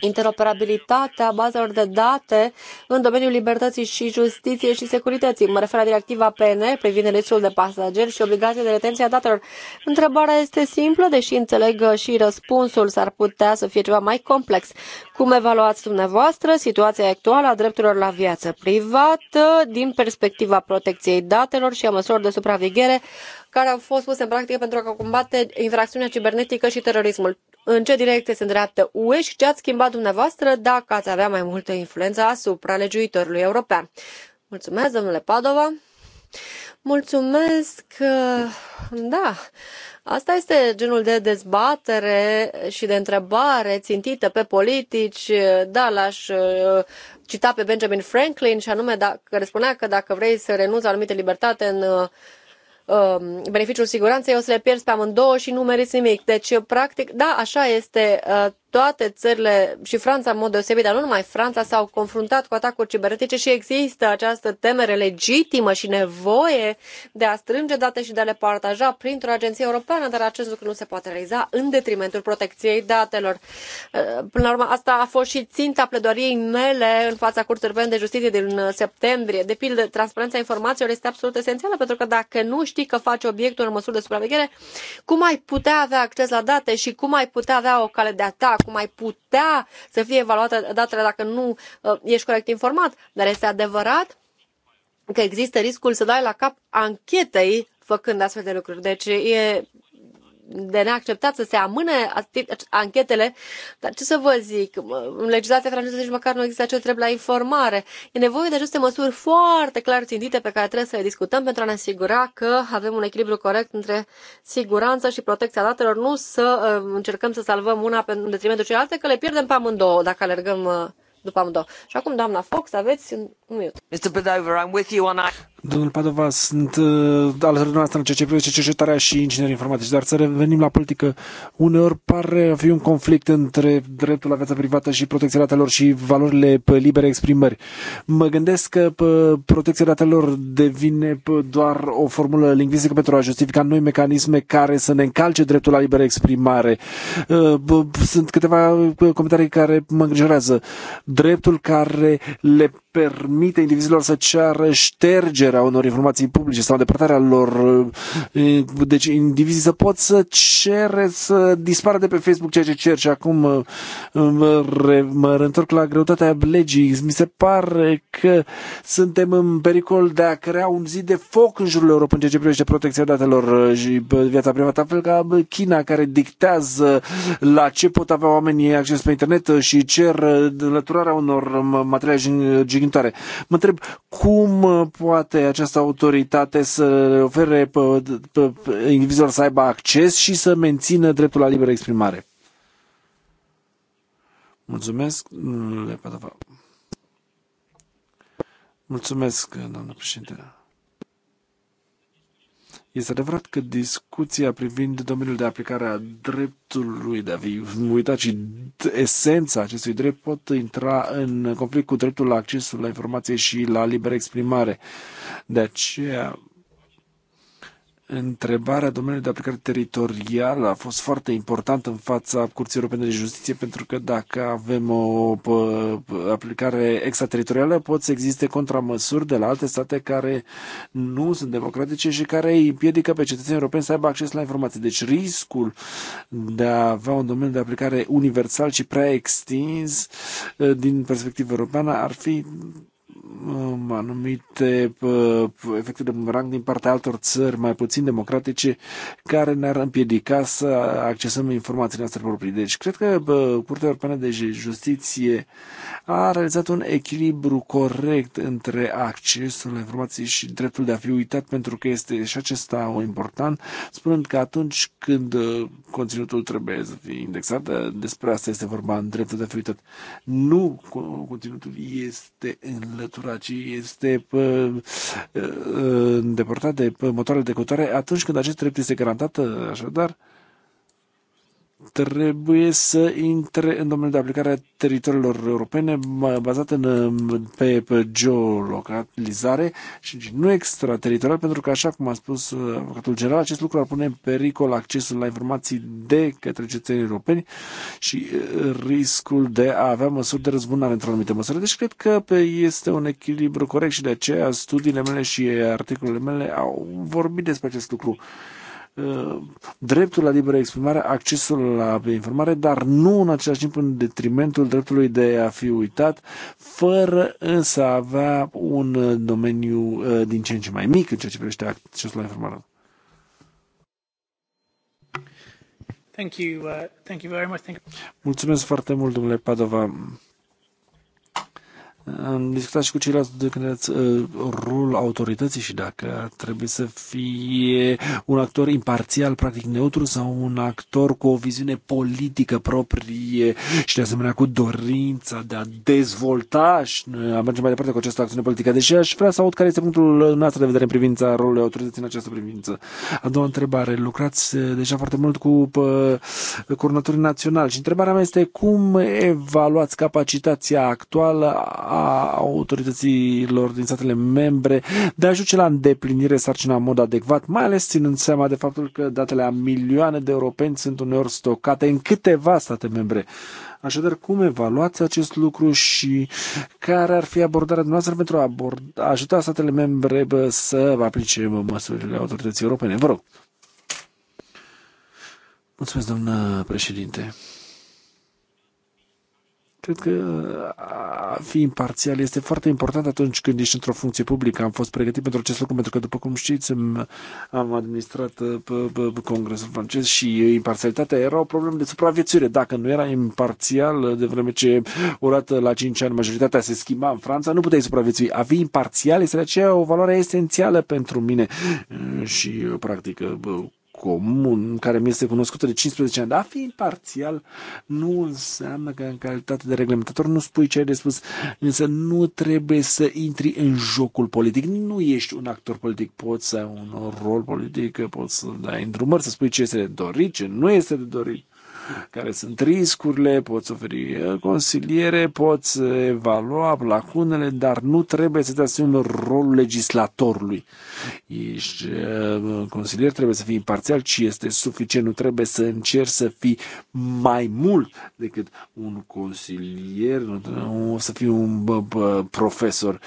Speaker 2: interoperabilitatea bazelor de date în domeniul libertății și justiției și securității. Mă refer la directiva PN privind registrul de pasageri și obligația de retenție a datelor. Întrebarea este simplă, deși înțeleg și răspunsul s-ar putea să fie ceva mai complex. Cum evaluați dumneavoastră situația actuală a drepturilor la viață privată din perspectiva protecției datelor și a măsurilor de supraveghere care au fost puse în practică pentru a combate infracțiunea cibernetică și terorismul? în ce direcție se îndreaptă UE și ce ați schimbat dumneavoastră dacă ați avea mai multă influență asupra legiuitorului european. Mulțumesc, domnule Padova. Mulțumesc. Uh, da, asta este genul de dezbatere și de întrebare țintită pe politici. Da, l-aș uh, cita pe Benjamin Franklin și anume dacă, care spunea că dacă vrei să renunți la anumite libertate în uh, Um, beneficiul siguranței, o să le pierzi pe amândouă și nu meriți nimic. Deci, practic, da, așa este uh, toate țările și Franța în mod deosebit, dar nu numai Franța, s-au confruntat cu atacuri cibernetice și există această temere legitimă și nevoie de a strânge date și de a le partaja printr-o agenție europeană, dar acest lucru nu se poate realiza în detrimentul protecției datelor. Uh, până la urmă, asta a fost și ținta pledoariei mele în fața Curții Europene de Justiție din uh, septembrie. De pildă, transparența informațiilor este absolut esențială, pentru că dacă nu știi că faci obiectul în măsuri de supraveghere, cum ai putea avea acces la date și cum ai putea avea o cale de atac? cum ai putea să fie evaluată datele dacă nu uh, ești corect informat. Dar este adevărat că există riscul să dai la cap anchetei făcând astfel de lucruri. Deci e de neacceptat să se amâne anchetele, dar ce să vă zic, în legislația franceză nici măcar nu există acel drept la informare. E nevoie de aceste măsuri foarte clar țintite pe care trebuie să le discutăm pentru a ne asigura că avem un echilibru corect între siguranță și protecția datelor, nu să uh, încercăm să salvăm una în detrimentul celelalte, că le pierdem pe amândouă dacă alergăm uh, după amândouă. Și acum, doamna Fox, aveți un minut. Mr. Bedover, I'm with you on...
Speaker 1: Domnul Padova, sunt uh, alături noastră în ceea ce privește cercetarea și inginerii informatici, dar să revenim la politică. Uneori pare a fi un conflict între dreptul la viața privată și protecția datelor și valorile pe libere exprimări. Mă gândesc că protecția datelor devine doar o formulă lingvistică pentru a justifica noi mecanisme care să ne încalce dreptul la liberă exprimare. Uh, sunt câteva comentarii care mă îngrijorează. Dreptul care le permite indivizilor să ceară ștergerea unor informații publice sau îndepărtarea lor. Eh, eh, deci indivizii să pot să cere să dispară de pe Facebook ceea ce cer și acum eh, mă, mă întorc la greutatea legii. Mi se pare că suntem în pericol de a crea un zid de foc în jurul Europei în ceea ce privește protecția datelor și viața privată, la fel ca China care dictează la ce pot avea oamenii acces pe internet și cer înlăturarea unor materiale jignitoare. Mă întreb cum uh, poate această autoritate să ofere uh, indivizilor să aibă acces și să mențină dreptul la liberă exprimare. Mulțumesc, domnule Mulțumesc, doamnă președinte. Este adevărat că discuția privind domeniul de aplicare a dreptului de a fi uitat și esența acestui drept pot intra în conflict cu dreptul la accesul la informație și la liberă exprimare. De aceea Întrebarea domeniului de aplicare teritorială a fost foarte importantă în fața Curții Europene de Justiție, pentru că dacă avem o aplicare extrateritorială, pot să existe contramăsuri de la alte state care nu sunt democratice și care îi împiedică pe cetățenii europeni să aibă acces la informații. Deci riscul de a avea un domeniu de aplicare universal și prea extins eh, din perspectivă europeană ar fi Um, anumite uh, efecte de bumerang din partea altor țări mai puțin democratice care ne-ar împiedica să accesăm informații noastre proprii. Deci cred că Curtea Europeană de Justiție a realizat un echilibru corect între accesul la informații și dreptul de a fi uitat pentru că este și acesta o important, spunând că atunci când uh, conținutul trebuie să fie indexat, uh, despre asta este vorba în dreptul de a fi uitat, nu conținutul este înlăturat temperatura, ci este ă, îndepărtat de motoarele de cotare atunci când acest drept este garantat, așadar trebuie să intre în domeniul de aplicare a teritoriilor europene bazate în, pe, pe geolocalizare și nu extrateritorial, pentru că, așa cum a spus uh, avocatul general, acest lucru ar pune în pericol accesul la informații de către cetățenii europeni și uh, riscul de a avea măsuri de răzbunare într-o anumită măsură. Deci cred că este un echilibru corect și de aceea studiile mele și articolele mele au vorbit despre acest lucru. Uh, dreptul la liberă exprimare, accesul la informare, dar nu în același timp în detrimentul dreptului de a fi uitat, fără însă a avea un domeniu uh, din ce în ce mai mic în ceea ce privește accesul la informare.
Speaker 3: Thank you, uh, thank you very much. Thank you.
Speaker 1: Mulțumesc foarte mult, domnule Padova. Am discutat și cu ceilalți de când ați uh, rolul autorității și dacă trebuie să fie un actor imparțial, practic neutru, sau un actor cu o viziune politică proprie și de asemenea cu dorința de a dezvolta și uh, a merge mai departe cu această acțiune politică. Deși aș vrea să aud care este punctul noastră de vedere în privința rolului autorității în această privință. A doua întrebare. Lucrați uh, deja foarte mult cu uh, coordonatorii naționali și întrebarea mea este cum evaluați capacitatea actuală a autorităților din statele membre de a duce la îndeplinire sarcina în mod adecvat, mai ales ținând seama de faptul că datele a milioane de europeni sunt uneori stocate în câteva state membre. Așadar, cum evaluați acest lucru și care ar fi abordarea dumneavoastră pentru a aborda, ajuta statele membre să aplice măsurile autorității europene? Vă rog. Mulțumesc, doamnă președinte. Cred că uh, a fi imparțial este foarte important atunci când ești într-o funcție publică. Am fost pregătit pentru acest lucru pentru că, după cum știți, am administrat uh, Congresul francez și uh, imparțialitatea era o problemă de supraviețuire. Dacă nu era imparțial, de vreme ce odată la 5 ani majoritatea se schimba în Franța, nu puteai supraviețui. A fi imparțial este de aceea o valoare esențială pentru mine și, practic, comun care mi este cunoscută de 15 ani, dar fi imparțial, nu înseamnă că în calitate de reglementator nu spui ce ai de spus, însă nu trebuie să intri în jocul politic, nu ești un actor politic, poți să ai un rol politic, poți să dai îndrumări, să spui ce este de dorit, ce nu este de dorit, care sunt riscurile, poți oferi eh, consiliere, poți eh, evalua lacunele, dar nu trebuie să te asumi rolul legislatorului. Ești eh, consilier, trebuie să fii imparțial, ci este suficient, nu trebuie să încerci să fii mai mult decât un consilier, nu să fii un profesor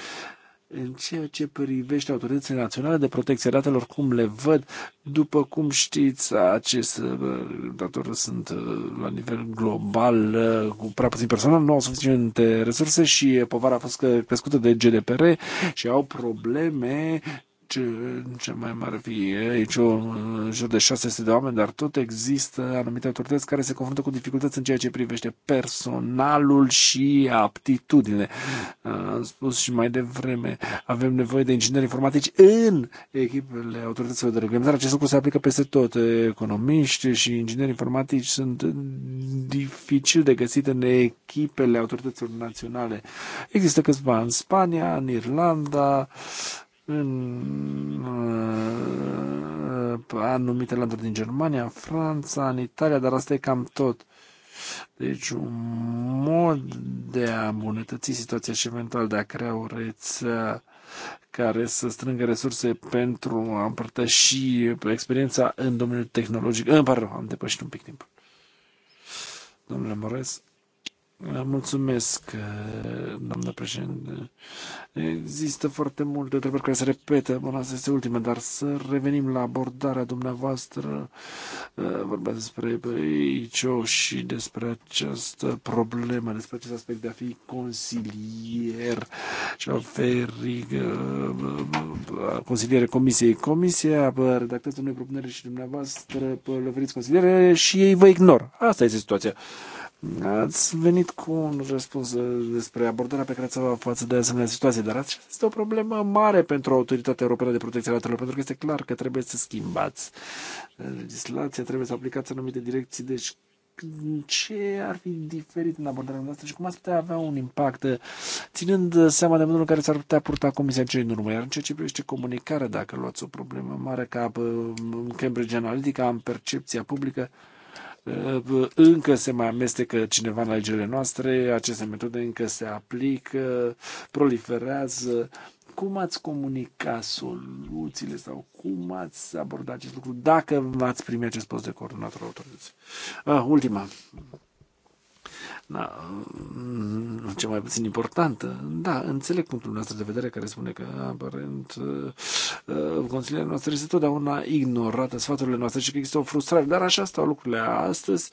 Speaker 1: în ceea ce privește autoritățile naționale de protecție datelor, cum le văd, după cum știți, aceste uh, datori sunt uh, la nivel global uh, cu prea puțin personal, nu au suficiente resurse și povara a fost crescută de GDPR și au probleme ce mai mare fi aici o, în jur de 600 de oameni, dar tot există anumite autorități care se confruntă cu dificultăți în ceea ce privește personalul și aptitudinile. Am spus și mai devreme, avem nevoie de ingineri informatici în echipele autorităților de reglementare. Acest lucru se aplică peste tot. Economiști și ingineri informatici sunt dificil de găsit în echipele autorităților naționale. Există câțiva în Spania, în Irlanda, în uh, anumite landuri din Germania, Franța, în Italia, dar asta e cam tot. Deci un mod de a îmbunătăți situația și eventual de a crea o rețea care să strângă resurse pentru a împărtăși experiența în domeniul tehnologic. Îmi pare rău, am depășit un pic timp. Domnule Moresc, da, mulțumesc, uh, doamnă președinte. Există foarte multe întrebări care se repetă, bun, asta este ultima, dar să revenim la abordarea dumneavoastră. Uh, Vorbea despre ICO și despre această problemă, despre acest aspect de a fi consilier și a oferi uh, consiliere comisiei. Comisia redactează unei propuneri și dumneavoastră le oferiți consiliere și ei vă ignor. Asta este situația. Ați venit cu un răspuns despre abordarea pe care ați avut față de asemenea situație, dar asta este o problemă mare pentru Autoritatea Europeană de Protecție a Datelor, pentru că este clar că trebuie să schimbați legislația, trebuie să aplicați anumite direcții, deci ce ar fi diferit în abordarea noastră și cum ați putea avea un impact, ținând seama de modul în care s-ar putea purta Comisia în cei în urmă. Iar în ceea ce privește comunicarea, dacă luați o problemă mare ca uh, Cambridge Analytica, am percepția publică, Uh, încă se mai amestecă cineva în legile noastre, aceste metode încă se aplică, proliferează. Cum ați comunica soluțiile sau cum ați abordat acest lucru dacă v ați primit acest post de coordonator autorității? Uh, ultima da, cea mai puțin importantă. Da, înțeleg punctul nostru de vedere care spune că aparent uh, uh, consilierea noastră este totdeauna ignorată sfaturile noastre și că există o frustrare, dar așa stau lucrurile astăzi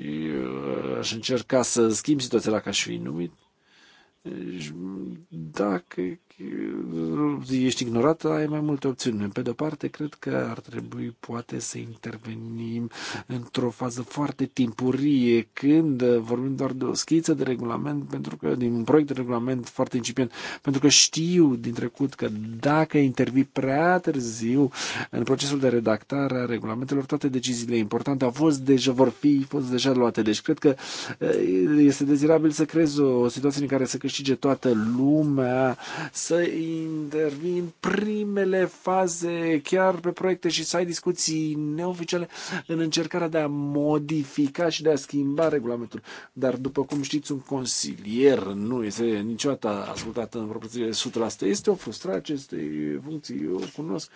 Speaker 1: și uh, aș încerca să schimb situația deci, dacă aș fi numit. dacă ești ignorat, ai mai multe opțiuni. Pe de-o parte, cred că ar trebui poate să intervenim într-o fază foarte timpurie, când eh, vorbim doar de o schiță de regulament, pentru că din un proiect de regulament foarte incipient, pentru că știu din trecut că dacă intervii prea târziu în procesul de redactare a regulamentelor, toate deciziile importante au fost deja, vor fi, fost deja luate. Deci cred că eh, este dezirabil să creezi o situație în care să câștige toată lumea, să intervin primele faze chiar pe proiecte și să ai discuții neoficiale în încercarea de a modifica și de a schimba regulamentul. Dar după cum știți, un consilier nu este niciodată ascultat în proporție de 100%. Este o frustrare acestei funcții, eu o cunosc.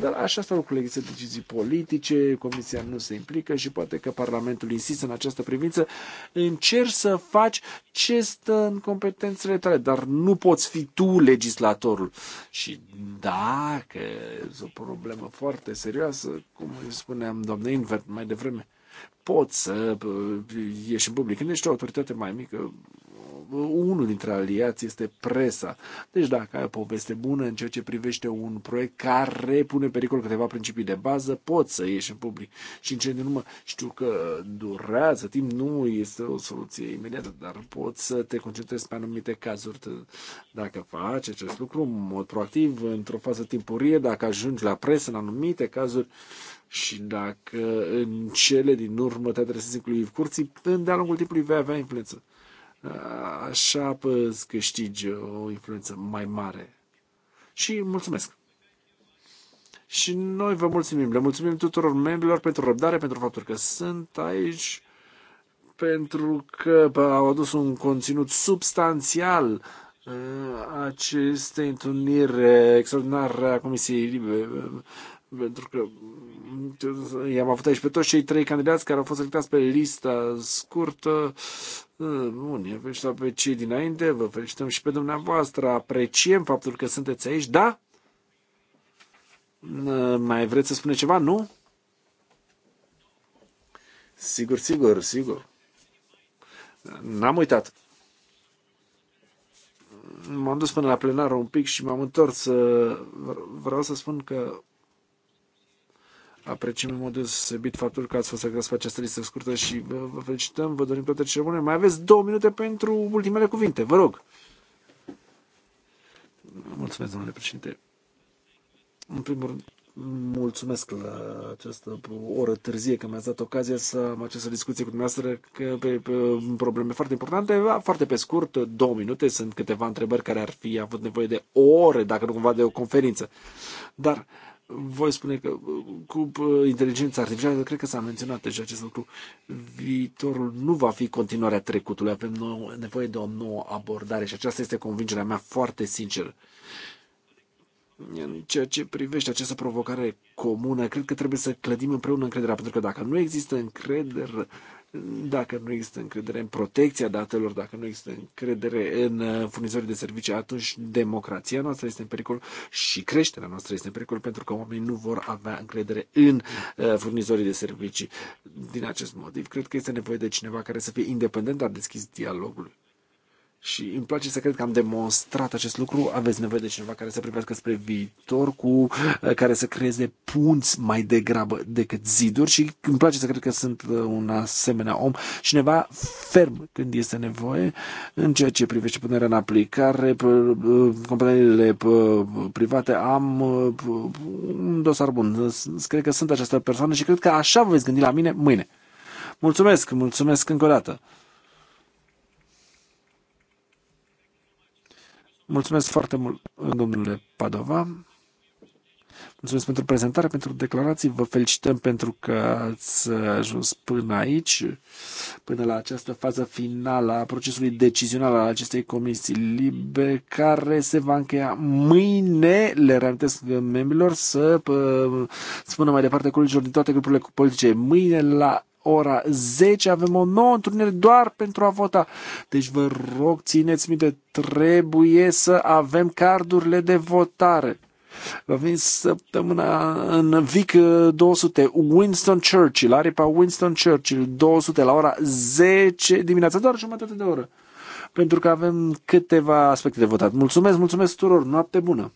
Speaker 1: Dar așa stau lucrurile, există decizii politice, Comisia nu se implică și poate că Parlamentul insistă în această privință. Încerci să faci ce stă în competențele tale, dar nu poți fi tu legislativ legislatorul. Și dacă e o problemă foarte serioasă, cum spuneam doamne, Invert mai devreme, poți să uh, ieși în public. Când ești o autoritate mai mică, unul dintre aliați este presa. Deci dacă ai o poveste bună în ceea ce privește un proiect care pune în pericol câteva principii de bază, poți să ieși în public. Și în cele din urmă știu că durează timp, nu este o soluție imediată, dar poți să te concentrezi pe anumite cazuri. Dacă faci acest lucru în mod proactiv, într-o fază timpurie, dacă ajungi la presă în anumite cazuri, și dacă în cele din urmă te adresezi inclusiv curții, în de-a lungul timpului vei avea influență. Așa îți câștigi o influență mai mare. Și mulțumesc! Și noi vă mulțumim. Le mulțumim tuturor membrilor pentru răbdare, pentru faptul că sunt aici, pentru că au adus un conținut substanțial uh, aceste întâlniri extraordinare a Comisiei Libe, uh, pentru că mm, i-am avut aici pe toți cei trei candidați care au fost selectați pe lista scurtă Bun, i-am să pe cei dinainte, vă felicităm și pe dumneavoastră, apreciem faptul că sunteți aici, da? Mai vreți să spuneți ceva, nu? Sigur, sigur, sigur. N-am uitat. M-am dus până la plenar un pic și m-am întors. Uh, vreau să spun că Apreciem în mod deosebit faptul că ați fost agres pe această listă scurtă și vă felicităm, vă dorim toate cele bune. Mai aveți două minute pentru ultimele cuvinte, vă rog. Mulțumesc, domnule președinte. În primul rând, mulțumesc la această oră târzie că mi-ați dat ocazia să am această discuție cu dumneavoastră că pe, pe probleme foarte importante, foarte pe scurt, două minute, sunt câteva întrebări care ar fi avut nevoie de ore, dacă nu cumva de o conferință. Dar uh, voi spune că cu uh, inteligența artificială, cred că s-a menționat deja acest lucru, viitorul nu va fi continuarea trecutului, avem nou, nevoie de o nouă abordare și aceasta este convingerea mea foarte sinceră. În ceea ce privește această provocare comună, cred că trebuie să clădim împreună încrederea, pentru că dacă nu există încredere, dacă nu există încredere în protecția datelor, dacă nu există încredere în uh, furnizorii de servicii, atunci democrația noastră este în pericol și creșterea noastră este în pericol pentru că oamenii nu vor avea încredere în uh, furnizorii de servicii. Din acest motiv, cred că este nevoie de cineva care să fie independent, dar deschis dialogului și îmi place să cred că am demonstrat acest lucru, aveți nevoie de cineva care să privească spre viitor, cu eh, care să creeze punți mai degrabă decât ziduri și îmi place să cred că sunt eh, un asemenea om, cineva ferm când este nevoie în ceea ce privește punerea în aplicare, eh, companiile private, am un dosar bun. Cred că sunt această persoană și cred că așa vă veți gândi la mine mâine. Mulțumesc, mulțumesc încă o dată. Mulțumesc foarte mult, domnule Padova. Mulțumesc pentru prezentare, pentru declarații. Vă felicităm pentru că ați ajuns până aici, până la această fază finală a procesului decizional al acestei comisii libe, care se va încheia mâine. Le reamintesc membrilor să spună mai departe colegilor din toate grupurile politice. Mâine la ora 10 avem o nouă întrunire doar pentru a vota. Deci vă rog, țineți minte, trebuie să avem cardurile de votare. Va veni săptămâna în VIC 200, uh, Winston Churchill, are pe Winston Churchill, 200 la ora 10 dimineața, doar jumătate de oră. Pentru că avem câteva aspecte de votat. Mulțumesc, mulțumesc tuturor, noapte bună!